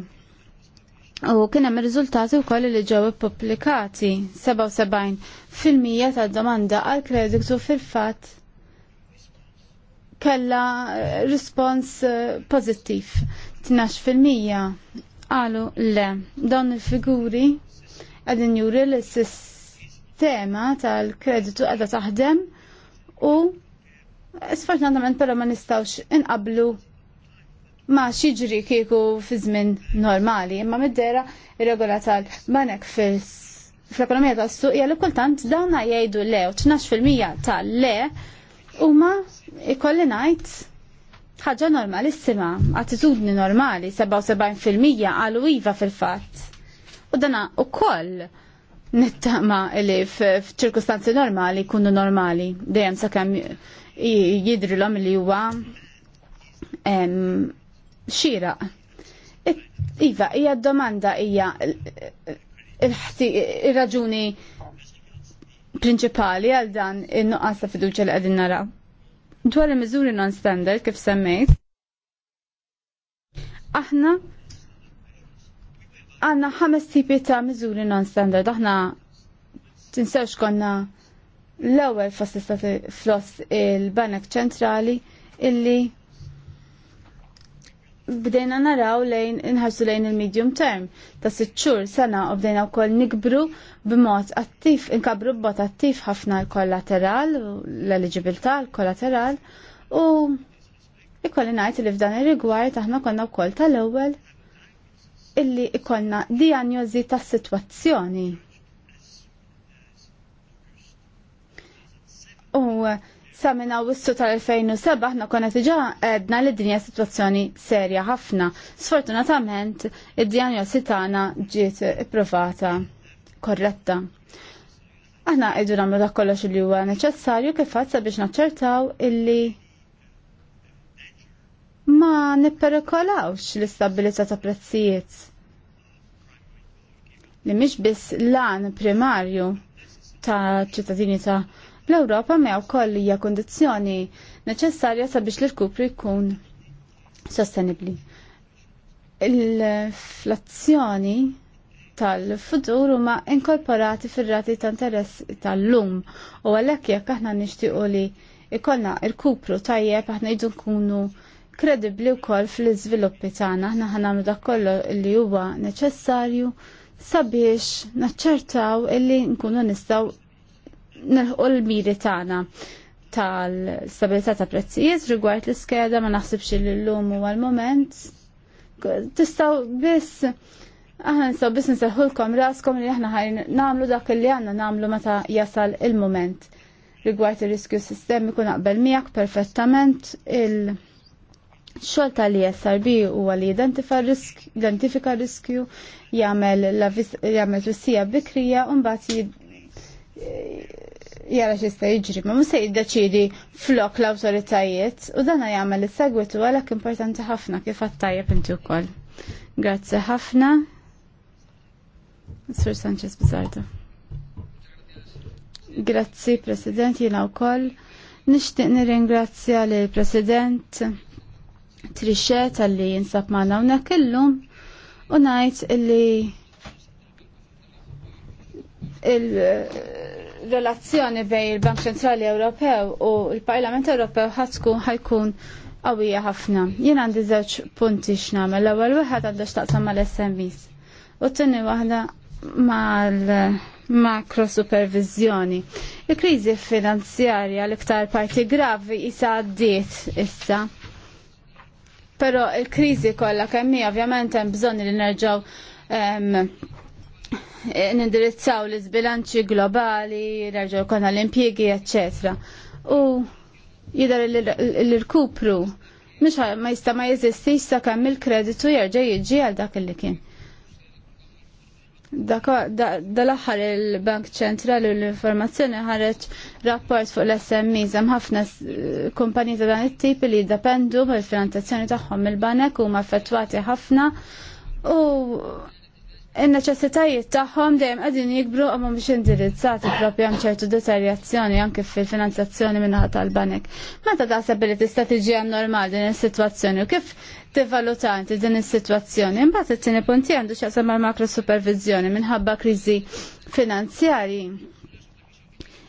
U kien hemm riżultati wkoll li ġew ippubblikati 77% tad-domanda għal kreditu fil-fatt kella eh, rispons eh, fil-mija għalu le, dawn il-figuri għadin juri l-sistema tal-kreditu għadda taħdem u sfortunatament pero ma nistawx inqablu ma xiġri kieku fi żmien normali, imma middera ir-regola tal-banek fil-ekonomija tas-suq hija kultant dawn jgħidu le u 12% tal-le huma ikolli ngħid ħaġa normalissima, attitudni normali, 77% għalu iva fil-fatt. U dana u koll nittama li f'ċirkustanzi normali kunu normali, dejjem sakemm jidri l-om li huwa xira. Iva, hija domanda hija il-raġuni il prinċipali għal dan in-nuqqas ta' fiduċa li qegħdin naraw. Dwar il-miżuri non-standard kif semmejt, aħna għanna ħames tipi ta' miżuri non-standard. Aħna tinsewx konna l-ewwel fost floss il-Banek Ċentrali illi bdejna naraw lejn inħarsu lejn il-medium term ta' sitxur sena u bdejna u koll nikbru b'mod attiv, inkabru b'mod attiv ħafna l-kollateral, l eligibilta l-kollateral u ikolli najt li f'dan ir-rigward aħna konna wkoll tal-ewwel illi ikolna diagnosi ta' situazzjoni. U Sa minn Awwissu tal-2007 aħna konna diġà għedna li dinja situazzjoni serja ħafna. Sfortunatament, id-dijanjosi tagħna ġiet ipprovata korretta. Aħna qegħdu nagħmlu dak kollox li huwa neċessarju kif fatt biex naċċertaw illi ma nipperikolawx l-istabilità ta' prezzijiet. Li mhix biss lan primarju ta' ċittadini ta' L-Ewropa mew koll hija kondizzjoni neċessarja sabiex l-irkupru jkun sostenibli. L-inflazzjoni tal-futur huma inkorporati fir-rati ta' interess tal-lum u għalhekk jekk aħna nixtiequ li ikollna irkupru tajjeb aħna jdu nkunu kredibli wkoll fl-iżviluppi tagħna aħna nagħmlu dak kollu li huwa neċessarju sabiex naċċertaw illi nkunu nistgħu nilħu l-miri tagħna tal-stabilità ta' prezzijiet rigward l-iskeda ma naħsibx li l-lum huwa l-moment. Tistgħu biss aħna nistaw biss nseħħulkom raskom li aħna ħajn nagħmlu dak li għandna nagħmlu meta jasal il-moment. Rigward ir-riskju sistemiku naqbel miegħek perfettament il- xol tal-ISRB huwa li identifika risk, identifika riskju, jagħmel jagħmel twissija bikrija u mbagħad jara xista jiġri, ma musa jiddeċidi flok l-autoritajiet u dana jgħamil il-segwitu għalak importanti ħafna kif għattajja inti u koll. Grazie ħafna. Sur Sanchez Bizzardo. Grazzi, President, jina u koll. Nishtiq nir-ingrazzja li President Trichet għalli jinsab maħna unna kellum u najt illi il relazzjoni bej il-Bank Ċentrali Ewropew u il-Parlament Ewropew ħatkun ħajkun qawwija ħafna. Jien għandi żewġ punti x'namel. L-ewwel wieħed għandu x'taqsam mal-SMEs u t-tieni waħda mal-makro supervizjoni. Il-kriżi finanzjarja l-iktar parti gravi issa għaddiet issa. Però il-kriżi kollha kemm hija ovvjament hemm bżonn li nerġgħu nindirizzaw l-izbilanċi globali, nerġaw konna l impiegi eccetera. U jidher l-kupru mhux ma jista ma jeżisti jista kemm il-kreditu jerġa' jiġi għal dak li kien. Dal-aħħar il-Bank ċentrali u l-informazzjoni ħareġ rapport fuq l smi zem ħafna kumpanijiet ta' dan it-tip li jiddependu mill-finanzazzjoni tagħhom mill-banek huma affettwati ħafna u il-neċessitajiet tagħhom dejjem qegħdin jikbru u mhumiex indirizzati propju hemm ċertu deterjazzjoni anke fil-finanzazzjoni minnaħa tal-banek. Meta taħseb li tista' normali din is-sitwazzjoni u kif tivvalutanti din is-sitwazzjoni? Imbagħad it-tieni punti għandu x'jaqsam mal-makro supervizjoni minħabba kriżi finanzjarji.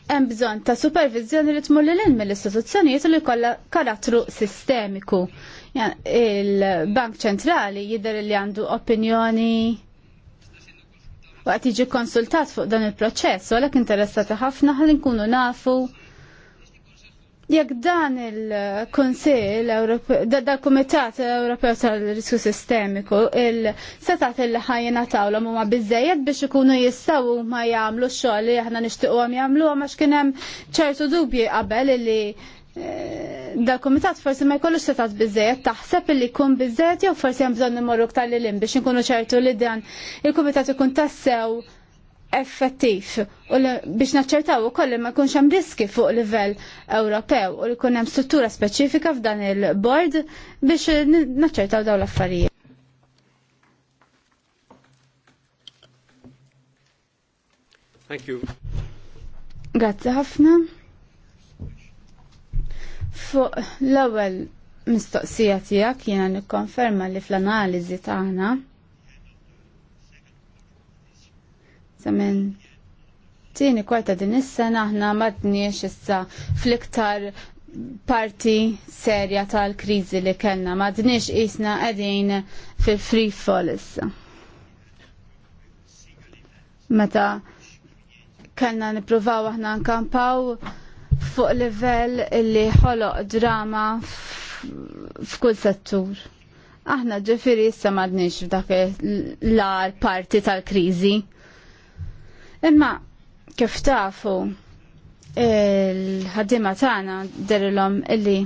Hemm bżonn ta' supervizjoni li tmur lil mill-istituzzjonijiet li jkollha karattru sistemiku. Il-Bank Ċentrali jidher li għandu opinjoni waqt iġi konsultat fuq dan il-proċess, għalek għalhekk interessati ħafna ħalli nkunu nafu jekk dan il-Konsil dal-Kumitat Ewropew tal-Risku Sistemiku il-setat il ħajjina tawlhom huma bizzejed biex ikunu jistgħu ma jagħmlu x-xogħol li aħna nixtiequhom jagħmlu għax kien hemm ċertu dubji qabel li dal-komitat forsi ma jkollux setat bizzejet, taħseb li jkun bizzejet jew forsi hemm bżonn imorru ktar li lim biex inkunu ċertu li dan il-komitat ikun tassew effettiv u biex naċċertaw ukoll li ma jkunx hemm riski fuq livell Ewropew u li jkun hemm struttura speċifika f'dan il-board biex naċċertaw dawn l-affarijiet. Thank you. Grazie ħafna. Fuq l-ewwel mistoqsija tiegħek jiena nikkonferma li fl-analiżi tagħna Samin tieni kwarta din is-sena aħna tniex issa fl-iktar parti serja tal-kriżi li kellna m'għadniex qisna qegħdin fil-free fall issa. Meta kellna nippruvaw aħna nkampaw fuq livell li ħoloq drama f'kull settur. Aħna ġifiri issa madniex f'dak l-ar parti tal-krizi. Imma kif tafu il-ħaddima tagħna derilhom illi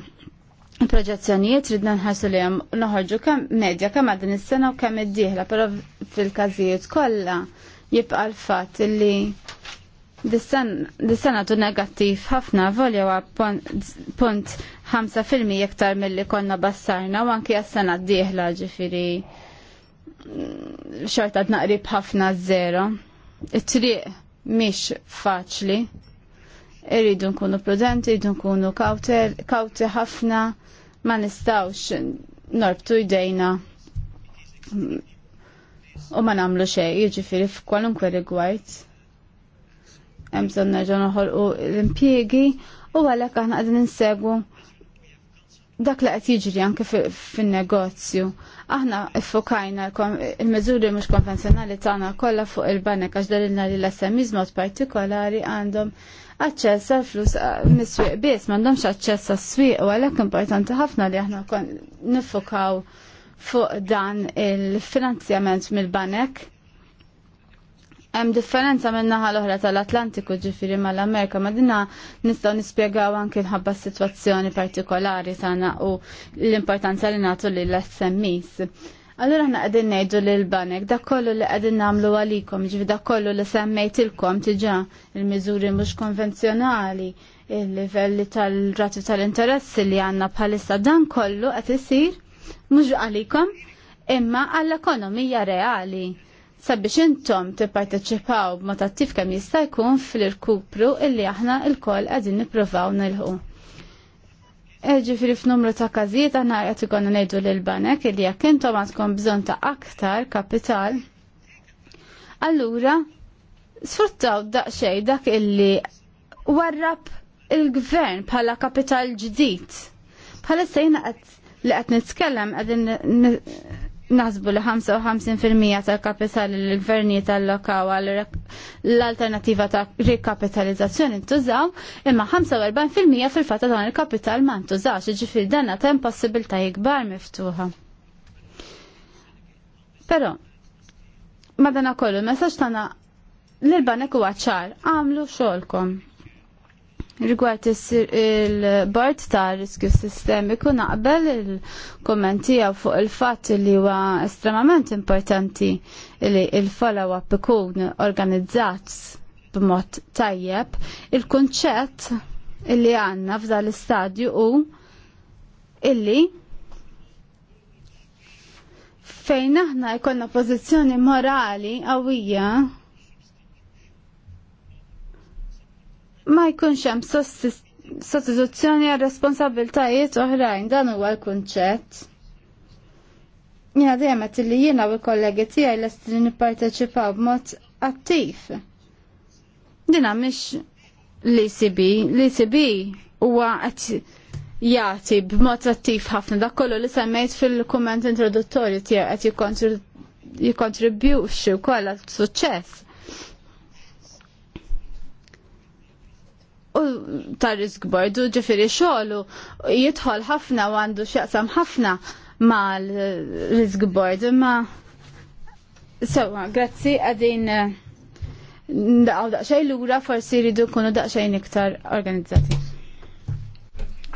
proġezzjonijiet ridna nħassu li jom noħorġu kam medja kam għadin is-sena u kam id-dieħla, pero fil-każijiet kollha jibqa' l-fatt illi Dis-sena tu negattiv ħafna volja wa punt 5% jektar mill-li konna bassarna u anki għas-sena d-dieħla ġifiri mm, xorta naqrib ħafna zero. It-triq miex faċli. Irridu nkunu prudenti, irridu nkunu kawti ħafna, ma nistawx norbtu jdejna mm, u ma namlu xej, ġifiri f'kwalunkwe rigward hemm bżonn nerġa' noħolqu l-impjiegi u għalhekk aħna għadin insegwu dak li qed jiġri anke fin-negozju. Aħna ffokajna il-miżuri mhux konvenzjonali tagħna kollha fuq il-banek għax dalilna li l-SMEs mod partikolari għandhom aċċess għal flus mis-swieq biss m'għandhomx aċċess swiq swieq u għalhekk importanti ħafna li aħna nifokaw fuq dan il-finanzjament mill-banek Hemm differenza minn naħa l-oħra tal-Atlantiku ġifiri mal-Amerika, ma dinna nistgħu nispjegaw anke nħabba situazzjoni partikolari tagħna u l-importanza li nagħtu lil SMEs. Allura ħna qegħdin ngħidu lil banek dak kollu li qegħdin nagħmlu għalikom, ġifi dak kollu li semmejtilkom tiġà il-miżuri mhux konvenzjonali, il-livelli tal-rati tal-interessi li għandna bħalissa dan kollu qed isir mhux għalikom imma għall-ekonomija reali sabiex intom tipparteċipaw b'mod attiv kemm jista' jkun fil-irkupru illi aħna l-koll qegħdin nippruvaw nilħu. Eh, ġifiri f'numru ta' każijiet aħna qed ikonna ngħidu lill banek illi jekk intom għandkom bżonn ta' aktar kapital, allura sfruttaw daqsxejn dak illi warrab il-gvern bħala kapital ġdid. Bħala jiena qed li qed nitkellem qegħdin Nasbu li 55% tal-kapitali l-gvernijiet tal-lokawa l-alternativa ta' rikapitalizzazzjoni ntużaw, imma 45% fil-fatta dan il-kapital ma ntużawx, ġifir danna ta' impossibilta jikbar miftuħa. Pero, madana kollu, messaċ tana l-banek u għacċar, għamlu xolkom. Rigward il-bord ta' riskju sistemiku naqbel il-kommentija fuq il-fat li huwa estremament importanti li il-follow-up ikun organizzat b'mod tajjeb. Il-kunċett illi għanna f'dal istadju u illi fejn aħna jkollna pożizzjoni morali qawwija ma jkunx hemm sostituzzjoni għal responsabiltajiet oħrajn dan huwa l-kunċett. Jina dejjem qed li jiena u l-kollegi tiegħi lest nipparteċipaw b'mod attiv. Dina mhix l-ECB, l-ECB huwa qed jagħti b'mod attiv ħafna dak kollu li semmejt fil-kumment introduttorju tiegħek qed jikkontribjuxxi wkoll għal suċċess u ta' risk u ġifiri xoħlu jidħol ħafna u għandu xaqsam ħafna mal risk board ma sewa grazzi għadin ndaqaw daqxaj l-ura forsi rridu kunu daqxaj iktar organizzati.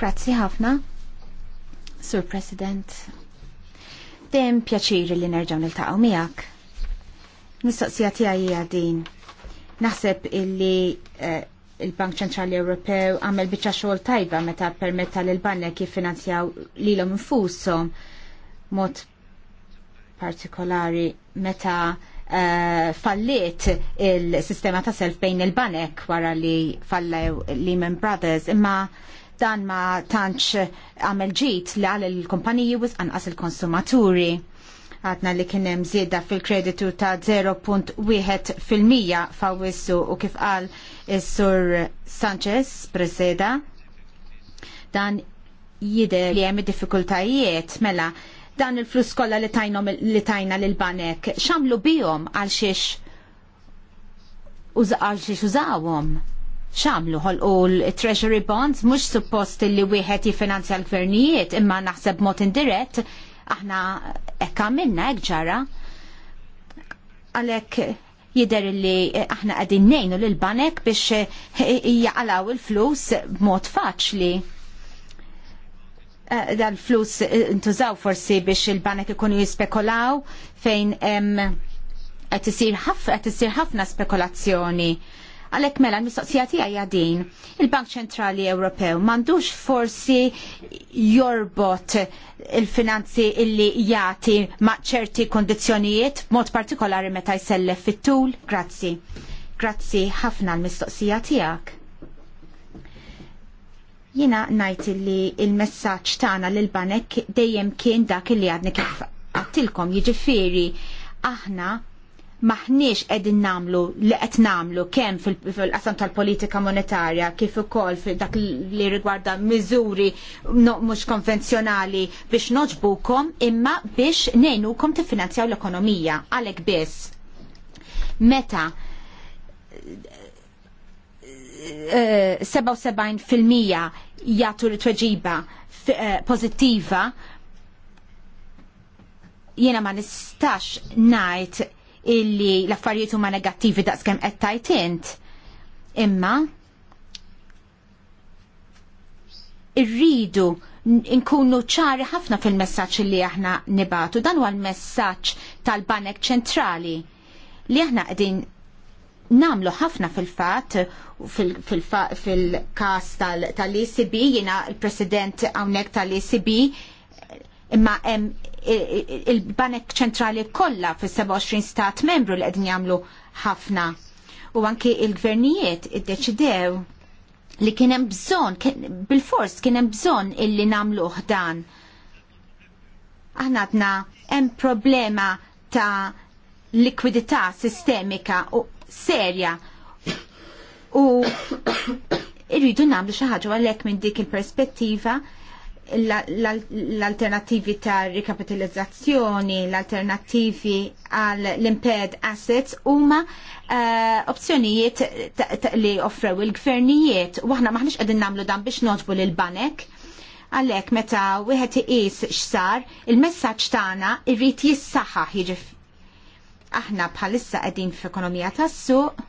Grazzi ħafna, Sur President. dem pjaċiri li nerġaw niltaqgħu miegħek. Mistoqsija tiegħi hija din. Naħseb illi uh, il-Bank Ċentrali Ewropew għamel biċċa xogħol tajba meta permetta l banek jiffinanzjaw lilhom infushom mod partikolari meta uh, falliet il-sistema ta' self bejn il-banek wara li fallew Lehman Brothers imma dan ma tantx għamel ġit li għal il-kumpaniji u anqas il konsumaturi għadna li kien hemm żieda fil-kreditu ta' 0.1 fil-mija fawissu u kif qal is-sur Sanchez preseda dan jide li hemm diffikultajiet mela dan il-flus kollha li tajnom li tajna lil banek xamlu bijom għal xiex għal xiex użawhom xamlu ħolqu l-treasury bonds mhux suppost li wieħed jifinanzja l-gvernijiet imma naħseb mod indirett Aħna ekka għamilna hekk ġara għalhekk jider li aħna qegħdin ngħinu lil banek biex jgħalaw il-flus b'mod faċli. Eh, Dal-flus intużaw forsi biex il-banek ikunu jispekolaw fejn qed isir ħafna spekolazzjoni Għalhekk mela l-mistoqsija tiegħi din. Il-Bank Ċentrali Ewropew m'għandux forsi jorbot il-finanzi illi jagħti ma' ċerti kondizjonijiet, b'mod partikolari meta jsellef fit-tul? Grazzi. Grazzi ħafna l-mistoqsija tiegħek. Jiena ngħid li il-messaġġ tagħna lil banek dejjem kien dak li għadni kif għattilkom jiġifieri aħna maħniex qegħdin namlu li qed namlu kemm fil-qasam tal-politika monetarja kif ukoll fil dak li rigwarda miżuri mhux konvenzjonali biex noġbukom imma biex ngħinukom tiffinanzjaw l-ekonomija għalhekk biss. Meta 77% eh, jagħtu tweġiba eh, pożittiva jiena ma nistax ngħid illi l-affarijiet huma negattivi daqskemm qed tajt int. Imma irridu nkunu ċari ħafna fil-messaġġ li aħna nibatu. Dan huwa l-messaġġ tal-Banek Ċentrali li aħna qegħdin namlu ħafna fil-fat fil-kas tal-ECB, jina il-president għawnek tal-ECB, imma hemm il-Banek ċentrali kollha fis-27 stat membru li qegħdin jagħmlu ħafna. U anki il-gvernijiet iddeċidew li kien hemm bżonn bil-fors kien hemm bżonn illi nagħmluh dan. Aħna għadna hemm problema ta' likwidità sistemika u serja u irridu nagħmlu xi ħaġa għalhekk minn dik il-perspettiva l-alternativi ta' rikapitalizzazzjoni, l-alternativi għal l-impaired assets huma eh, opzjonijiet li offrew il-gvernijiet. Waħna maħniex qegħdin nagħmlu dan biex noġbu lil banek għalhekk meta wieħed iqis x'sar, il-messaġġ tagħna irrid jissaħħaħ jiġif aħna bħalissa qegħdin f'ekonomija tas-suq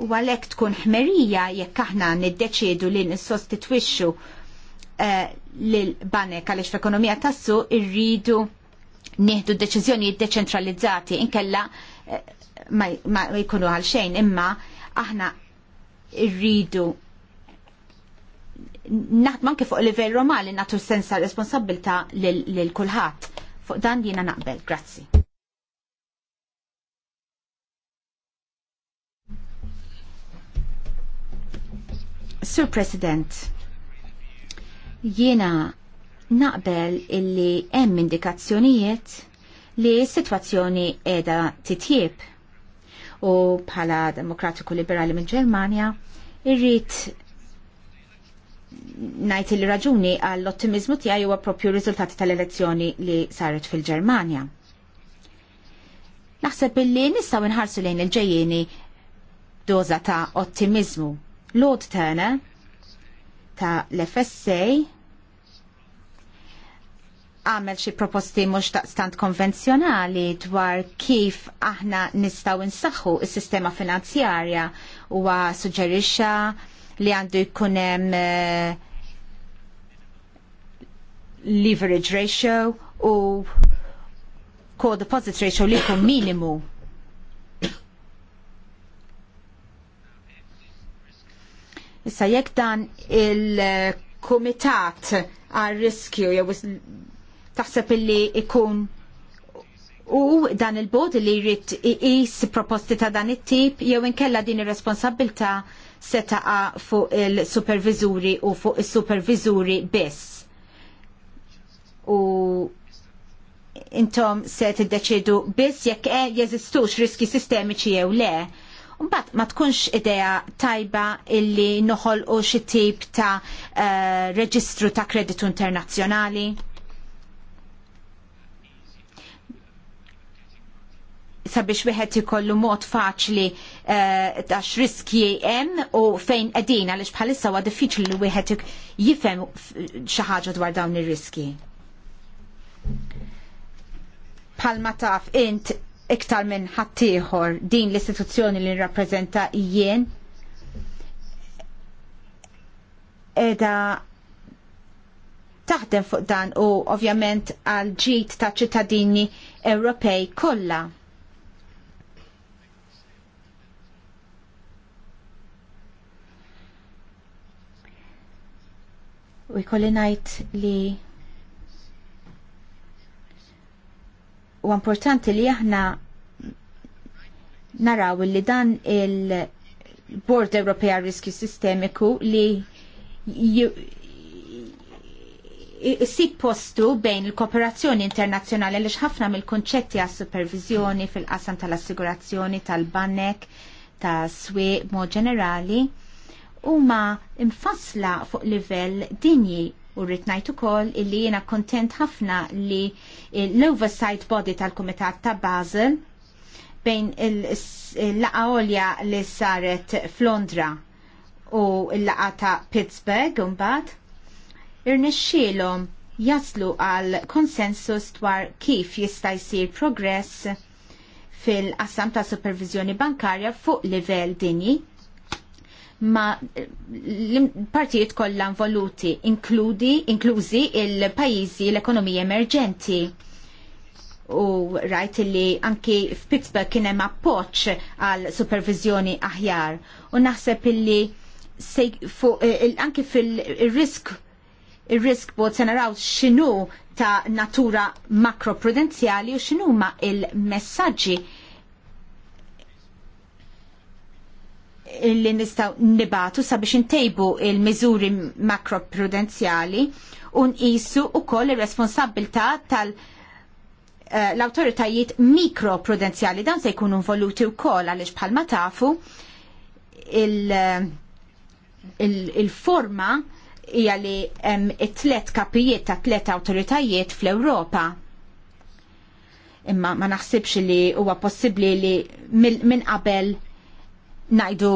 u għalhekk tkun ħmerija jekk aħna niddeċiedu li nissostitwixxu eh, l-banek għaliex f'ekonomija tassu irridu nieħdu deċiżjonijiet deċentralizzati inkella eh, ma jkunu għalxejn imma aħna irridu naħdman kif fuq livell romali natu sens ta' responsabilta lil kulħadd. Fuq dan jiena naqbel, grazzi. Sur President, Jiena naqbel illi hemm indikazzjonijiet li s-sitwazzjoni qiegħda titjieb u bħala Demokratiku Liberali minn ġermanja irrid najt li raġuni għall-ottimizmu tiegħi huwa propju riżultati tal-elezzjoni li saret fil-Ġermanja. Naħseb illi nistgħu nħarsu lejn il-ġejjieni doza ta' ottimizmu. Lord Turner ta' l-FSA għamel xi proposti mhux taqstant konvenzjonali dwar kif aħna nistgħu nsaħħu s-sistema finanzjarja huwa suġġerixxa li għandu jkun hemm uh, leverage ratio u co-deposit ratio li jkun minimu Issa jekk dan il-komitat għal riskju jew taħseb illi ikun u dan il-bod li jrid iqis proposti ta' dan it-tip jew inkella din ir responsabilità se taqa' fuq il-supervizuri u fuq is-supervizuri biss. U intom se tiddeċidu biss jekk e jeżistux riski sistemiċi jew le. Mbagħad ma tkunx idea tajba illi noħolqu xi tip ta' uh, reġistru ta' kreditu internazzjonali. sabiex wieħed ikollu mod faċli eh, ta' uh, riskji hemm u fejn qegħdin għaliex bħalissa huwa diffiċli li wieħed jifhem xi ħaġa dwar dawn ir-riski. Palma taf int iktar minn ħaddieħor din l-istituzzjoni li nirrappreżenta jien Eda taħdem fuq dan u ovvjament għal ġid ta' ċittadini Ewropej kollha u jkolli ngħid li u importanti li aħna naraw li dan il-Bord Ewropea Riskju Sistemiku li jisib postu bejn il-kooperazzjoni internazzjonali li ħafna mill-konċetti għas supervizjoni fil-qasam tal-assigurazzjoni tal-banek ta' swieq mod ġenerali huma imfassla fuq livell dinji u rrit ngħid ukoll illi jiena kontent ħafna li l-oversight body tal-Kumitat ta' Basel bejn il-laqa li saret f'Londra u l-laqa ta' Pittsburgh mbagħad irnexxielhom jaslu għal konsensus dwar kif jista' jsir progress fil-qassam ta' supervizjoni bankarja fuq livell dinji ma l-partijiet kollha involuti, inkludi, inklużi il-pajjiżi l-ekonomija emerġenti. U rajt li anki f'Pittsburgh kien hemm appoġġ għal supervizjoni aħjar. U naħseb illi eh, anki fil-risk il-risk bod se naraw x'inhu ta' natura makroprudenzjali u x'inhuma il-messaġġi ma' il messaġġi li nistaw nibatu sabiex intejbu il-mizuri makroprudenziali un isu u koll il-responsabilta tal- eh, l-autoritajiet mikroprudenziali dan se jkunu involuti u koll għalix bħalma tafu eh, il-forma il hija li tlet kapijiet ta' tlet awtoritajiet fl-Ewropa. Imma ma naħsibx li huwa possibbli li min qabel najdu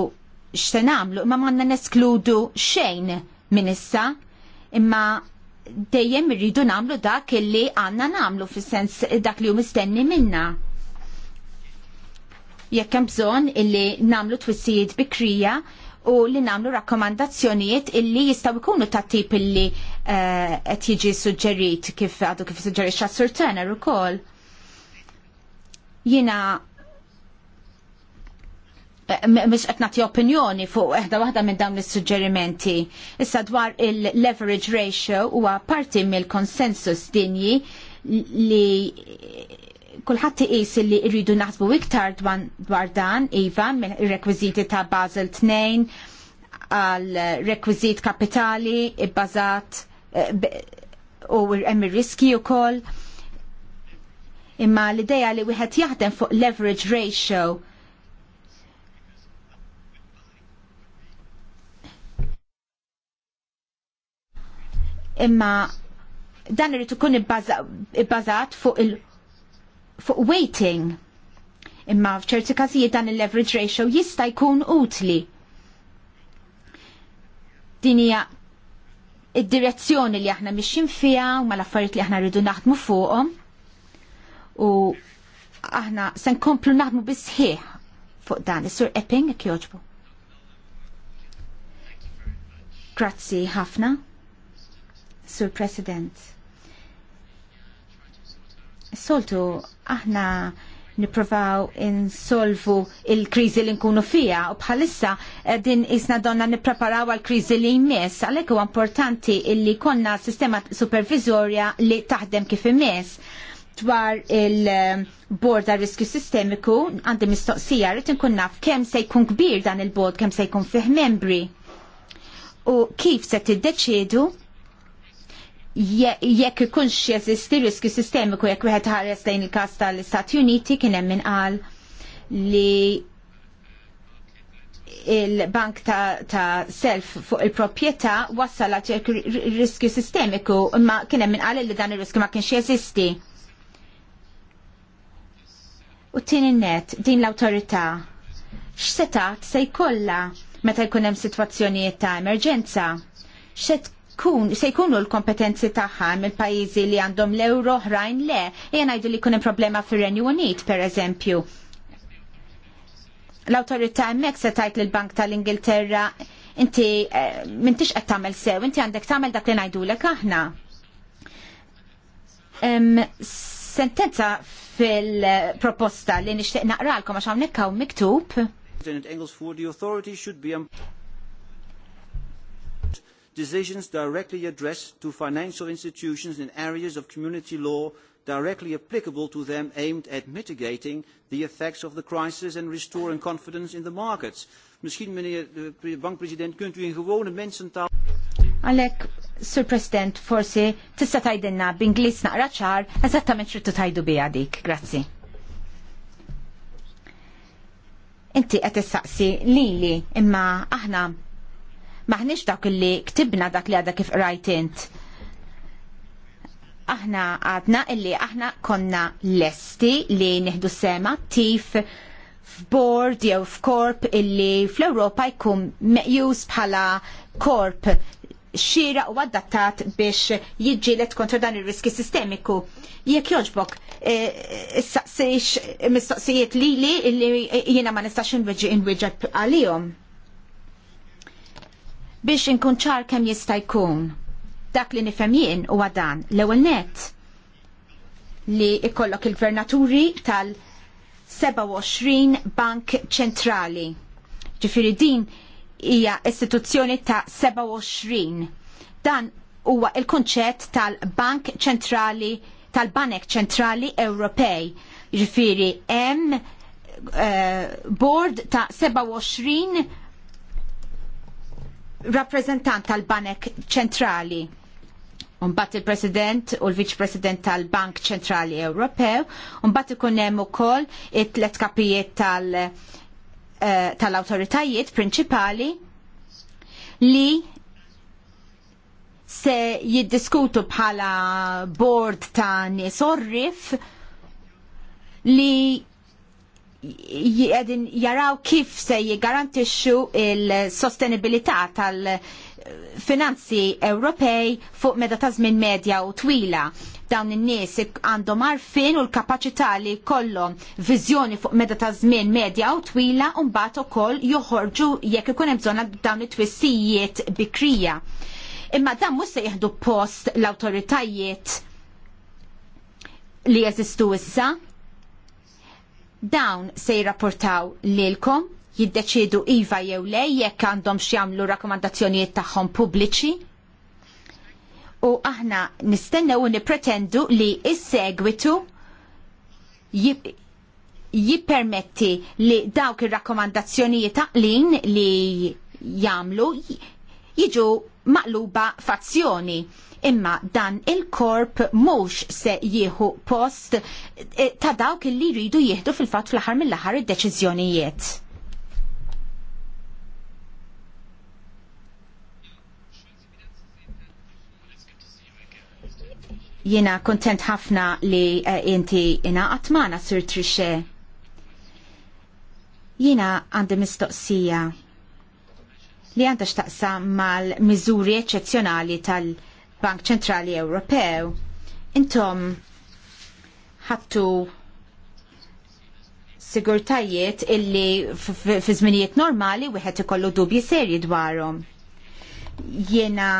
x'se nagħmlu, imma m'għandna neskludu xejn minn issa, imma dejjem irridu nagħmlu dak illi għandna nagħmlu fis-sens dak li hu mistenni minna. Jekk hemm bżonn illi nagħmlu twissijiet bikrija u li nagħmlu rakkomandazzjonijiet illi jistgħu jkunu ta' tip illi eh, qed jiġi suġġerit kif għadu kif suġġerixxa Sur Turner ukoll. Jiena Eh, mis qed nagħti opinjoni fuq eħda waħda minn dawn is-suġġerimenti. Issa dwar il-leverage ratio huwa parti mill-konsensus dinji li kulħadd iqis li rridu naħsbu iktar dwar dan iva mill-rekwiżiti ta' Basel 2 għal rekwiżit kapitali bbażat eh, u hemm ir-riski wkoll. Imma l-idea li wieħed jaħdem fuq leverage ratio imma dan irid ikun ibbażat fuq il fuq waiting. Imma f'ċerti każijiet dan il-leverage ratio jista' jkun utli. Din hija id-direzzjoni li aħna mixin fiha u mal-affarijiet li aħna rridu naħdmu fuqhom. U aħna se nkomplu naħdmu bisħieħ fuq dan is-sur Epping jekk jogħġbu. Grazzi ħafna. Sur President. Soltu aħna niprofaw insolvu il-krizi li nkunu fija u bħalissa din isna donna nipreparaw għal-krizi li jmiss għalek u importanti illi konna sistema supervizorja li taħdem kif imiss dwar il-borda riskju sistemiku għandi mistoqsija rrit nkun naf kemm se jkun kbir dan il bord kemm se jkun fih membri u kif se tiddeċiedu jekk ikunx jeżisti riskju sistemiku jekk wieħed ħares lejn il-każ tal-Istati Uniti kien hemm inqal li il-bank ta', ta self fuq il-proprjetà wassalat riskju sistemiku imma kien hemm inqal li dan ir-riskju ma kienx jeżisti. U tin net din l-awtorità x'setat se jkollha meta jkun hemm sitwazzjonijiet ta' emerġenza X'et tkun, se jkunu l-kompetenzi tagħha mill-pajjiżi li għandhom l-euro ħrajn le, jien ngħidu li jkun hemm problema fir-Renju Unit pereżempju. L-awtorità hemmhekk se tgħid lill-Bank tal-Ingilterra inti eh, m'intix qed tagħmel sew, inti għandek tagħmel dak li ngħidulek aħna. Sentenza fil-proposta li nixtieq naqralkom għax hawnhekk hawn miktub decisions directly addressed to financial institutions in areas of community law directly applicable to them aimed at mitigating the effects of the crisis and restoring confidence in the markets. Misschien, meneer de eh, bankpresident, kunt u in gewone mensentaal... Għalek, Sir President, forsi tista' tajdenna b'Inglis naqra ċar eżattament xrittu tajdu biha dik. Grazzi. Inti qed issaqsi lili imma aħna maħniex dak li ktibna dak li għadha kif rajt int. Aħna għadna illi aħna konna lesti li nieħdu sema tif f'bord jew f'korp illi fl-Ewropa jkun meqjus bħala korp xira u adattat biex jiġġielet kontra dan ir-riski sistemiku. Jekk jogħġbok, eh, issaqsix mistoqsijiet li li jiena ma nistax inweġġi inweġġeb għalihom biex inkun ċar kemm jista' jkun. Dak li nifhem jien huwa dan l-ewwel nett li ikollok il-gvernaturi tal-27 bank ċentrali. Ġifiri din hija istituzzjoni ta' 27. Dan huwa il-konċett tal-Bank ċentrali tal-Banek ċentrali Ewropej. Ġifiri hemm uh, board ta' 27 rappresentant tal-Banek ċentrali. Unbat il-President u l-Viċ-President tal-Bank ċentrali Ewropew, unbat ikun hemm ukoll it-tlet kapijiet tal- eh, tal-autoritajiet prinċipali li se jiddiskutu bħala board ta' nisorrif li jedin jaraw kif se jgarantixxu il-sostenibilità tal-finanzi Ewropej fuq meta ta' żmien medja u twila dawn in-nies għandhom għarfien u l-kapaċità li jkollhom viżjoni fuq meta ta' żmien medja u twila u mbagħad ukoll joħorġu jekk ikun hemm bżonn dawn it-twissijiet bikrija. Imma dan mhux se jieħdu post l-awtoritajiet li jeżistu issa dawn se jirrapportaw lilkom, jiddeċidu iva jew le jekk għandhom xjamlu rakkomandazzjonijiet tagħhom pubbliċi. U aħna nistennew u nipretendu li s-segwitu jippermetti li dawk ir-rakkomandazzjonijiet taqlin li jagħmlu jiġu maqluba fazzjoni imma dan il-korp mhux se jieħu post eh, ta' dawk li jridu jieħdu fil fatt fl aħħar mill aħħar id-deċiżjonijiet. Jiena kontent ħafna li eh, inti inaqat magħna Sur Trixe. Jiena għandi mistoqsija li għanta x'taqsam mal-miżuri eċċezzjonali tal-Bank Ċentrali Ewropew. Intom ħattu sigurtajiet illi fi żminijiet normali wieħed ikollu dubji serji dwarhom. Jiena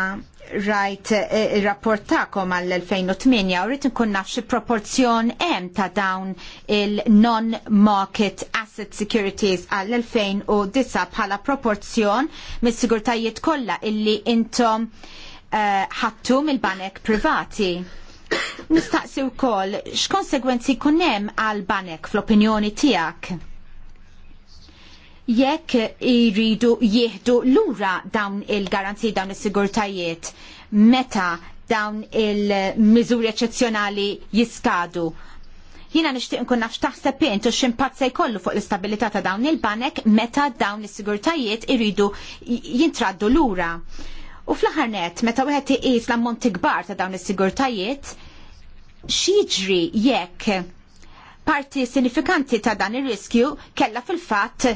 rajt eh, il-rapportakom għall-2008 u rrit nkun naf xi proporzjon hemm ta' dawn il-non-market asset securities għall-2009 bħala proporzjon mis-sigurtajiet kollha illi intom eh, ħattu uh, mill-banek privati. Nistaqsi wkoll x'konsegwenzi jkun hemm għall-banek fl-opinjoni tiegħek? jekk iridu jieħdu lura dawn il garanzi dawn is-sigurtajiet meta dawn il-miżuri eċċezzjonali jiskadu jina nishtiq nkun nafx taħseb int u x'impatt se jkollu fuq l-istabilità ta' dawn il-banek meta dawn is-sigurtajiet iridu jintraddu lura. U fl-aħħar net, meta wieħed iqis l-ammont kbar ta' dawn is-sigurtajiet, x'jiġri jekk parti sinifikanti ta' dan ir-riskju kellha fil-fatt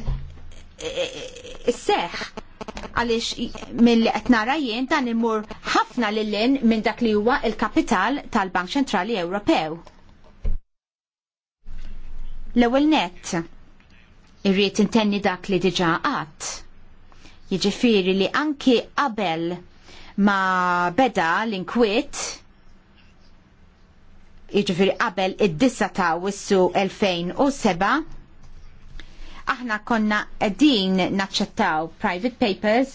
seħ għaliex mill qed nara jien dan imur ħafna lil-lin minn dak li huwa il-kapital tal-Bank Ċentrali Ewropew. L-ewwel nett irrid intenni dak li diġà qatt. Jiġifieri li anki qabel ma beda l-inkwiet jiġifieri qabel id-disa ta' wissu 2007 aħna konna għedin naċċettaw private papers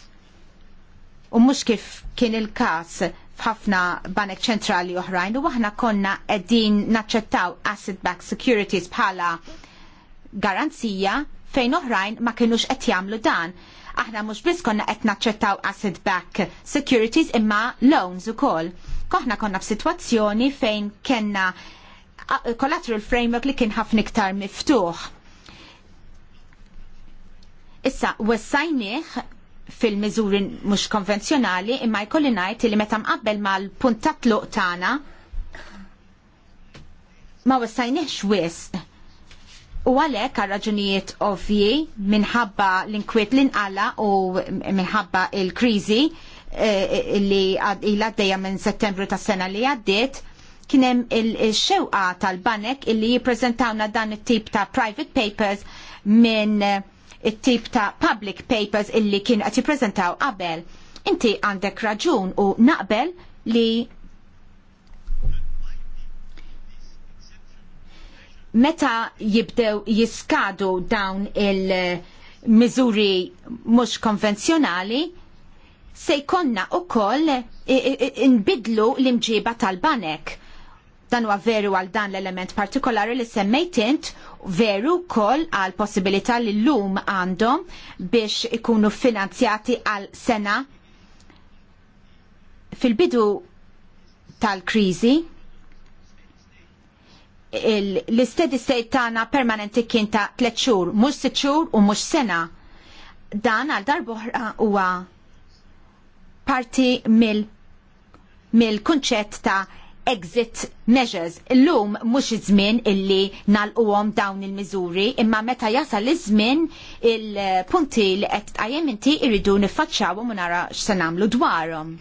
u mhux kif kien il-każ f'ħafna banek ċentrali oħrajn u aħna konna għedin naċċettaw asset-backed securities bħala garanzija fejn oħrajn ma kinux qed jagħmlu dan. Aħna mhux biss konna qed naċċettaw asset back securities imma loans ukoll. Koħna konna f'sitwazzjoni fejn kellna collateral framework li kien ħafna iktar miftuħ. Issa, wessajniħ fil-miżuri mhux konvenzjonali imma jkolli ngħid li meta qabbel mal-punt puntat tluq tagħna ma wessajniħ wisq. U għalhekk għal raġunijiet ovvji minħabba l-inkwiet l-inqala u minħabba il-kriżi eh, eh, li li għaddejja minn settembru tas sena li għaddiet, kienem il-xewqa tal-banek illi jiprezentawna dan it-tip ta' private papers minn eh, it-tip ta' public papers illi kien qed jippreżentaw qabel. Inti għandek raġun u naqbel li meta jibdew jiskadu dawn il-miżuri mhux konvenzjonali, se jkollna wkoll inbidlu l-imġiba tal-banek dan huwa veru għal dan l-element partikolari li semmejt int veru kol għal possibilità li l-lum għandhom biex ikunu finanzjati għal sena fil-bidu tal-krizi l-steady state tagħna permanenti kien ta' tliet xhur, mhux sitt xhur u mhux sena. Dan għal darbohra huwa parti mill-kunċett mil ta' exit measures. Illum mhux iż-żmien illi nagħlquhom dawn il-miżuri, imma meta jasal iż-żmien il-punti li qed tqajjem inti jridu niffaċċawhom u nara x'se nagħmlu dwarhom.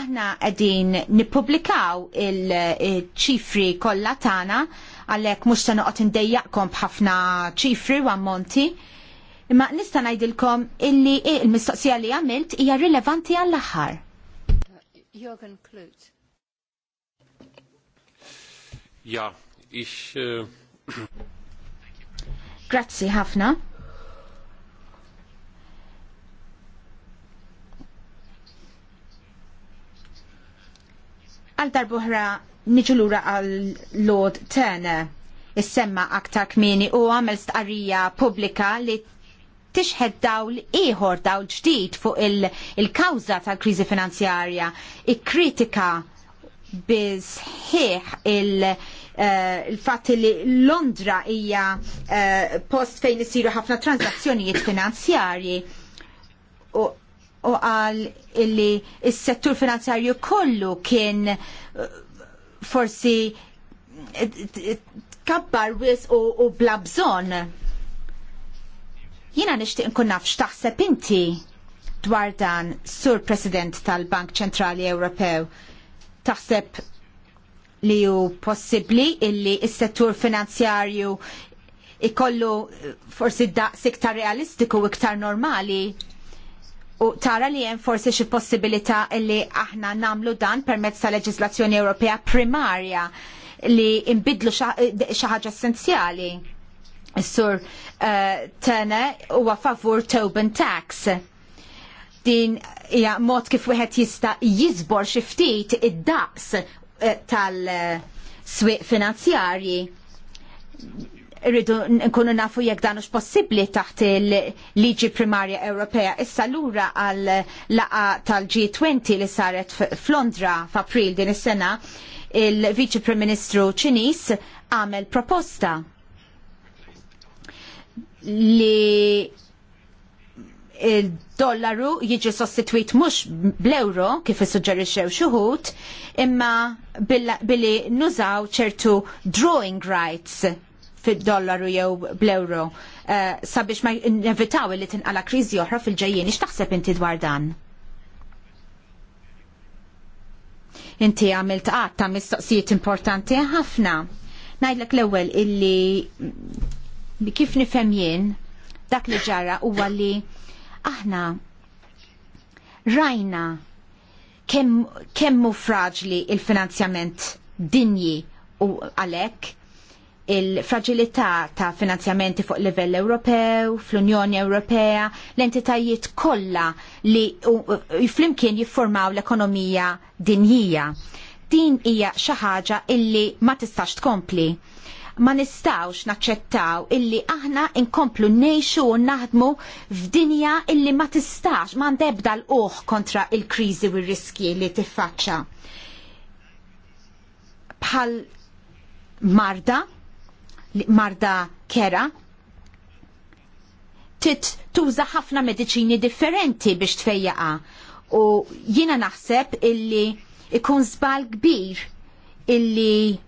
Aħna qegħdin nippubblikaw il-ċifri kollha tagħna għalhekk mhux se noqgħod indejjaqkom b'ħafna ċifri u ammonti. Imma nista' ngħidilkom illi l mistoqsija li għamilt hija rilevanti għall-aħħar. Ja, äh, Grazzi ħafna. Għal darbohra niġu lura għal Lord Turner issemma aktar kmini u għamel stqarrija pubblika li tixħed dawl ieħor dawl ġdid fuq il-kawża il, tal kriżi finanzjarja, I-kritika bizħiħ eh, il-fat il li Londra hija uh, post fejn isiru ħafna transazzjonijiet finanzjarji u, u għal illi il-settur finanzjarju kollu kien eh, forsi kabbar wis u, u bla bżon. Jina nishtiq nkun naf x'taħseb inti dwar dan sur President tal-Bank Ċentrali Ewropew taħseb li hu possibbli illi s-settur finanzjarju ikollu forsi daqs iktar realistiku u iktar normali u tara li hemm forsi xi possibilità li aħna nagħmlu dan permezz ta' leġislazzjoni Ewropea primarja li imbidlu xi ħaġa essenzjali. Is-sur uh, eh, Tene huwa favur Tobin Tax Din hija mod kif wieħed jista' jiżbor xi ftit id-daqs eh, tal-swieq finanzjarji rridu nkunu nafu jekk dan hux possibbli taħt il-liġi primarja Ewropea. Issa lura għal laqa tal-G20 li saret f'Londra f'April din is-sena, il-Viċi Prim Ministru Ċiniż għamel proposta li il-dollaru jiġi sostituit mhux bl-euro kif issuġġerixxew xi wħud, imma billi nużaw ċertu drawing rights fid-dollaru jew bl-euro eh, sabiex ma nevitaw li tinqala kriżi oħra fil-ġejjien. taħseb inti dwar dan? Inti għamilt ta' mistoqsijiet importanti ħafna. Ngħidlek l-ewwel illi kif nifhem jien dak li ġara huwa li Aħna rajna kemm kem fraġli il-finanzjament dinji u għalhekk il-fragilità ta' finanzjamenti fuq livell Ewropew, fl-Unjoni Ewropea, l-entitajiet kollha li flimkien jiffurmaw l-ekonomija dinjija. Din hija xi ħaġa illi ma tistax tkompli ma nistawx naċċettaw illi aħna inkomplu nejxu u naħdmu f'dinja illi ma tistax ma ndebda l-uħ kontra il-krizi u riski li tiffaċċa. Bħal marda, marda kera, tit tuża ħafna mediċini differenti biex tfejjaqa u jiena naħseb illi ikun zbal kbir illi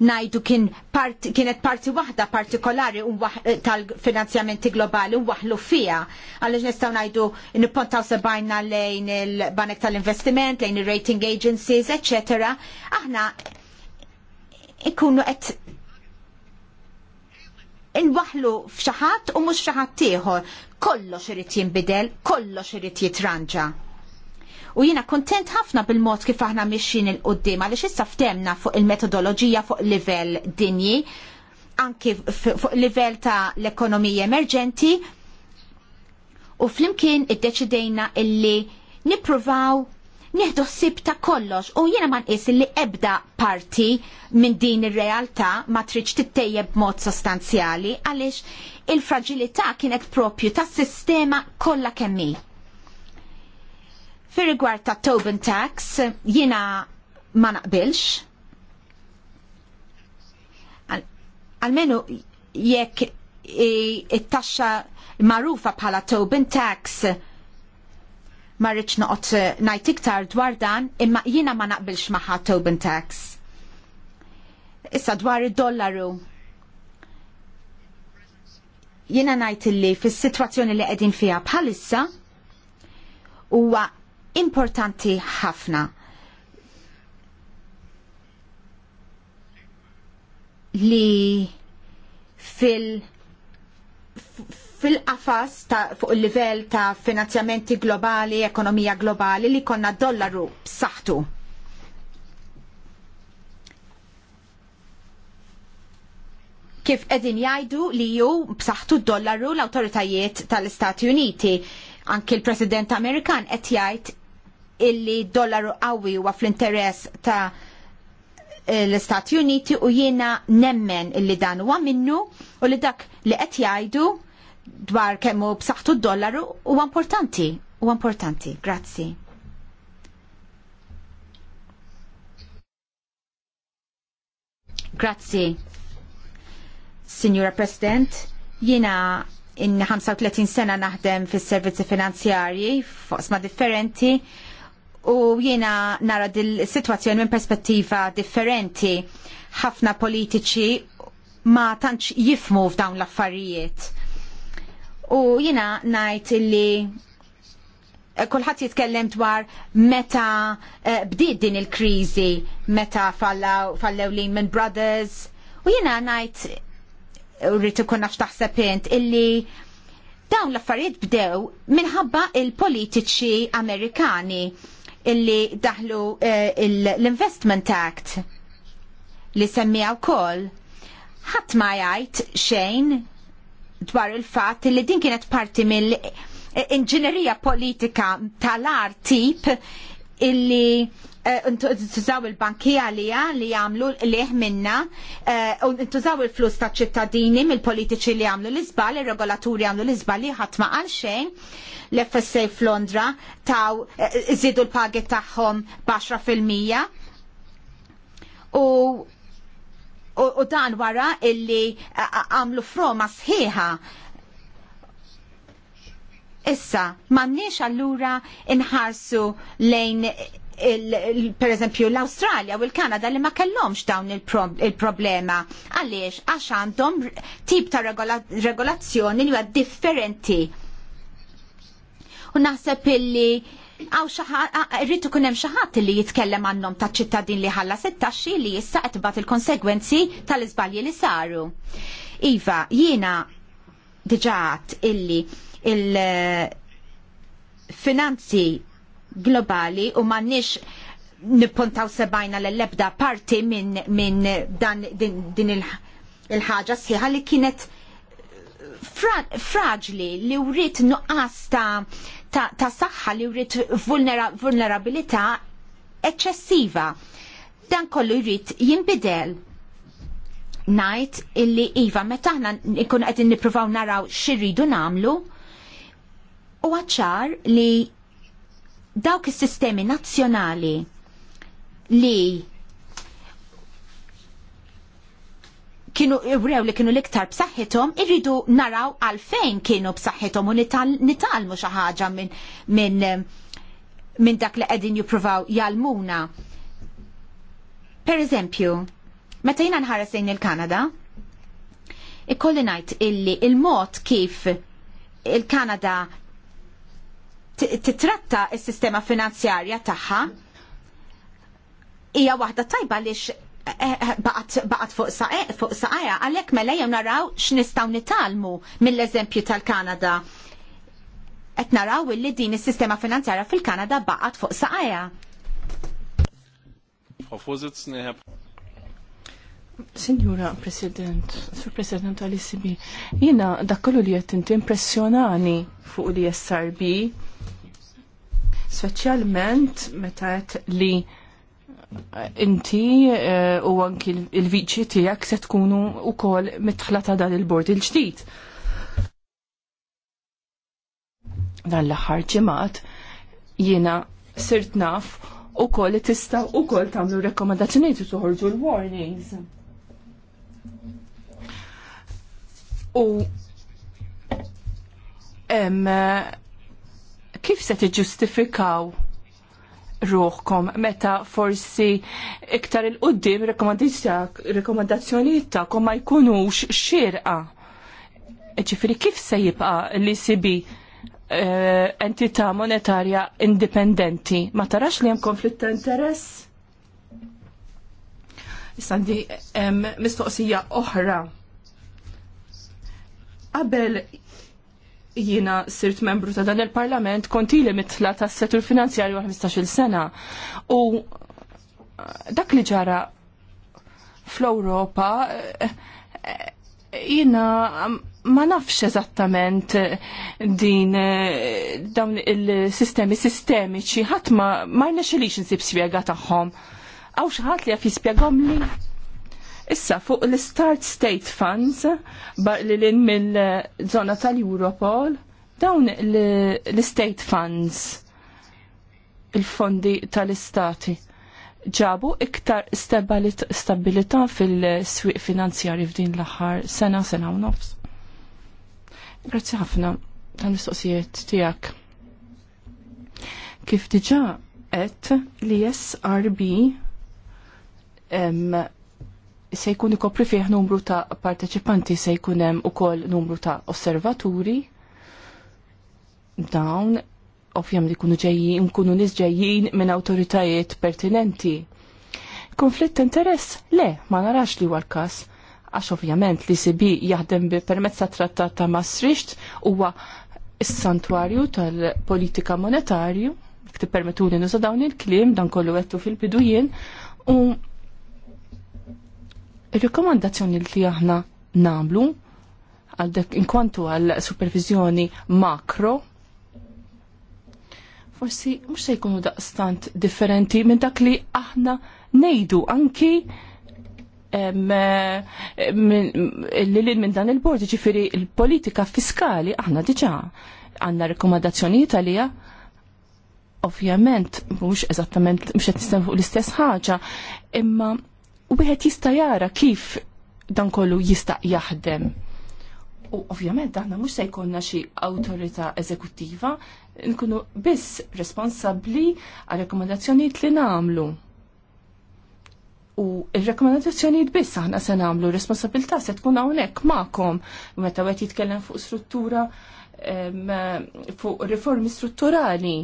najdu kien part, kienet parti waħda partikolari eh, tal-finanzjamenti globali waħlu fija. Għalix nistaw najdu nippontaw sebajna lejn il-banek tal-investiment, lejn il-rating agencies, etc. Aħna ikunu qed inwaħlu f'xaħat u mhux f'xaħat tiħor. Kollox irid jinbidel, kollox irid jitranġa. U jiena kontent ħafna bil-mod kif aħna mixin il-qoddim għaliex issa ftemna fuq il-metodoloġija fuq livell dinji, anki fuq livell ta' l-ekonomija emerġenti. U flimkien iddeċidejna illi nippruvaw nieħdu ssib ta' kollox u jiena ma nqis li ebda parti minn din ir-realtà ma tridx tittejjeb b'mod sostanzjali għaliex il-fragilità kienet propju tas sistema kollha kemm hi. Fir rigward ta' Tobin Tax, jina ma naqbilx. Almenu jekk it-taxxa marufa bħala Tobin Tax ma rridx noqgħod eh, ngħid iktar dwar dan, imma jiena ma naqbilx magħha Tobin Tax. Issa dwar id-dollaru. Jiena ngħid illi fis-sitwazzjoni li qegħdin fiha bħalissa huwa importanti ħafna. Li fil- fil-qafas fuq il-livell ta' finanzjamenti globali, ekonomija globali li konna dollaru b'saħħtu. kif edin jajdu li ju b'saħħtu d-dollaru l-autoritajiet tal-Istati Uniti. Anki l-President Amerikan qed jgħid illi dollaru qawwi huwa fl-interess ta' l-Istati Uniti u jiena nemmen illi dan huwa minnu u li dak li qed jgħidu dwar kemmu b'saħħtu d-dollaru huwa importanti, huwa importanti. Grazzi. Grazzi. Signora President, jiena in 35 sena naħdem fis servizzi finanzjarji fosma differenti u jiena nara dil-situazzjoni minn perspettiva differenti. Ħafna politiċi ma tantx jifmu f'dawn l-affarijiet. U jiena najt illi kulħadd jitkellem dwar meta eh, bdiet din il-kriżi, meta fallew Lehman Brothers. U jiena ngħid rrid ikun nafx taħseb int illi dawn l-affarijiet bdew minħabba il-politiċi Amerikani illi daħlu eh, l-Investment Act li semmija wkoll ħadd ma jgħid xejn dwar il-fatt li din kienet parti mill-inġinerija eh, politika tal-art tip illi Eh, intużaw il-bankija għalija li jagħmlu liħ minna, eh, u intużaw il-flus ta' ċittadini mill-politiċi li għamlu l-iżbal, ir-regolaturi għamlu l izbal li ħadd ma qal xejn l-FSA f'Londra taw zidu eh, l-pagi tagħhom b'10 u u dan wara illi għamlu froma sħiħa Issa, mannix allura inħarsu lejn per eżempju l australia u l-Kanada li ma kellhomx dawn il-problema. Għaliex għax għandhom tip ta' regolazzjoni li huwa differenti. U naħseb illi għaw rrit ikun hemm xi ħadd li jitkellem għandhom ta' ċittadin li ħalla settaxxi li jista' qed tibgħat il-konsegwenzi tal-iżbalji li saru. Iva, jiena diġaħat illi il- eh, finanzi globali u m'għandniex nippuntaw sebajna l-lebda parti minn min dan din, din il-ħaġa il sħiħa li kienet fra, fraġli li writ nuqqas ta', ta, ta saħħa li writ vulnera, vulnerabilità eċċessiva. Dan kollu jrid jinbidel najt illi Iva, meta aħna ikun qegħdin nippruvaw naraw xirridu nagħmlu, u għacċar li dawk is-sistemi nazzjonali li kienu rew li kienu liktar b'saħħithom irridu naraw għalfejn kienu b'saħħithom u nitalmu xi ħaġa minn min, min dak li qegħdin jippruvaw jalmuna. Per eżempju, meta jiena lejn il-Kanada, ikolli ngħid illi il-mod kif il-Kanada titratta s-sistema finanzjarja tagħha hija waħda tajba lix eh, eh, eh, baqat fuq saqajja għalhekk mela jew naraw x'nistgħu nitalmu mill-eżempju tal-Kanada. Qed naraw illi din is-sistema finanzjarja fil-Kanada baqat fuq saqajja. Signora President, Sur President tal-ICB, jina dakollu li jett impressjonani fuq li SRB speċjalment meta qed li eh, inti eh, u anki il-viċi tijak se tkunu u kol mitħla ta' dan il-bord il-ġdid. Dan l-ħar ġemat jiena sirt naf u kol tista u kol tamlu rekomendazzjoniet u toħorġu l-warnings. U em, kif se tiġġustifikaw ruħkom meta forsi iktar il-qoddim rekomandazzjonijiet ta'kom ma jkunux xirqa. Ġifiri kif se jibqa li sibi uh, eh, entità monetarja indipendenti? Ma tarax li hemm konflitt ta' interess? Sandi, mistoqsija oħra. Qabel jiena sirt membru ta' dan il-parlament li mitla ta' settur finanzjarju għal 15 sena. U eh, dak li ġara fl-Europa eh, eh, jiena mm, ma nafx eżattament din dawn il-sistemi sistemiċi ħadd ma ma jnexilix nsib spjega tagħhom. Għaw xi ħadd li jaf jispjegom li Issa fuq l-Start State Funds li l-in mill-zona tal-Europol, dawn l-State Funds, il-fondi tal-Istati, ġabu iktar stabilita fil-swiq finanzjari f'din l-axar sena, sena u nofs. Grazzi ħafna tal-mistoqsijiet tijak. Kif diġa et li SRB se jkun ikopri fih numru ta' parteċipanti se jkun hemm ukoll numru ta' osservaturi dawn li ikunu ġejjin nkunu nies ġejjin minn awtoritajiet pertinenti. Konflitt interess? Le, ma narax li huwa l-każ għax ovvjament li sibi jaħdem bi permezz trattat ta' Maastricht huwa s-santwarju tal-politika monetarju, ti permetuni nusa dawn il-klim, dan kollu għettu fil-bidu jien, u um, Ir-rekomandazzjoni li aħna namlu għal inkwantu għal supervizjoni makro forsi mhux se jkunu daqstant differenti minn dak li aħna nejdu anki lil minn dan il-bordi ġifiri il-politika fiskali aħna diġa għanna rekomandazzjoni Italija ovvjament mhux eżattament mhux qed fuq l-istess ħaġa imma wieħed jista' jara kif dan kollu jista' jaħdem. U ovvjament aħna mhux se jkollna xi awtorità eżekuttiva, nkunu biss responsabbli għal rekomendazzjonijiet li nagħmlu. U il rekomendazzjonijiet biss aħna se nagħmlu responsabilità se tkun hawnhekk magħkom meta wieħed jitkellem fuq struttura fuq riformi strutturali.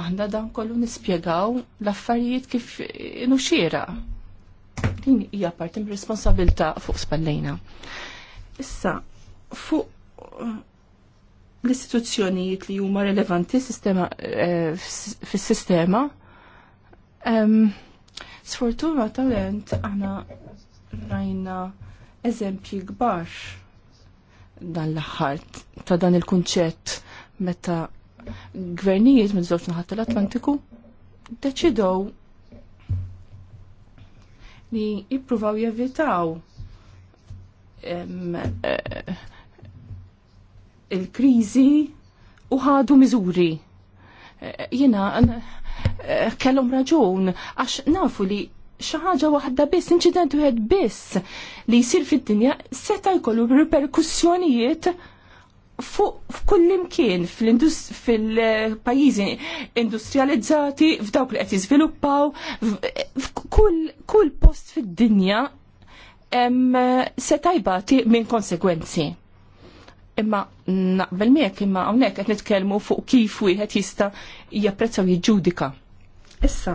Aħna dan kollu nispjegaw l-affarijiet kif inuxira. Din hija parti mir-responsabilità fuq spallejna. Issa, fuq eh, l-istituzzjonijiet li huma relevanti eh, fis-sistema, ehm, sfortunatament aħna rajna eżempji kbar dan l-aħħar ta' dan il-kunċett meta gvernijiet minn żewġ naħat tal-Atlantiku deċidow li jippruvaw jevitaw eh, il-krizi u ħadu miżuri. Eh, jena, eh, kellhom raġun, għax nafu li xaħġa waħda biss, inċident wieħed biss li jsir fid-dinja seta' jkollu riperkussjonijiet fuq f'kull imkien fil-pajjiżi industrializzati, f'dawk li qed jiżviluppaw, f'kull post fid-dinja se tajbati minn konsekwenzi. Imma naqbel miegħek imma hawnhekk qed nitkellmu fuq kif wieħed jista' japprezzaw jiġġudika. Issa,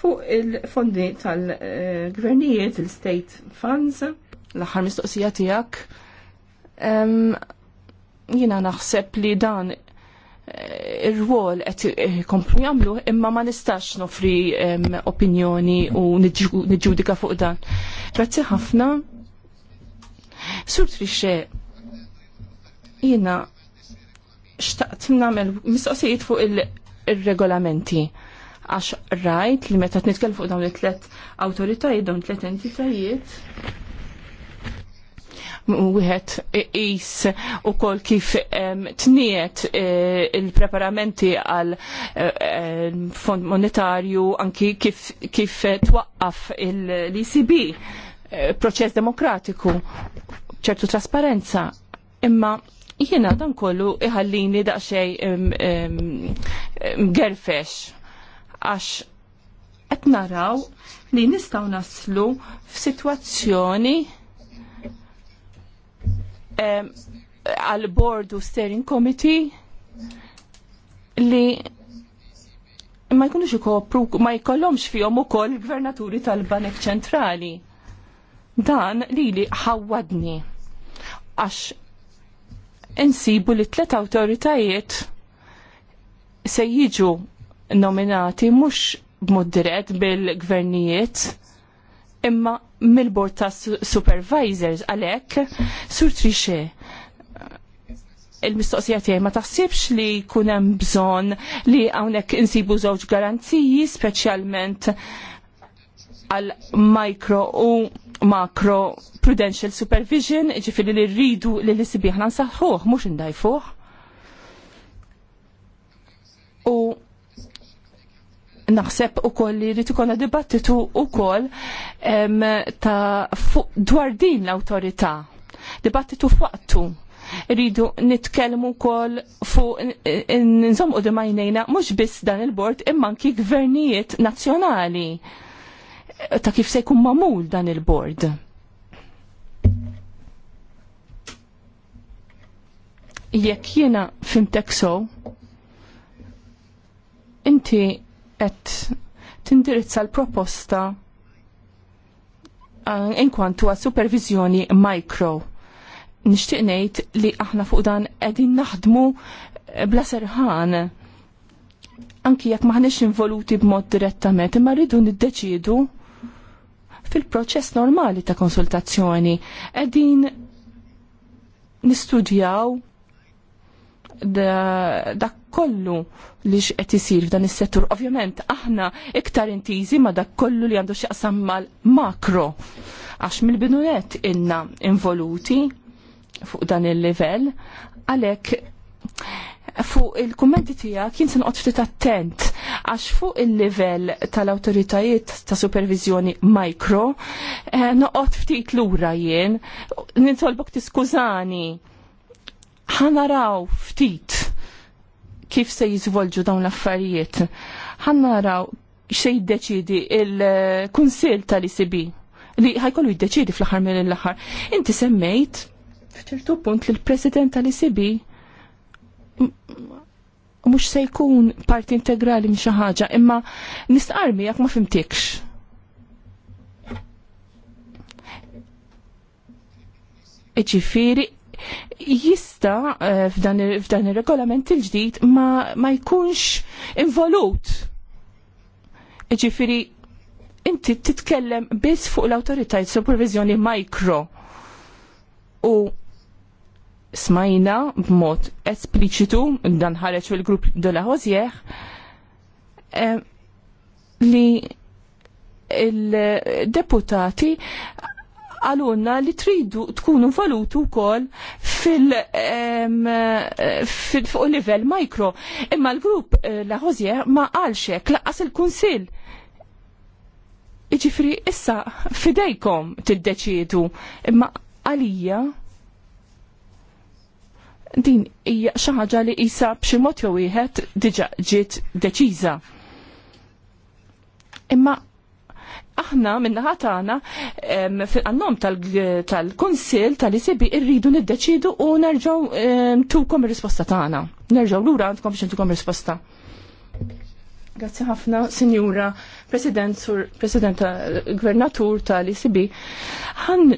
fuq il-fondi tal-gvernijiet, il-state funds, l-aħħar mistoqsija tiegħek Jina naħseb li dan eh, ir-rwol qed komplu jagħmlu imma ma nistax nofri opinjoni u niġġudika fuq dan. Grazzi ħafna. Sur trixe jiena xtaqt nagħmel mistoqsijiet fuq il-regolamenti għax rajt li meta t fuq dawn it-tlet awtoritajiet, dawn tlet entitajiet wieħed qis ukoll kif tniet eh, il-preparamenti għal eh, fond monetarju anki kif, kif twaqqaf l-ECB eh, proċess demokratiku ċertu trasparenza imma jiena dan kollu iħallini daqsxejn mgerfex għax qed naraw li nistgħu naslu f'sitwazzjoni għal board u steering committee li ma jkunux ikopru, ma jkollhomx fihom ukoll gvernaturi tal-Banek Ċentrali. Dan li li ħawadni. għax insibu li tlet awtoritajiet se jiġu nominati mhux b'mod dirett bil-gvernijiet imma mill-bord ta' supervisors għalhekk sur trixe il-mistoqsija tiegħi ma taħsibx li jkun hemm bżonn li hawnhekk insibu żewġ garanziji speċjalment għal micro u macro prudential supervision, ġifiri li rridu li l-sibiħna nsaħħuħ, mux ndajfuħ. naħseb u koll li rrit ikolla dibattitu u koll ta' dwar din l-autorità. Dibattitu fuqtu rridu nitkellmu kol fuq nżommu d-majnejna mux biss dan il-bord immanki gvernijiet nazjonali ta' kif se jkun mamul dan il-bord. Jekk jiena fimtek so, inti qed tindirizza l-proposta eh, kwantu għal supervizjoni mikro. Nixtieq ngħid li aħna fuq dan qegħdin naħdmu eh, bla serħan anki jekk maħniex involuti b'mod direttament, imma rridu niddeċidu fil-proċess normali ta' konsultazzjoni. Qegħdin nistudjaw dak kollu li qed isir f'dan is-settur. Ovvjament aħna iktar intiżi ma dak kollu li għandu x'aqsam mal-makro. Għax mill-binunet inna involuti fuq dan il-livell, għalhekk fuq il-kummenti tiegħek jien se noqgħod ftit attent għax fuq il-livell tal-awtoritajiet ta' supervizjoni mikro eh, noqgħod ftit lura jien, nintolbok tiskużani ħanaraw ftit kif se jiżvolġu dawn l-affarijiet. naraw xej jiddeċidi il-Kunsil tal-ICB li ħajkollu jiddeċidi fl-aħħar minn l-aħħar. Inti semmejt f'ċertu punt li l-President tal-ICB mux se jkun parti integrali minn xi ħaġa, imma nistqarmi jekk ma fimtikx. Iġifieri jista eh, f'dan ir-regolament il ġdid ma, ma jkunx involut. Ġifiri, inti titkellem biss fuq l-autoritajt supervizjoni mikro u smajna b'mod espliċitu dan ħareġ fil-grupp de la Hozieħ eh, li il-deputati għalunna li tridu tkunu valutu kol fil fuq livell mikro. Imma l-grupp eh, la Hosier ma għalxek laqqas il-kunsil. Iġifri issa fidejkom tiddeċiedu imma għalija din hija xi ħaġa li isa b'xi mod jew wieħed diġà ġiet deċiża. Imma aħna minnaħa tagħna għannom tal-Kunsill tal-ICB irridu niddeċidu u nerġgħu ntukom ir-risposta tagħna. Nerġgħu lura għandkom biex ntukom risposta. Grazzi ħafna, Sinjura, President, sur, President eh, Gvernatur tal-ICB. Ħan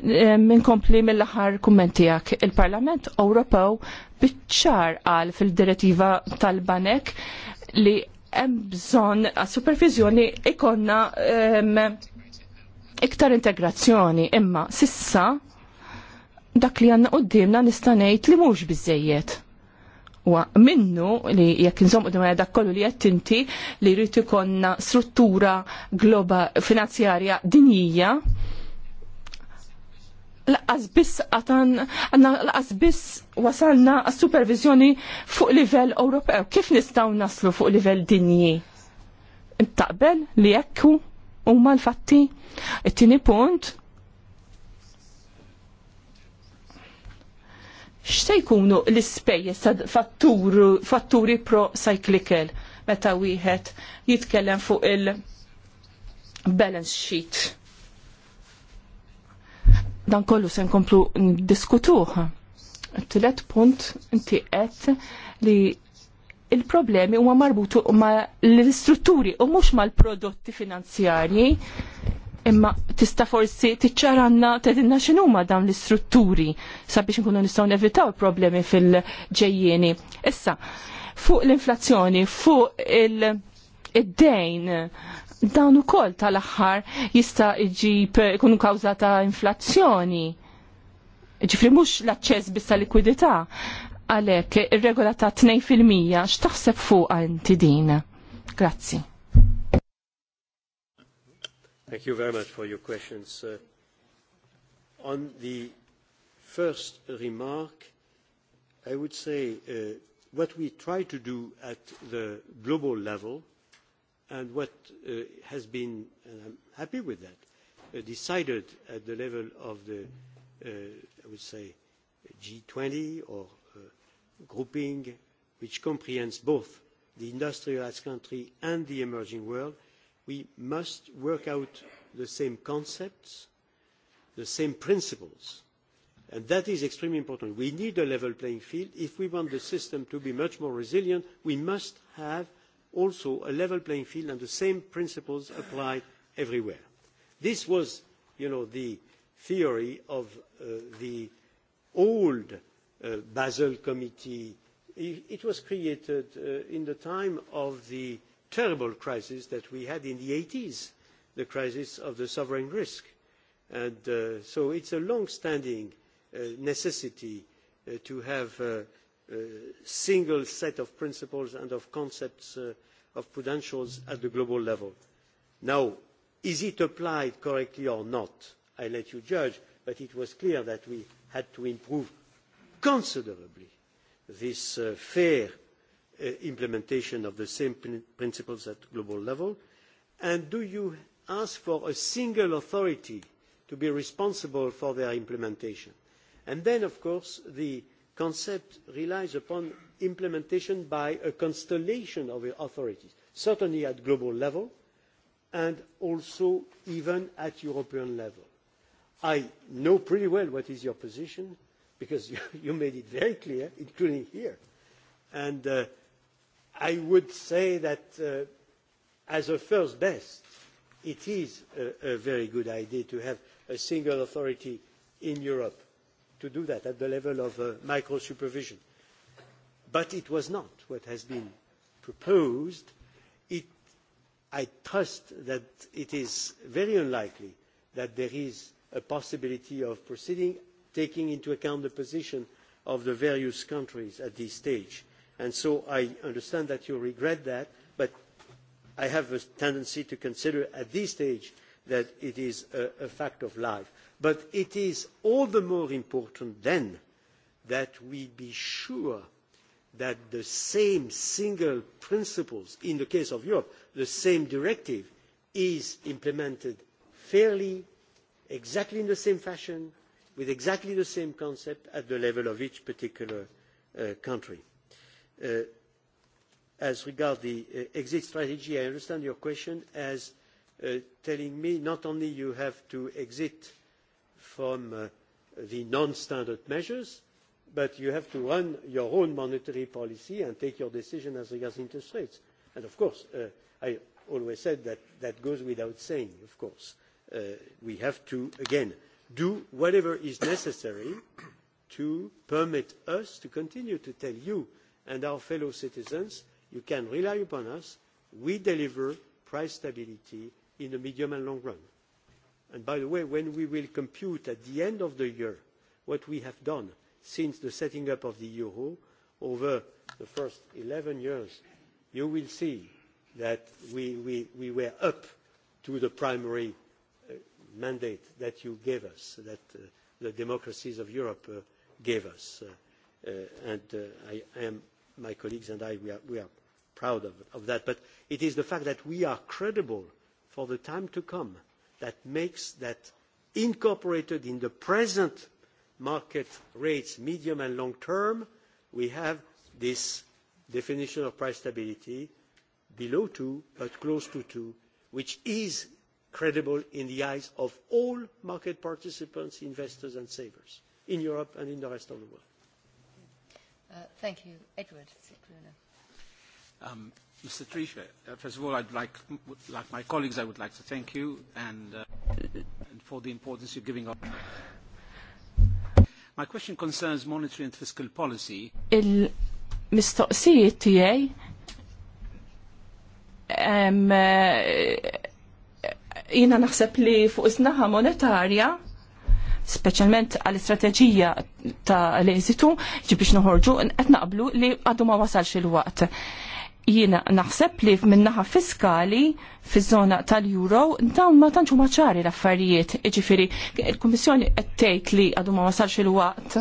minkompli mill-aħħar kummentijak. Il-Parlament Ewropew bitċar għal fil-direttiva tal-Banek li hemm bżonn għas-supervizjoni ikonna um, iktar integrazzjoni imma sissa dak li għanna qoddimna nistanejt li mhux biżejjed. Wa minnu li jekk nżomu d dak kollu li qed inti li jrid konna struttura globa finanzjarja dinjija laqqas biss għatan laqqas biss wasalna għas-supervizjoni fuq livell Ewropew. Kif nistgħu naslu fuq livell dinji? Intaqbel li jekku huma l-fatti. It-tieni punt x'se jkunu l-ispejjeż ta' fatturi pro cyclical meta wieħed jitkellem fuq il-balance sheet. Dan kollu se nkomplu diskutuh. Tlet punt inti qed li il-problemi huma marbutu ma l-istrutturi u mhux mal-prodotti finanzjarji. Imma tista' forsi tiċċaranna tedinna x'inhuma dawn l-istrutturi sabiex nkunu nistgħu nevitaw problemi fil-ġejjieni. Issa, fuq l-inflazzjoni, fuq il- id-dejn dawn ukoll tal-aħħar jista' jġib ikunu kawża ta' inflazzjoni ġifri mhux l biss bis likwidità Għalek, il-regola ta' 2% x'taħseb fuqa inti din? Grazzi. Thank you very much for your questions. Uh, on the first remark, I would say uh, what we try to do at the global level and what uh, has been, and I'm happy with that, uh, decided at the level of the, uh, I would say, G20 or grouping which comprehends both the industrialised country and the emerging world, we must work out the same concepts, the same principles. And that is extremely important. We need a level playing field. If we want the system to be much more resilient, we must have also a level playing field and the same principles applied everywhere. This was, you know, the theory of uh, the old Uh, Basel Committee. It, it was created uh, in the time of the terrible crisis that we had in the 80s, the crisis of the sovereign risk. And uh, so it's a long-standing uh, necessity uh, to have a, uh, a single set of principles and of concepts uh, of prudentials at the global level. Now, is it applied correctly or not? I let you judge, but it was clear that we had to improve considerably this uh, fair uh, implementation of the same principles at global level? And do you ask for a single authority to be responsible for their implementation? And then, of course, the concept relies upon implementation by a constellation of authorities, certainly at global level and also even at European level. I know pretty well what is your position, because you, you made it very clear, including here. And uh, I would say that uh, as a first best, it is a, a very good idea to have a single authority in Europe to do that at the level of uh, micro supervision. But it was not what has been proposed. It, I trust that it is very unlikely that there is a possibility of proceeding taking into account the position of the various countries at this stage. And so I understand that you regret that, but I have a tendency to consider at this stage that it is a, a fact of life. But it is all the more important then that we be sure that the same single principles, in the case of Europe, the same directive is implemented fairly, exactly in the same fashion, with exactly the same concept at the level of each particular uh, country. Uh, as regards the uh, exit strategy, I understand your question as uh, telling me not only you have to exit from uh, the non-standard measures, but you have to run your own monetary policy and take your decision as regards interest rates. And of course, uh, I always said that that goes without saying, of course. Uh, we have to, again, uh, do whatever is necessary to permit us to continue to tell you and our fellow citizens, you can rely upon us, we deliver price stability in the medium and long run. And by the way, when we will compute at the end of the year what we have done since the setting up of the euro over the first 11 years, you will see that we, we, we were up to the primary mandate that you gave us, that uh, the democracies of Europe uh, gave us. Uh, uh, and uh, I, I am, my colleagues and I, we are, we are proud of, of that. But it is the fact that we are credible for the time to come that makes that incorporated in the present market rates, medium and long term, we have this definition of price stability below two, but close to two, which is credible in the eyes of all market participants, investors and savers in Europe and in the rest of the world. Uh, thank you. Edward Um, Mr. Trisha, uh, first of all, I'd like, like my colleagues, I would like to thank you and, uh, and for the importance you're giving up. My question concerns monetary and fiscal policy. Il-mistoqsijiet tiegħi um, uh, jina naħseb li fuq isnaħa monetarja, specialment għall-istrateġija ta' l-eżitu, ġibix nħorġu, qed naqblu li għadu ma wasalx il-waqt. Jina naħseb li minnaħa fiskali fiż-żona tal-euro dawn ma tanċu maċari ċari l-affarijiet. ġifiri, il-Kummissjoni qed tgħid li għadu ma wasalx il-waqt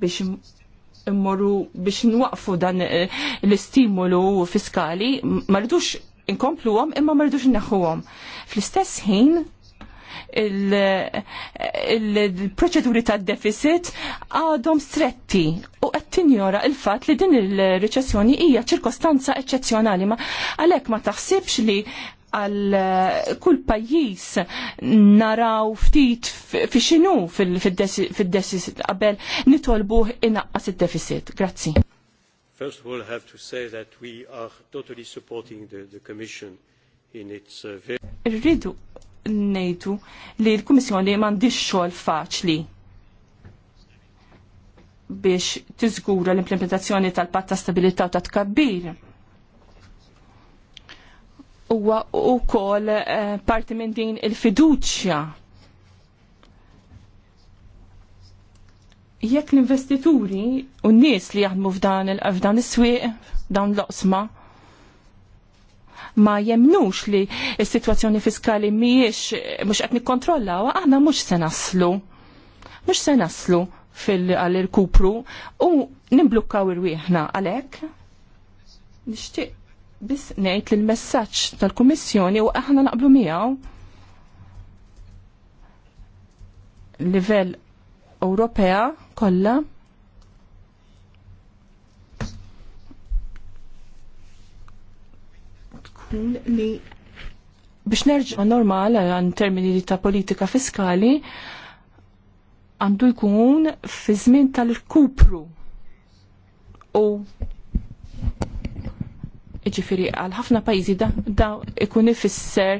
biex immorru biex nwaqfu dan l-istimulu fiskali, ma inkompluhom imma mardux neħu inneħħuhom. Fl-istess ħin il-proċeduri ta' deficit għadhom stretti u qed tinjora il-fatt li din il-reċessjoni hija ċirkostanza eċċezzjonali ma għalhekk ma taħsibx li għal kull pajjiż naraw ftit fi xinu fil-deficit qabel nitolbuh inaqqas id-deficit. Grazzi. First of all, I have to say that we are totally supporting the, the Commission in its uh, very... Rridu nejtu li l-Kummissjoni m'għandix xogħol faċli biex tiżgura l-implementazzjoni tal-patt ta' stabilità u ta' tkabbir. Huwa wkoll eh, parti minn din il-fiduċja jekk l-investituri u n-nies li jaħdmu f'dan il-fdan is-swieq dawn l-oqsma ma jemnux li s-sitwazzjoni fiskali mhijiex mhux qed nikkontrollaw, aħna mhux se naslu. Mhux se naslu fil-kupru u nimblukkaw irwieħna għalhekk. Nixtieq biss ngħid li l-messaġġ tal-Kummissjoni u aħna naqblu miegħu livell Ewropea kolla. Tkun li biex nerġa' normal għan termini ta' politika fiskali għandu jkun fi żmien tal-kupru u Iġifiri, għal ħafna pajizi da, da ikun ifisser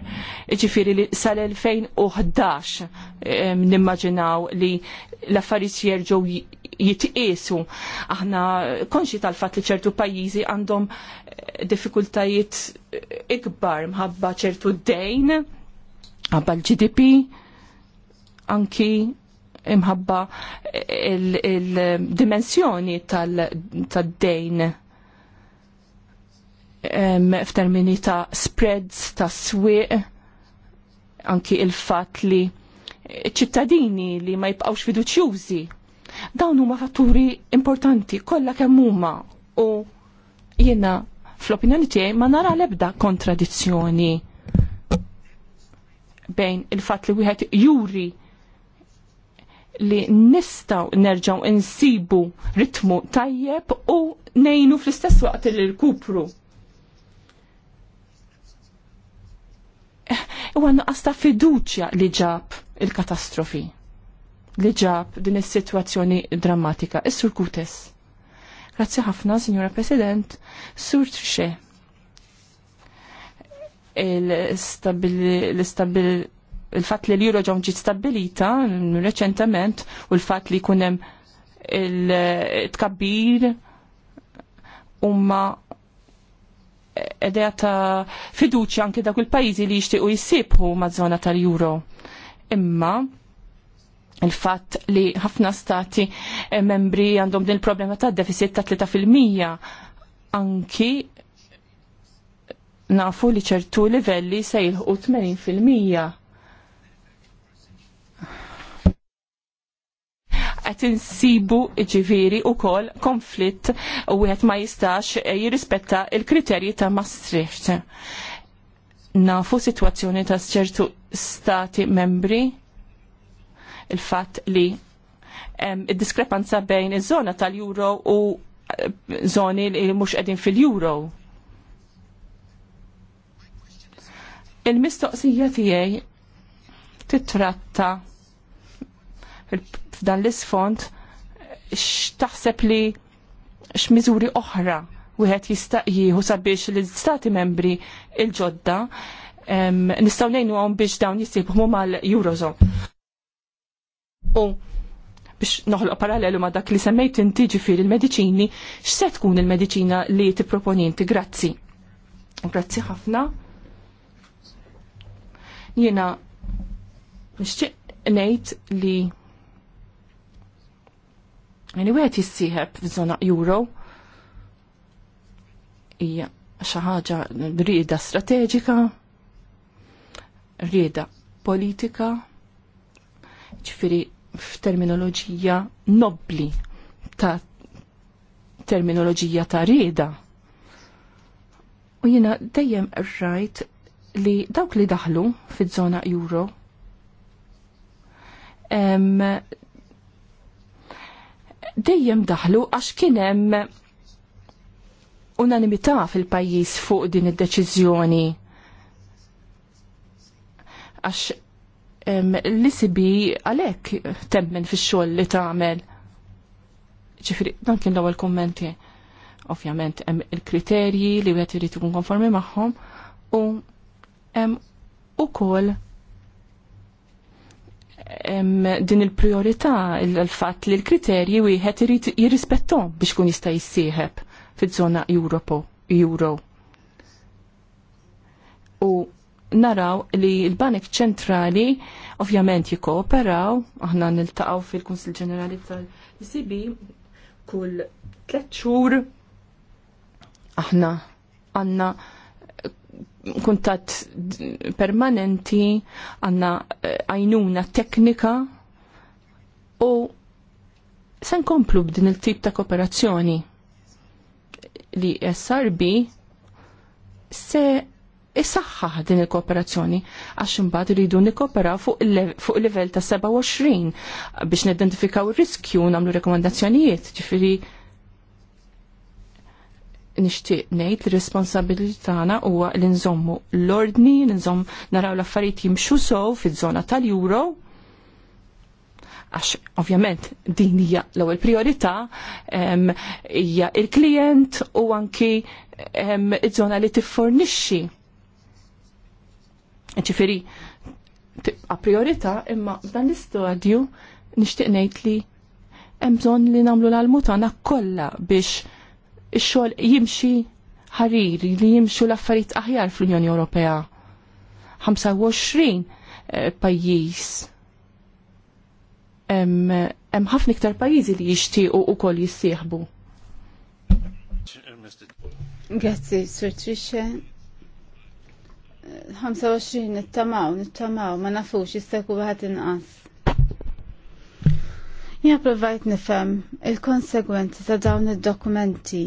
iġifiri li sal-2011 nimmaġinaw li l-affarijiet jerġgħu jitqiesu. Aħna konxi tal-fatt li ċertu pajjiżi għandhom eh, diffikultajiet eh, ikbar mħabba ċertu dejn, għabba l-GDP, anki imħabba eh, il-dimensjoni tal, dejn f'termini ta' spreads ta' swiq, anki il-fat li ċittadini li ma jibqawx fiduċjużi. Dawn huma fatturi importanti kollha kemm huma u jiena fl-opinjoni tiegħi ma nara l-ebda kontradizzjoni bejn il-fatt li wieħed juri li nistaw nerġaw insibu ritmu tajjeb u nejnu fl-istess waqt li rkupru u għanna ta' fiduċja li ġab il-katastrofi, li ġab din is-sitwazzjoni drammatika. Is-Sur Kutes. Grazzi ħafna, Signora President, Sur Trixe. Il-stabil il-fat li l-Euro ġom ġit stabilita reċentament u l-fat li kunem il-tkabbir umma edha ta' fiduċja anke da' il-pajjiżi li jixtiequ jissibhu maż-żona tal-Euro. Imma il-fatt li ħafna stati eh, membri għandhom din il-problema ta' deficit ta' 3% anki nafu li ċertu livelli se 80%. qed insibu ġifiri wkoll konflitt u wieħed ma jistax eh, jirrispetta il-kriterji ta' Maastricht. Nafu sitwazzjoni ta' ċertu stati membri il-fatt li id-diskrepanza bejn iż-żona tal-euro u zoni eh, li mhux qegħdin fil-euro. Il-mistoqsija tiegħi titratta f'dan l-isfond x'taħseb li x'miżuri oħra wieħed jista' jieħu sabiex l-istati membri il-ġodda nistgħu ngħinuhom biex dawn jisibhmu mal-Eurozone. U biex noħloq parallelu ma dak li semmejt inti ġifiri il-medicini, x'se tkun il-medicina li tipproponi inti? Grazzi. Grazzi ħafna. Jiena nixtieq ngħid li għet wieħed f f'żona euro hija xi ħaġa rieda strateġika, rieda politika, f f'terminoloġija nobbli ta' terminoloġija ta' rieda. U jina dejjem rajt li dawk li daħlu fiż żona euro dejjem daħlu għax kien hemm unanimità fil-pajjiż fuq din id-deċiżjoni. Għax l isibi għalhekk temmen fix-xogħol li tagħmel. Ġifieri dan kien l-ewwel kummenti. Ovvjament hemm il-kriterji li wieħed irid ikun konformi magħhom u hemm ukoll din il-priorità il-fatt li l-kriterji wieħed irid jirrispettom biex kun jista' jissieħeb fiż-żona Euro. U naraw li l-Banek ċentrali ovvjament jikkooperaw, aħna niltaqgħu fil-Kunsil Ġenerali tal icb kull tliet xhur aħna għandna kuntat permanenti għanna eh, għajnuna teknika u sen komplu b'din il-tip ta' kooperazzjoni li SRB se isaħħaħ din il-kooperazzjoni għax imbagħad iridu nikkooperaw fuq il livell ta' 27 biex nidentifikaw ir-riskju nagħmlu rekomandazzjonijiet, ġifieri nixtieq ngħid li responsabilità tagħna huwa li nżommu l-ordni, li nżomm naraw l-affarijiet jimxu sow fiż-żona tal-Euro. Għax ovvjament din hija l-ewwel priorità hija il-klijent u anki iż-żona li tiffornixxi. Ġifieri tibqa' priorità imma f'dan l istadju nixtieq ngħid li hemm bżonn li nagħmlu l-almutana kollha biex ix-xogħol jimxi ħarir li jimxu l-affarijiet aħjar fl-Unjoni Ewropea. 25 eh, pajjiż. Hemm ħafna iktar pajjiżi li jixtiequ ukoll jissieħbu. Grazzi, Sir Trisha. 25 nittamaw, nittamaw, ma nafux jistaku bħat inqas. Ja provajt nifem il-konsegwenzi ta' dawn id-dokumenti.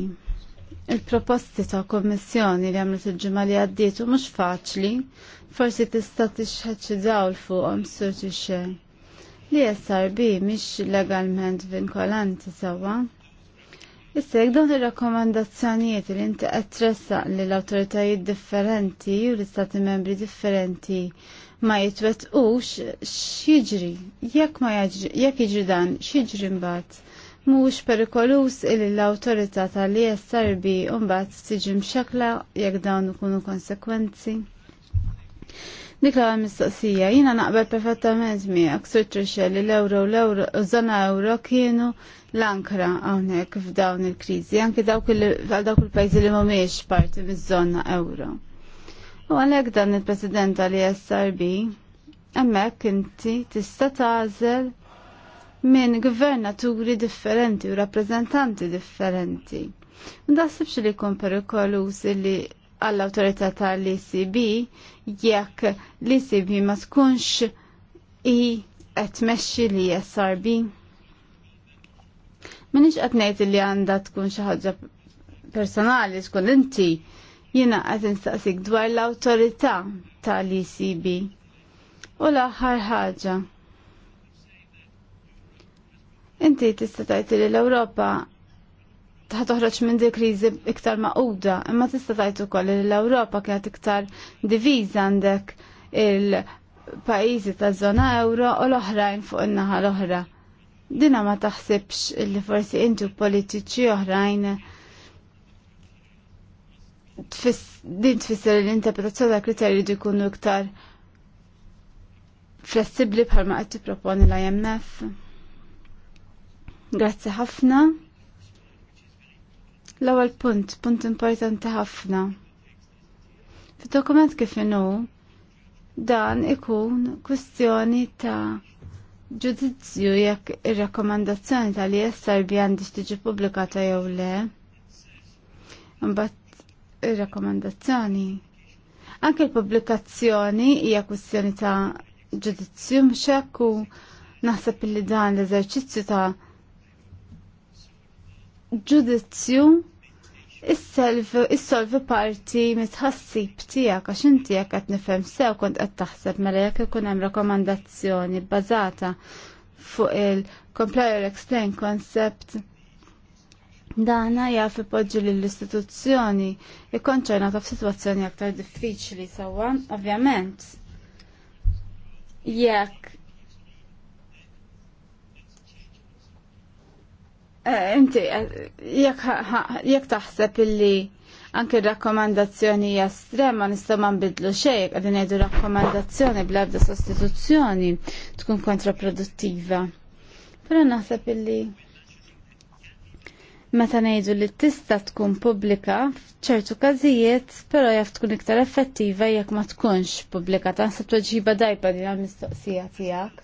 Il-proposti ta' kommissjoni li għamlet il-ġimma li għaddiet u mux faċli, forsi tista' tixħed xi dawl fuqhom surti xej. Li SRB mhix legalment vinkolanti sewwa. Issa jek dawn ir-rakkomandazzjonijiet li inti għattressa li lill awtoritajiet differenti u l-istati membri differenti ma jitwetqux x'jiġri. Jekk ma jekk jiġri dan x'jiġri mbagħad. Mhux perikolus illi l-awtorità tal-ISRB mbagħad tiġi mxakla jekk dawn ikunu konsekwenzi. Dik l mistoqsija, jina naqbel perfettament mi aksur trixxa li l-euro l-euro żona euro kienu l-ankra hawnhekk f'dawn il-kriżi, anke dawk il pajzi li mhumiex parti miż-żona euro. U għalek dan il-President għal-ISRB, emmek inti tista tazel minn gvernaturi differenti u rappresentanti differenti. Ndaħsibx li kun perikolus li għall-autorità tal-ECB jekk l-ECB ma tkunx i għetmexxi li SRB. Minix għetnejt li għanda tkun xaħġa personali, tkun inti Jiena qed instaqsik dwar l-awtorità tal-ECB. U l-aħħar ħaġa. Inti tista' tgħid li l-Ewropa ħat toħroġ minn di kriżi iktar maquda, imma tista' tajt ukoll li l-Ewropa kienet iktar diviża għandek il-pajjiżi taż-żona euro u l-oħrajn fuq in-naħa l-oħra. Dina ma taħsibx li forsi intu politiċi oħrajn din tfisser l-interpretazzjoni ta' kriterji li jkunu iktar flessibbli ma qed tipproponi l-IMF. Grazzi ħafna. L-ewwel punt, punt importanti ħafna. Fid-dokument kif inhu dan ikun kwestjoni ta' ġudizzju jekk ir-rakkomandazzjoni tal-ISRB għandix tiġi pubblikata jew le. Mbagħad ir-rakkomandazzjoni. Anke l-pubblikazzjoni hija kwistjoni ta' ġudizzju mxekk u naħseb li dan l-eżerċizzju ta' ġudizzju Issolvi parti mitħassib tiegħek għax inti jekk qed nifhem sew kont qed taħseb mela jekk ikun hemm rakomandazzjoni bbażata fuq il-Complier Explain Concept Dana jaf poġġi l-istituzzjoni ta' f'sitwazzjoni aktar diffiċli sewwa, ovvjament. Jekk eh, Inti, eh, jekk taħseb illi anke rakkomandazzjoni hija estrema nistgħu ma nbidlu xejn, qegħdin ngħidu rakkomandazzjoni bl-ebda sostituzzjoni tkun kontraproduttiva. Però naħseb illi meta ngħidu li tista' tkun pubblika f'ċertu każijiet, però jaf tkun iktar effettiva jekk ma tkunx pubblika taħseb tweġiba dajba din għall-mistoqsija tiegħek.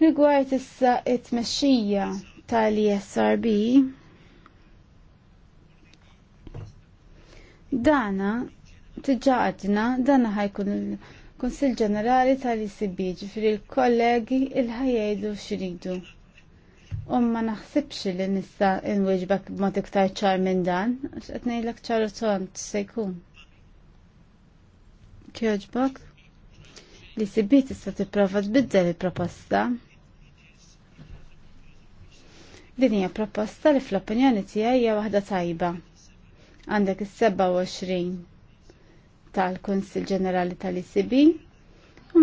Rigward issa it-tmexxija tal-ISRB dana tiġaqadna dana ħajkun il-Konsil Ġenerali tal-ICB ġifiri l-kollegi il-ħajajdu xiridu. U ma naħsibx li nista inwiġbek b'mod iktar ċar minn dan, għax qed ngħidlek ċar tont se jkun. Kjoġbok? Li sibi tista' tipprova tbiddel il-proposta. Din hija proposta li fl-opinjoni tiegħi hija waħda tajba. Għandek is-27 tal-Kunsil Ġenerali tal-ICB,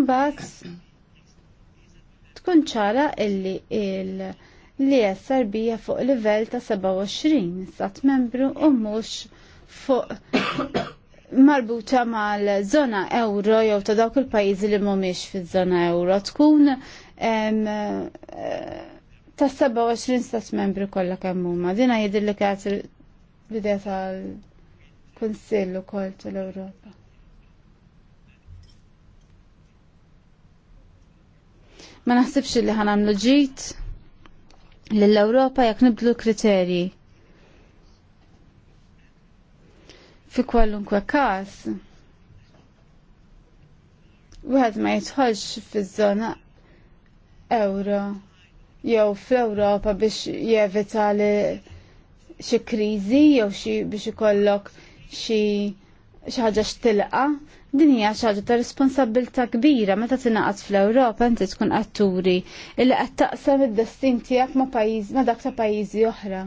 mbagħad tkun ċara illi il-, -il li jessar bija fuq livell ta' 27 stat membru u mhux fuq marbuta mal-zona euro jew ta' dawk il-pajjiżi li mhumiex fiż-żona euro tkun eh, ta' 27 stat membru kollha kemm huma. Dina jidilli kienet il-bidea tal-Kunsill ukoll tal-Ewropa. Ma naħsibx li l ġit l-Ewropa jekk nibdlu kriterji. Fi kwalunkwe każ. Wieħed ma jitħolx fiż-żona euro jew fl-Ewropa biex jevita li xi kriżi jew xie biex ikollok xie xi ħaġa xtilqa' Din hija xaġa ta' responsabilta kbira meta tingħaqad fl-Ewropa inti tkun atturi illi qed taqsam id-destin tiegħek ma' pajjiż ma' dak ta' pajjiżi oħra.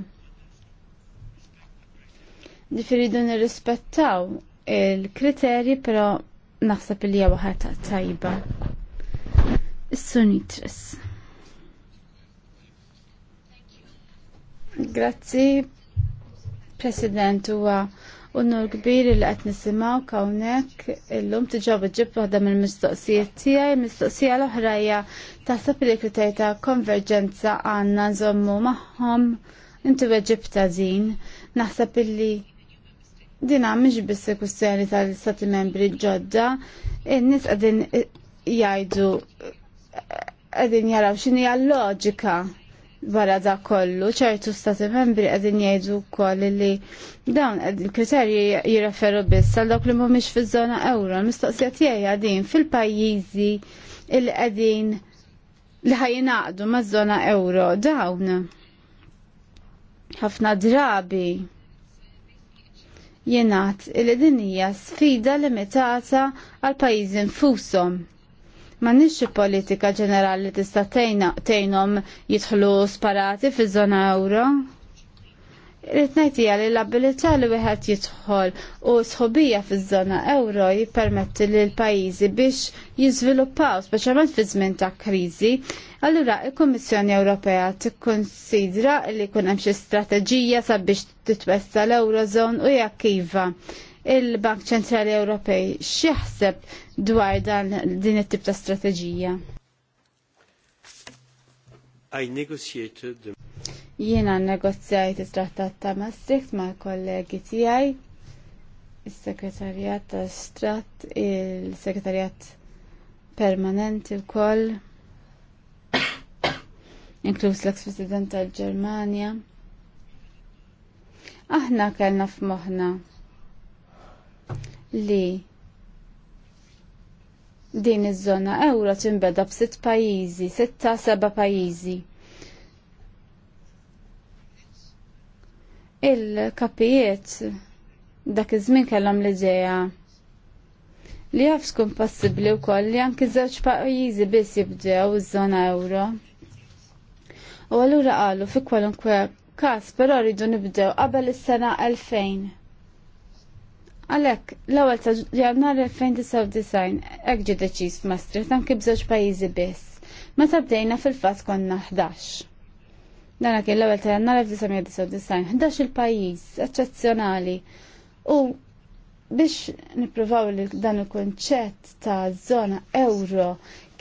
Ġifieri dun irrispettaw il-kriterji però naħseb li hija ta' tajba. Is-sunitres. Grazzi, President, huwa u n-nur kbir li qed nisimgħu hawnhekk illum tiġab ġib waħda mill-mistoqsijiet tiegħi, mistoqsija l oħraja taħseb li kriterji ta' konverġenza għandna nżommu magħhom inti weġibta din. Naħseb illi dina mhix biss kwistjoni tal-istati membri ġodda, in-nies qegħdin jgħidu qegħdin jaraw x'inhi l-loġika wara da kollu ċertu stati membri qegħdin jgħidu wkoll li dawn il-kriterji jirreferu biss għal dawk li mhumiex fiż-żona euro. Mistoqsija tiegħi għadin fil-pajjiżi il qegħdin li ħajinaqdu maż-żona euro dawn ħafna drabi jenat il-dinija sfida limitata għal pajjiżi nfushom ma nix politika ġenerali tista' tejnhom jidħlu sparati fiż-żona euro. Irrid ngħidija li l-abilità li wieħed jidħol u sħobija fiż-żona euro jippermetti l pajjiżi biex jiżviluppaw speċjalment fi żmien ta' kriżi. Allura il-Kummissjoni Ewropea tikkonsidra li jkun hemm xi strateġija sabiex titwessa l-Eurozone u jekk iva il-Bank Ċentrali Ewropej x'jaħseb dwar dan din it-tip ta' strateġija? I negotiated the... Jiena negozjajt it-trattat ta' Maastricht ma' kollegi tiegħi, is-Sekretarjat ta' Strat, il-Sekretarjat Permanenti wkoll, inkluż l-ex-President tal-Ġermanja. Aħna kellna f'moħħna li din iż-żona euro timbeda b'sitt pajjiżi, sitta seba' pajjiżi. Il-kapijiet dak iż-żmien kellhom l-idea li jaf skun possibbli wkoll li anki żewġ pajjiżi biss jibdew iż-żona euro. U allura qalu fi kwalunkwe każ però rridu nibdew qabel is-sena 2000. Għalek, l-ewwel ta' Jannar 2009 hekk ġie deċiż f'Maastricht kibżoċ pajizi pajjiżi biss. Meta bdejna fil-fatt konna 11. Dan għak l-ewwel ta' Jannar 1999, 11 il-pajjiż eccezzjonali. U biex nippruvaw li dan il-konċett ta' żona euro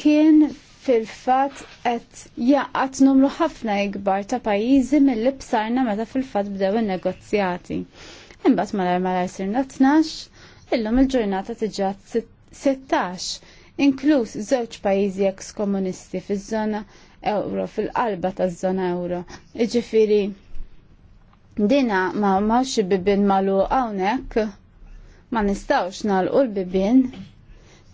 kien fil-fat qed jaqat numru ħafna ikbar ta' pajjiżi mill-li meta fil-fat bdew il negozjati Imbagħad malar malar sirna 12, illum il-ġurnata tiġa 16 inkluż żewġ pajjiżi eks-komunisti fiż-żona euro, fil-qalba taż-żona euro. Jiġifieri dina ma mawx bibin malu hawnhekk ma nistgħux nagħlqu l bibin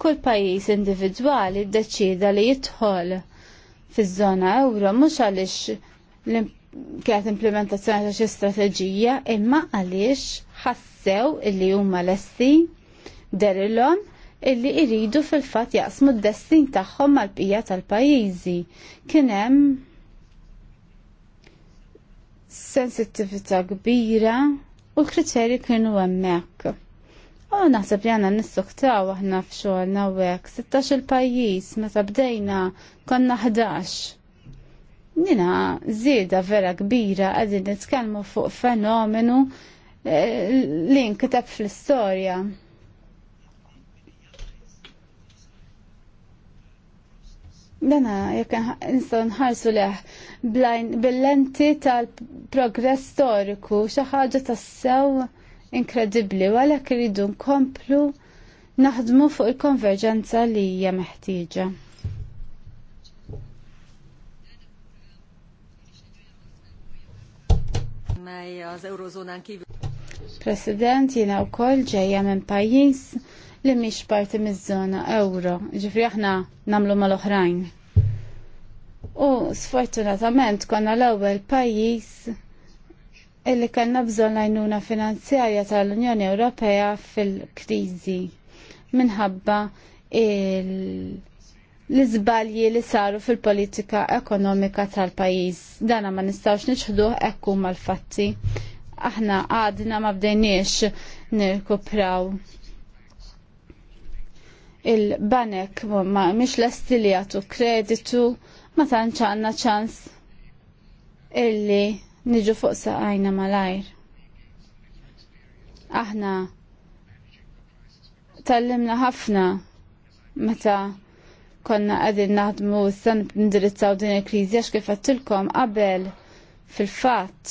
Kull pajjiż individwali ddeċida li jidħol fiż-żona euro mhux għaliex l-imp kienet implementazzjoni ta' xi strateġija imma għaliex ħassew illi huma lesti derilhom illi iridu fil-fatt jaqsmu d-destin tagħhom mal-bqija tal-pajjiżi. Kien hemm sensittività kbira u l-kriterji kienu hemmhekk. U naħseb li għanna nissuktaw aħna f'xogħolna hekk 16 il-pajjiż meta bdejna konna 11 nina zida vera kbira għadin nitkellmu fuq fenomenu eh, li nkitab fl-istorja. Dana, jek nistaw nħarsu leħ bil-lenti tal-progress storiku, xaħġa tassew inkredibli, għalek rridu nkomplu naħdmu fuq il-konverġenza li hija meħtieġa. President, jina u kol ġeja minn pajis li miex parti miż zona euro, ġifri aħna namlu mal-oħrajn. U sfortunatament konna l-ewwel pajjiż illi kellna bżonn lajnuna finanzjarja tal-Unjoni Ewropea fil-kriżi minħabba il- l-izbalji li saru fil-politika ekonomika tal-pajis. Dana ma nistawx niċħduh ekku mal-fatti. Aħna għadna ma bdejniex nirkupraw. Il-banek ma miex l-estilijatu kreditu ma tantx ċans illi niġu fuq saqajna mal mal-ajr. Aħna tallimna ħafna meta' konna għadin naħdmu s-san indirizzaw din il-krizi għax kif għattilkom qabel fil-fat.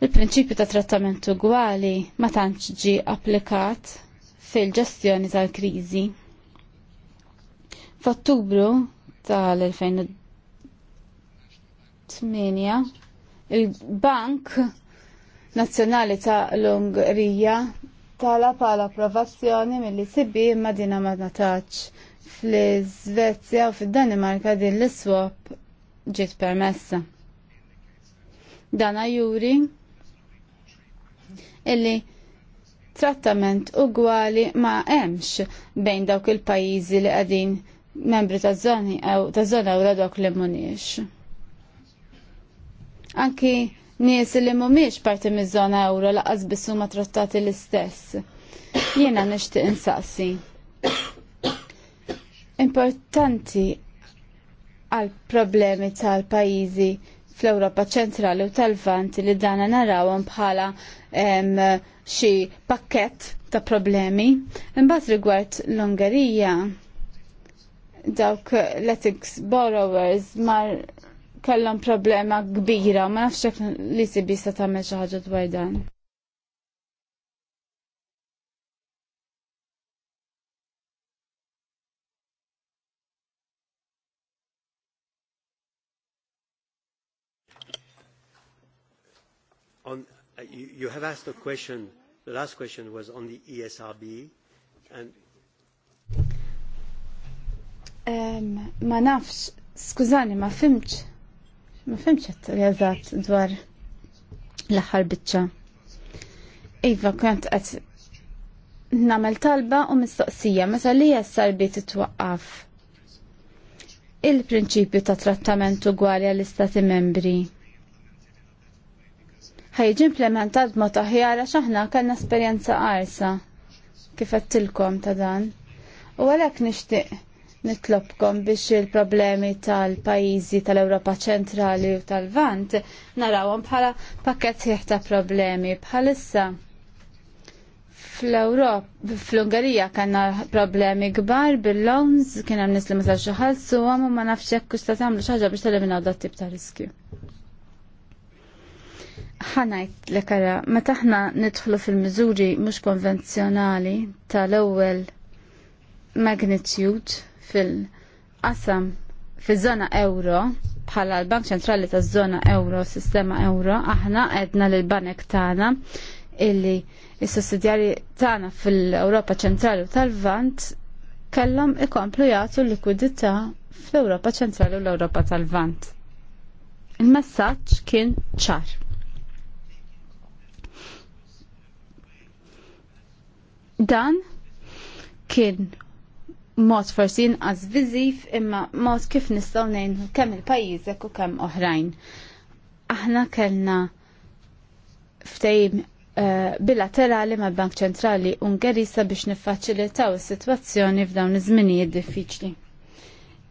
Il-prinċipju ta' trattament ugwali ma tantx ġi applikat fil-ġestjoni tal-krizi. F'Ottubru tal-2008 il-Bank Nazzjonali ta' Lungrija tala pala approvazzjoni mill sibi ma dina ma nataċ. Fl-Svezja u fil-Danimarka din l-swap ġiet permessa. Dana juri illi trattament ugwali ma hemmx bejn dawk il-pajjiżi li qegħdin membri ta' zoni ew ta' zona u dawk li muniex. Anki nies li mhumiex parti miż-żona euro laqas biss huma trattati l-istess. Jiena nixtieq insaqsi. Importanti għal problemi tal-pajjiżi fl-Ewropa ċentrali u tal-Vant li dana narawhom bħala xi pakkett ta' problemi. Imbagħad rigward l-Ungerija dawk l-ethics borrowers mar kellhom problema kbira ma nafx hekk li sibi se tagħmel xi ħaġa dwar dan. On, uh, you, you have asked a question, the last question was on the ESRB and um, ma nafx, skużani, ma fimċ Ma fimċet eżatt dwar l-aħħar biċċa. Iva, kont qed nagħmel talba u mistoqsija meta li s-sarbit titwaqqaf. Il-prinċipju ta' trattament ugwali għall-istati membri ħajġi implementat b'mod aħjar għax aħna kellna esperjenza qarsa kif qedtilkom ta' dan. U għalhekk nixtieq nitlobkom biex il-problemi tal-pajizi tal-Europa ċentrali u tal-Vant narawhom bħala pakket ħieħ ta' problemi bħalissa. Fl-Europa, fl-Ungarija kanna problemi kbar bil-loans, kien hemm nies li ma ħalsu għam u ma nafx hekk kux ta' tagħmlu xi ħaġa biex teliminaw dat tip ta' riskju. Ħanajt li kara, meta aħna nidħlu fil-miżuri mhux konvenzjonali tal-ewwel magnitude fil-qasam fil-żona euro bħala l-Bank Ċentrali ta' żona euro, sistema euro, aħna għedna l-banek tagħna illi s-sussidjarji tagħna fil-Ewropa ċentrali u tal-Vant kellhom ikomplu jagħtu l-likwidità fl-Ewropa ċentrali u l-Ewropa tal-Vant. Il-messaġġ kien ċar. Dan kien mod forsi inqas viżiv imma mod kif nistgħu ngħinu kemm il-pajjiżek u kemm oħrajn. Aħna kellna ftejm eh, bilaterali mal bank ċentrali Ungerisa biex niffaċilitaw is-sitwazzjoni f'dawn iż-żminijiet diffiċli.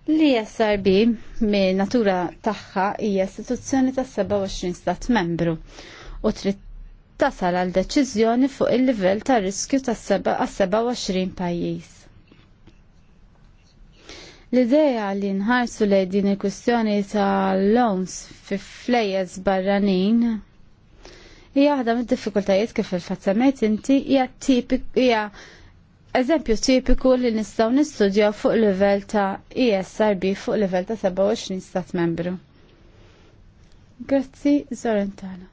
L-ISRB minn natura tagħha hija istituzzjoni ta' 27 stat membru u trid tasal għal deċiżjoni fuq il-livell ta' riskju ta' 27 pajjiż. L-ideja li nħarsu lej din il-kwistjoni ta' loans fi flejes barranin hija waħda mid-diffikultajiet kif il-fazzament inti hija hija eżempju tipiku li nistgħu nistudjaw fuq livell ta' ESRB fuq livell ta' 27 stat membru. Grazzi Zorentana.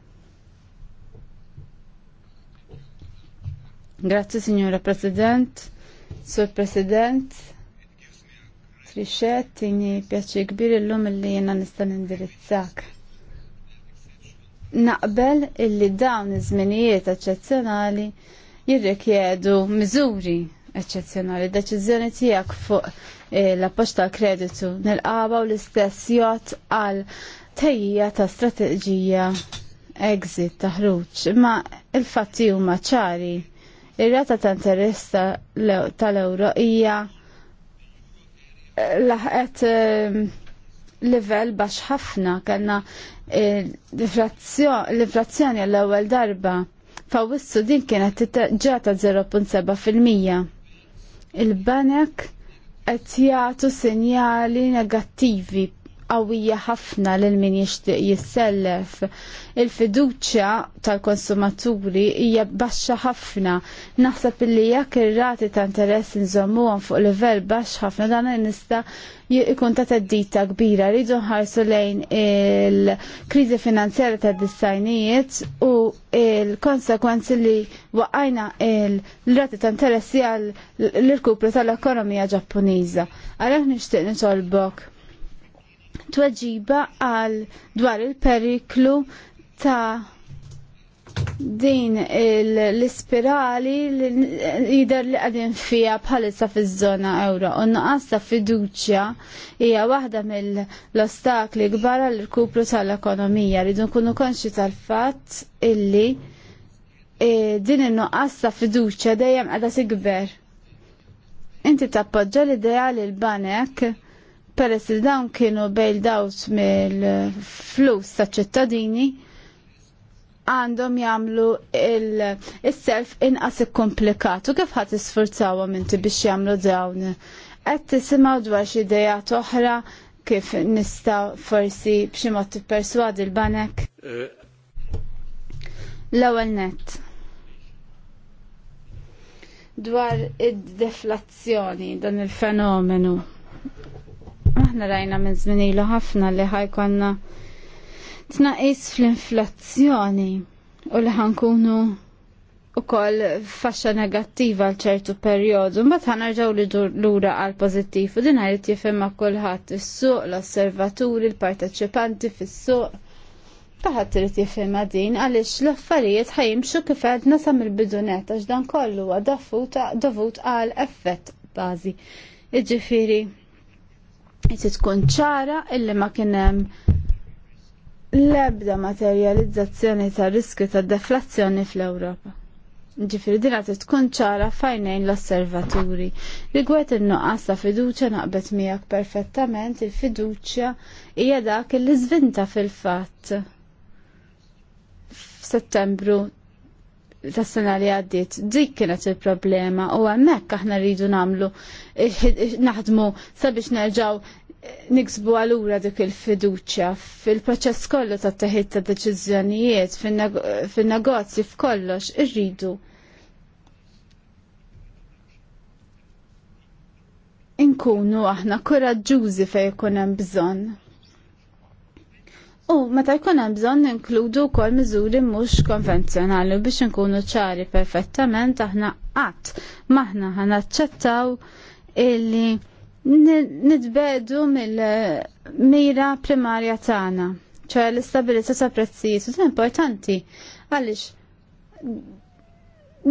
Grazzi Signora President, Sur President, Frixet, tini pjaċi kbir illum li jena nistan indirizzak. Naqbel illi dawn iż-żminijiet eċċezzjonali jirrikjedu miżuri eccezjonali. Deċiżjoni tiegħek fuq eh, l-appoġġ tal-kreditu nilqaba u l-istess jgħod għal tejjija ta' strateġija exit ta' ħruġ. Imma il-fatti huma ċari. Ir-rata ta' interess tal ewro hija laħqet ehm, livell bax ħafna kellna eh, l-inflazzjoni l-ewwel darba. Fawissu din kienet ġata 0.7%. Il-banek qed jagħtu sinjali negattivi qawwija ħafna lil min jixtieq jissellef. Il-fiduċja tal-konsumaturi hija baxxa ħafna. Naħseb illi jekk ir-rati ta' interess nżommuhom fuq livell baxx ħafna dan nista' jkun ta' teddita kbira. Rridu nħarsu lejn il-kriżi finanzjarja ta' dissajnijiet u il-konsekwenzi li waqajna il-rati ta' interessi għal l-irkupru tal-ekonomija Ġappuniża. Għalhekk nixtieq nitolbok tweġiba għal dwar il-periklu ta' din l-ispirali jider li għadin fija bħalissa fi zona euro u naqas ta' fiduċja hija waħda mill-ostakli kbar għall rkupru tal-ekonomija ridu nkunu konxi tal-fatt illi e, din in-nuqqas ta' fiduċja dejjem qiegħda tikber. Inti tappoġġa l-idea li l-banek peress li dawn kienu bail out mill-flus ta' ċittadini għandhom jagħmlu il-self inqas ikkomplikat kif ħadd isfurzawhom inti biex jagħmlu dawn. Qed tisimgħu dwar xi idejat oħra kif nista' forsi b'xi mod tipperswadi l-banek. L-ewwel nett dwar id-deflazzjoni dan il-fenomenu aħna rajna minn żmien ilu ħafna li ħajkonna tnaqis fl-inflazzjoni u li ħankunu u koll faxxa negattiva għal ċertu periodu, mbagħad ħanarġaw li lura għal pożittiv u din għajt jifemma kulħadd is-suq, l-osservaturi, l-parteċipanti fis-suq. Taħat trid jifhimha din għaliex l-affarijiet ħajimxu kif għedna sam il bidunet għax dan kollu huwa dovut għal effett bażi. Iġifieri Inti tkun ċara illi ma kien hemm l-ebda materjalizzazzjoni ta' riskju ta' deflazzjoni fl-Ewropa. Ġifiri din għat tkun ċara fajnejn l-osservaturi. Rigwet il-nuqqas ta' fiduċa naqbet miegħek perfettament il-fiduċja hija dak li żvinta fil-fatt. F'Settembru tas sena li għaddiet, dik kienet il-problema u għemmek aħna rridu namlu eh, eh, naħdmu sabiex nerġaw niksbu għalura dik il-fiduċja fil-proċess kollu ta' teħid ta' deċiżjonijiet, fil-negozji, f'kollox, irridu. Inkunu aħna koraġġużi fej ikun hemm bżonn. U meta jkun hemm bżonn inkludu wkoll miżuri mhux konvenzjonali biex inkunu ċari perfettament aħna qatt maħna ħanaċċettaw illi nitbedu mill-mira primarja tagħna, ċe l-istabilità ta' prezzijiet, u importanti għaliex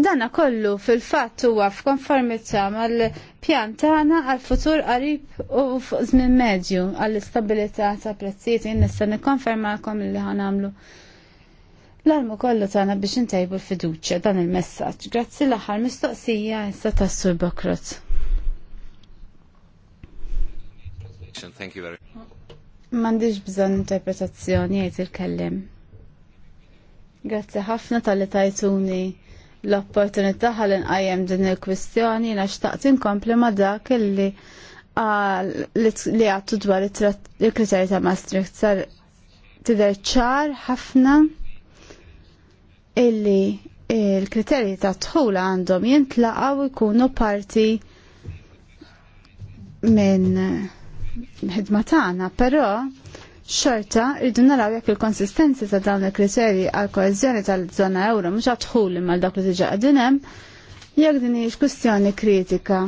dana kollu fil-fatt huwa f'konformità mal-pjan tagħna għall-futur qarib u f'żmien żmien medju għall-istabilità ta' prezzijiet jien nista' nikkonfermalkom li ħanamlu. L-armu kollu tagħna biex intejbu l-fiduċja dan il-messaġġ. Grazzi l-aħħar mistoqsija issa tas-Sur Bokrot. interpretation. Thank you very much. M'għandix bżonn interpretazzjoni jgħid il-kellim. Grazzi ħafna tal-li tajtuni l-opportunità ħal nqajjem din il-kwistjoni la xtaqt inkompli ma dak li li għattu dwar il-kriterji ta' Maastricht sar tidher ċar ħafna illi il-kriterji ta' tħula għandhom jintlaqaw ikunu parti minn ħidma tagħna, però xorta rridu naraw jekk il-konsistenzi ta' dawn il-kriterji għal koeżjoni tal-żona euro mhux għadħul imma dak li diġà qegħdin hemm jekk din hiex kwistjoni kritika.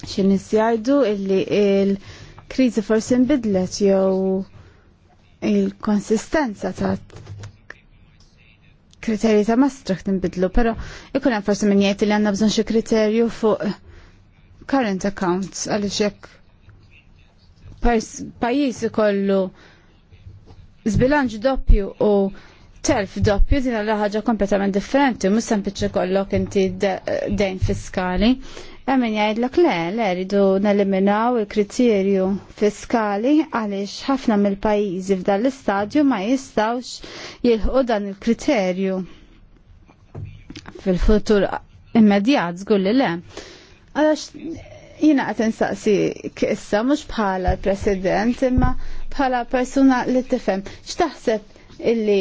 Xi nies jgħidu illi il-kriżi forsi nbidlet jew il-konsistenza ta' kriterji ta' Maastricht nbidlu, pero ikun hemm forsi min jgħid li għandna bżonn xi kriterju fuq current accounts għaliex jekk pajis kollu zbilanċ doppju u telf doppju din għal ħaġa kompletament differenti, mhux sempliċi kollok inti dejn fiskali. Emmen jgħidlek le, le rridu neliminaw il-kriterju fiskali għaliex ħafna mill-pajjiżi f'dan l-istadju ma jistawx jilħu dan il-kriterju fil-futur immedjat żgur li le. Għalax Jina għat nsaqsi kissa mux bħala president imma bħala persuna li tifem. Xtaħseb illi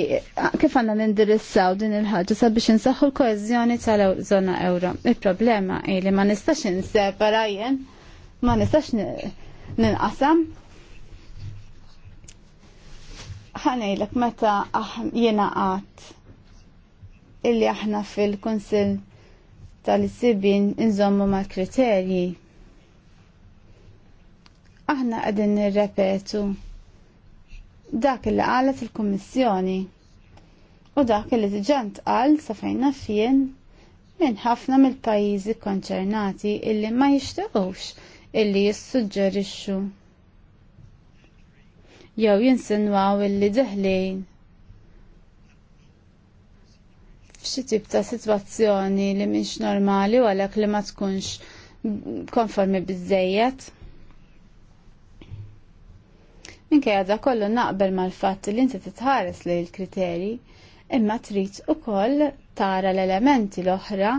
kif għanna nindirissaw din il-ħagġa sabiex nsaħħu l-koezjoni tal-zona euro. Il-problema illi ma nistax nsepara jien, ma nistax ninqasam ħanejlek meta jena għat illi aħna fil-konsil tal-sibin inżommu mal kriterji aħna qegħdin nirrepetu dak li qalet il-Kummissjoni u dak li diġà ntqal sa fejn fien minn ħafna mill-pajjiżi konċernati illi ma jixtiequx illi jissuġġerixxu jew jinsinwaw illi deħlejn f'xi tip ta' sitwazzjoni li mhix normali u għalhekk li ma tkunx konformi biżejjed. Minkejja da kollu naqbel mal-fatt li inti titħares li l-kriteri, imma trid ukoll tara l-elementi l-oħra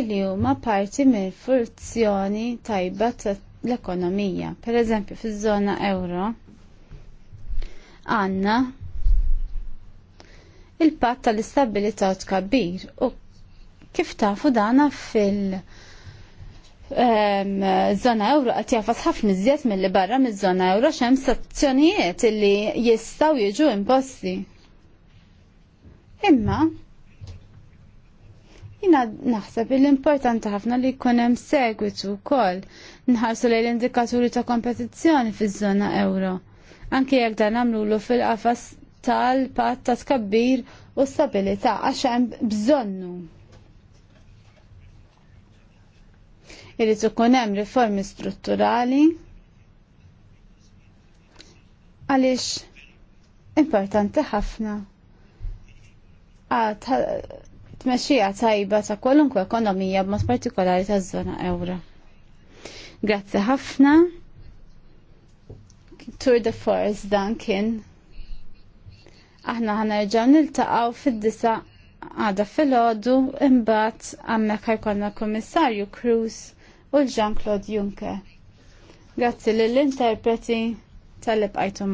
illi huma parti mill funzjoni tajba tal-ekonomija. Per eżempju, fiż-żona euro għandna il-patt tal-istabilità tkabbir u kif tafu dana fil- zona euro għat jafas ħafna iżjed mill-li barra mill-zona euro xem sazzjonijiet li jistaw jiġu imposti. Imma, jina naħseb l-importanti ħafna li kunem segwitu kol nħarsu lejn indikaturi ta' kompetizzjoni fiż-żona euro. Anke jekk dan għamlulu fil-qafas tal-pat ta' tkabbir u stabilita' għax hemm bżonnu. Irrid ikun hemm riformi strutturali għaliex importanti ħafna. Tmexxija tajba ta' kwalunkwe ekonomija b'mod partikolari taż-żona ewra. Grazzi ħafna. Tour de Force dan kien aħna ħanerġaw niltaqgħu fid-disa għada fil-ħodu imbat għammek ħajkonna komissarju Cruz u Jean-Claude Juncker. Grazzi lill-interpreti tal-libqajtu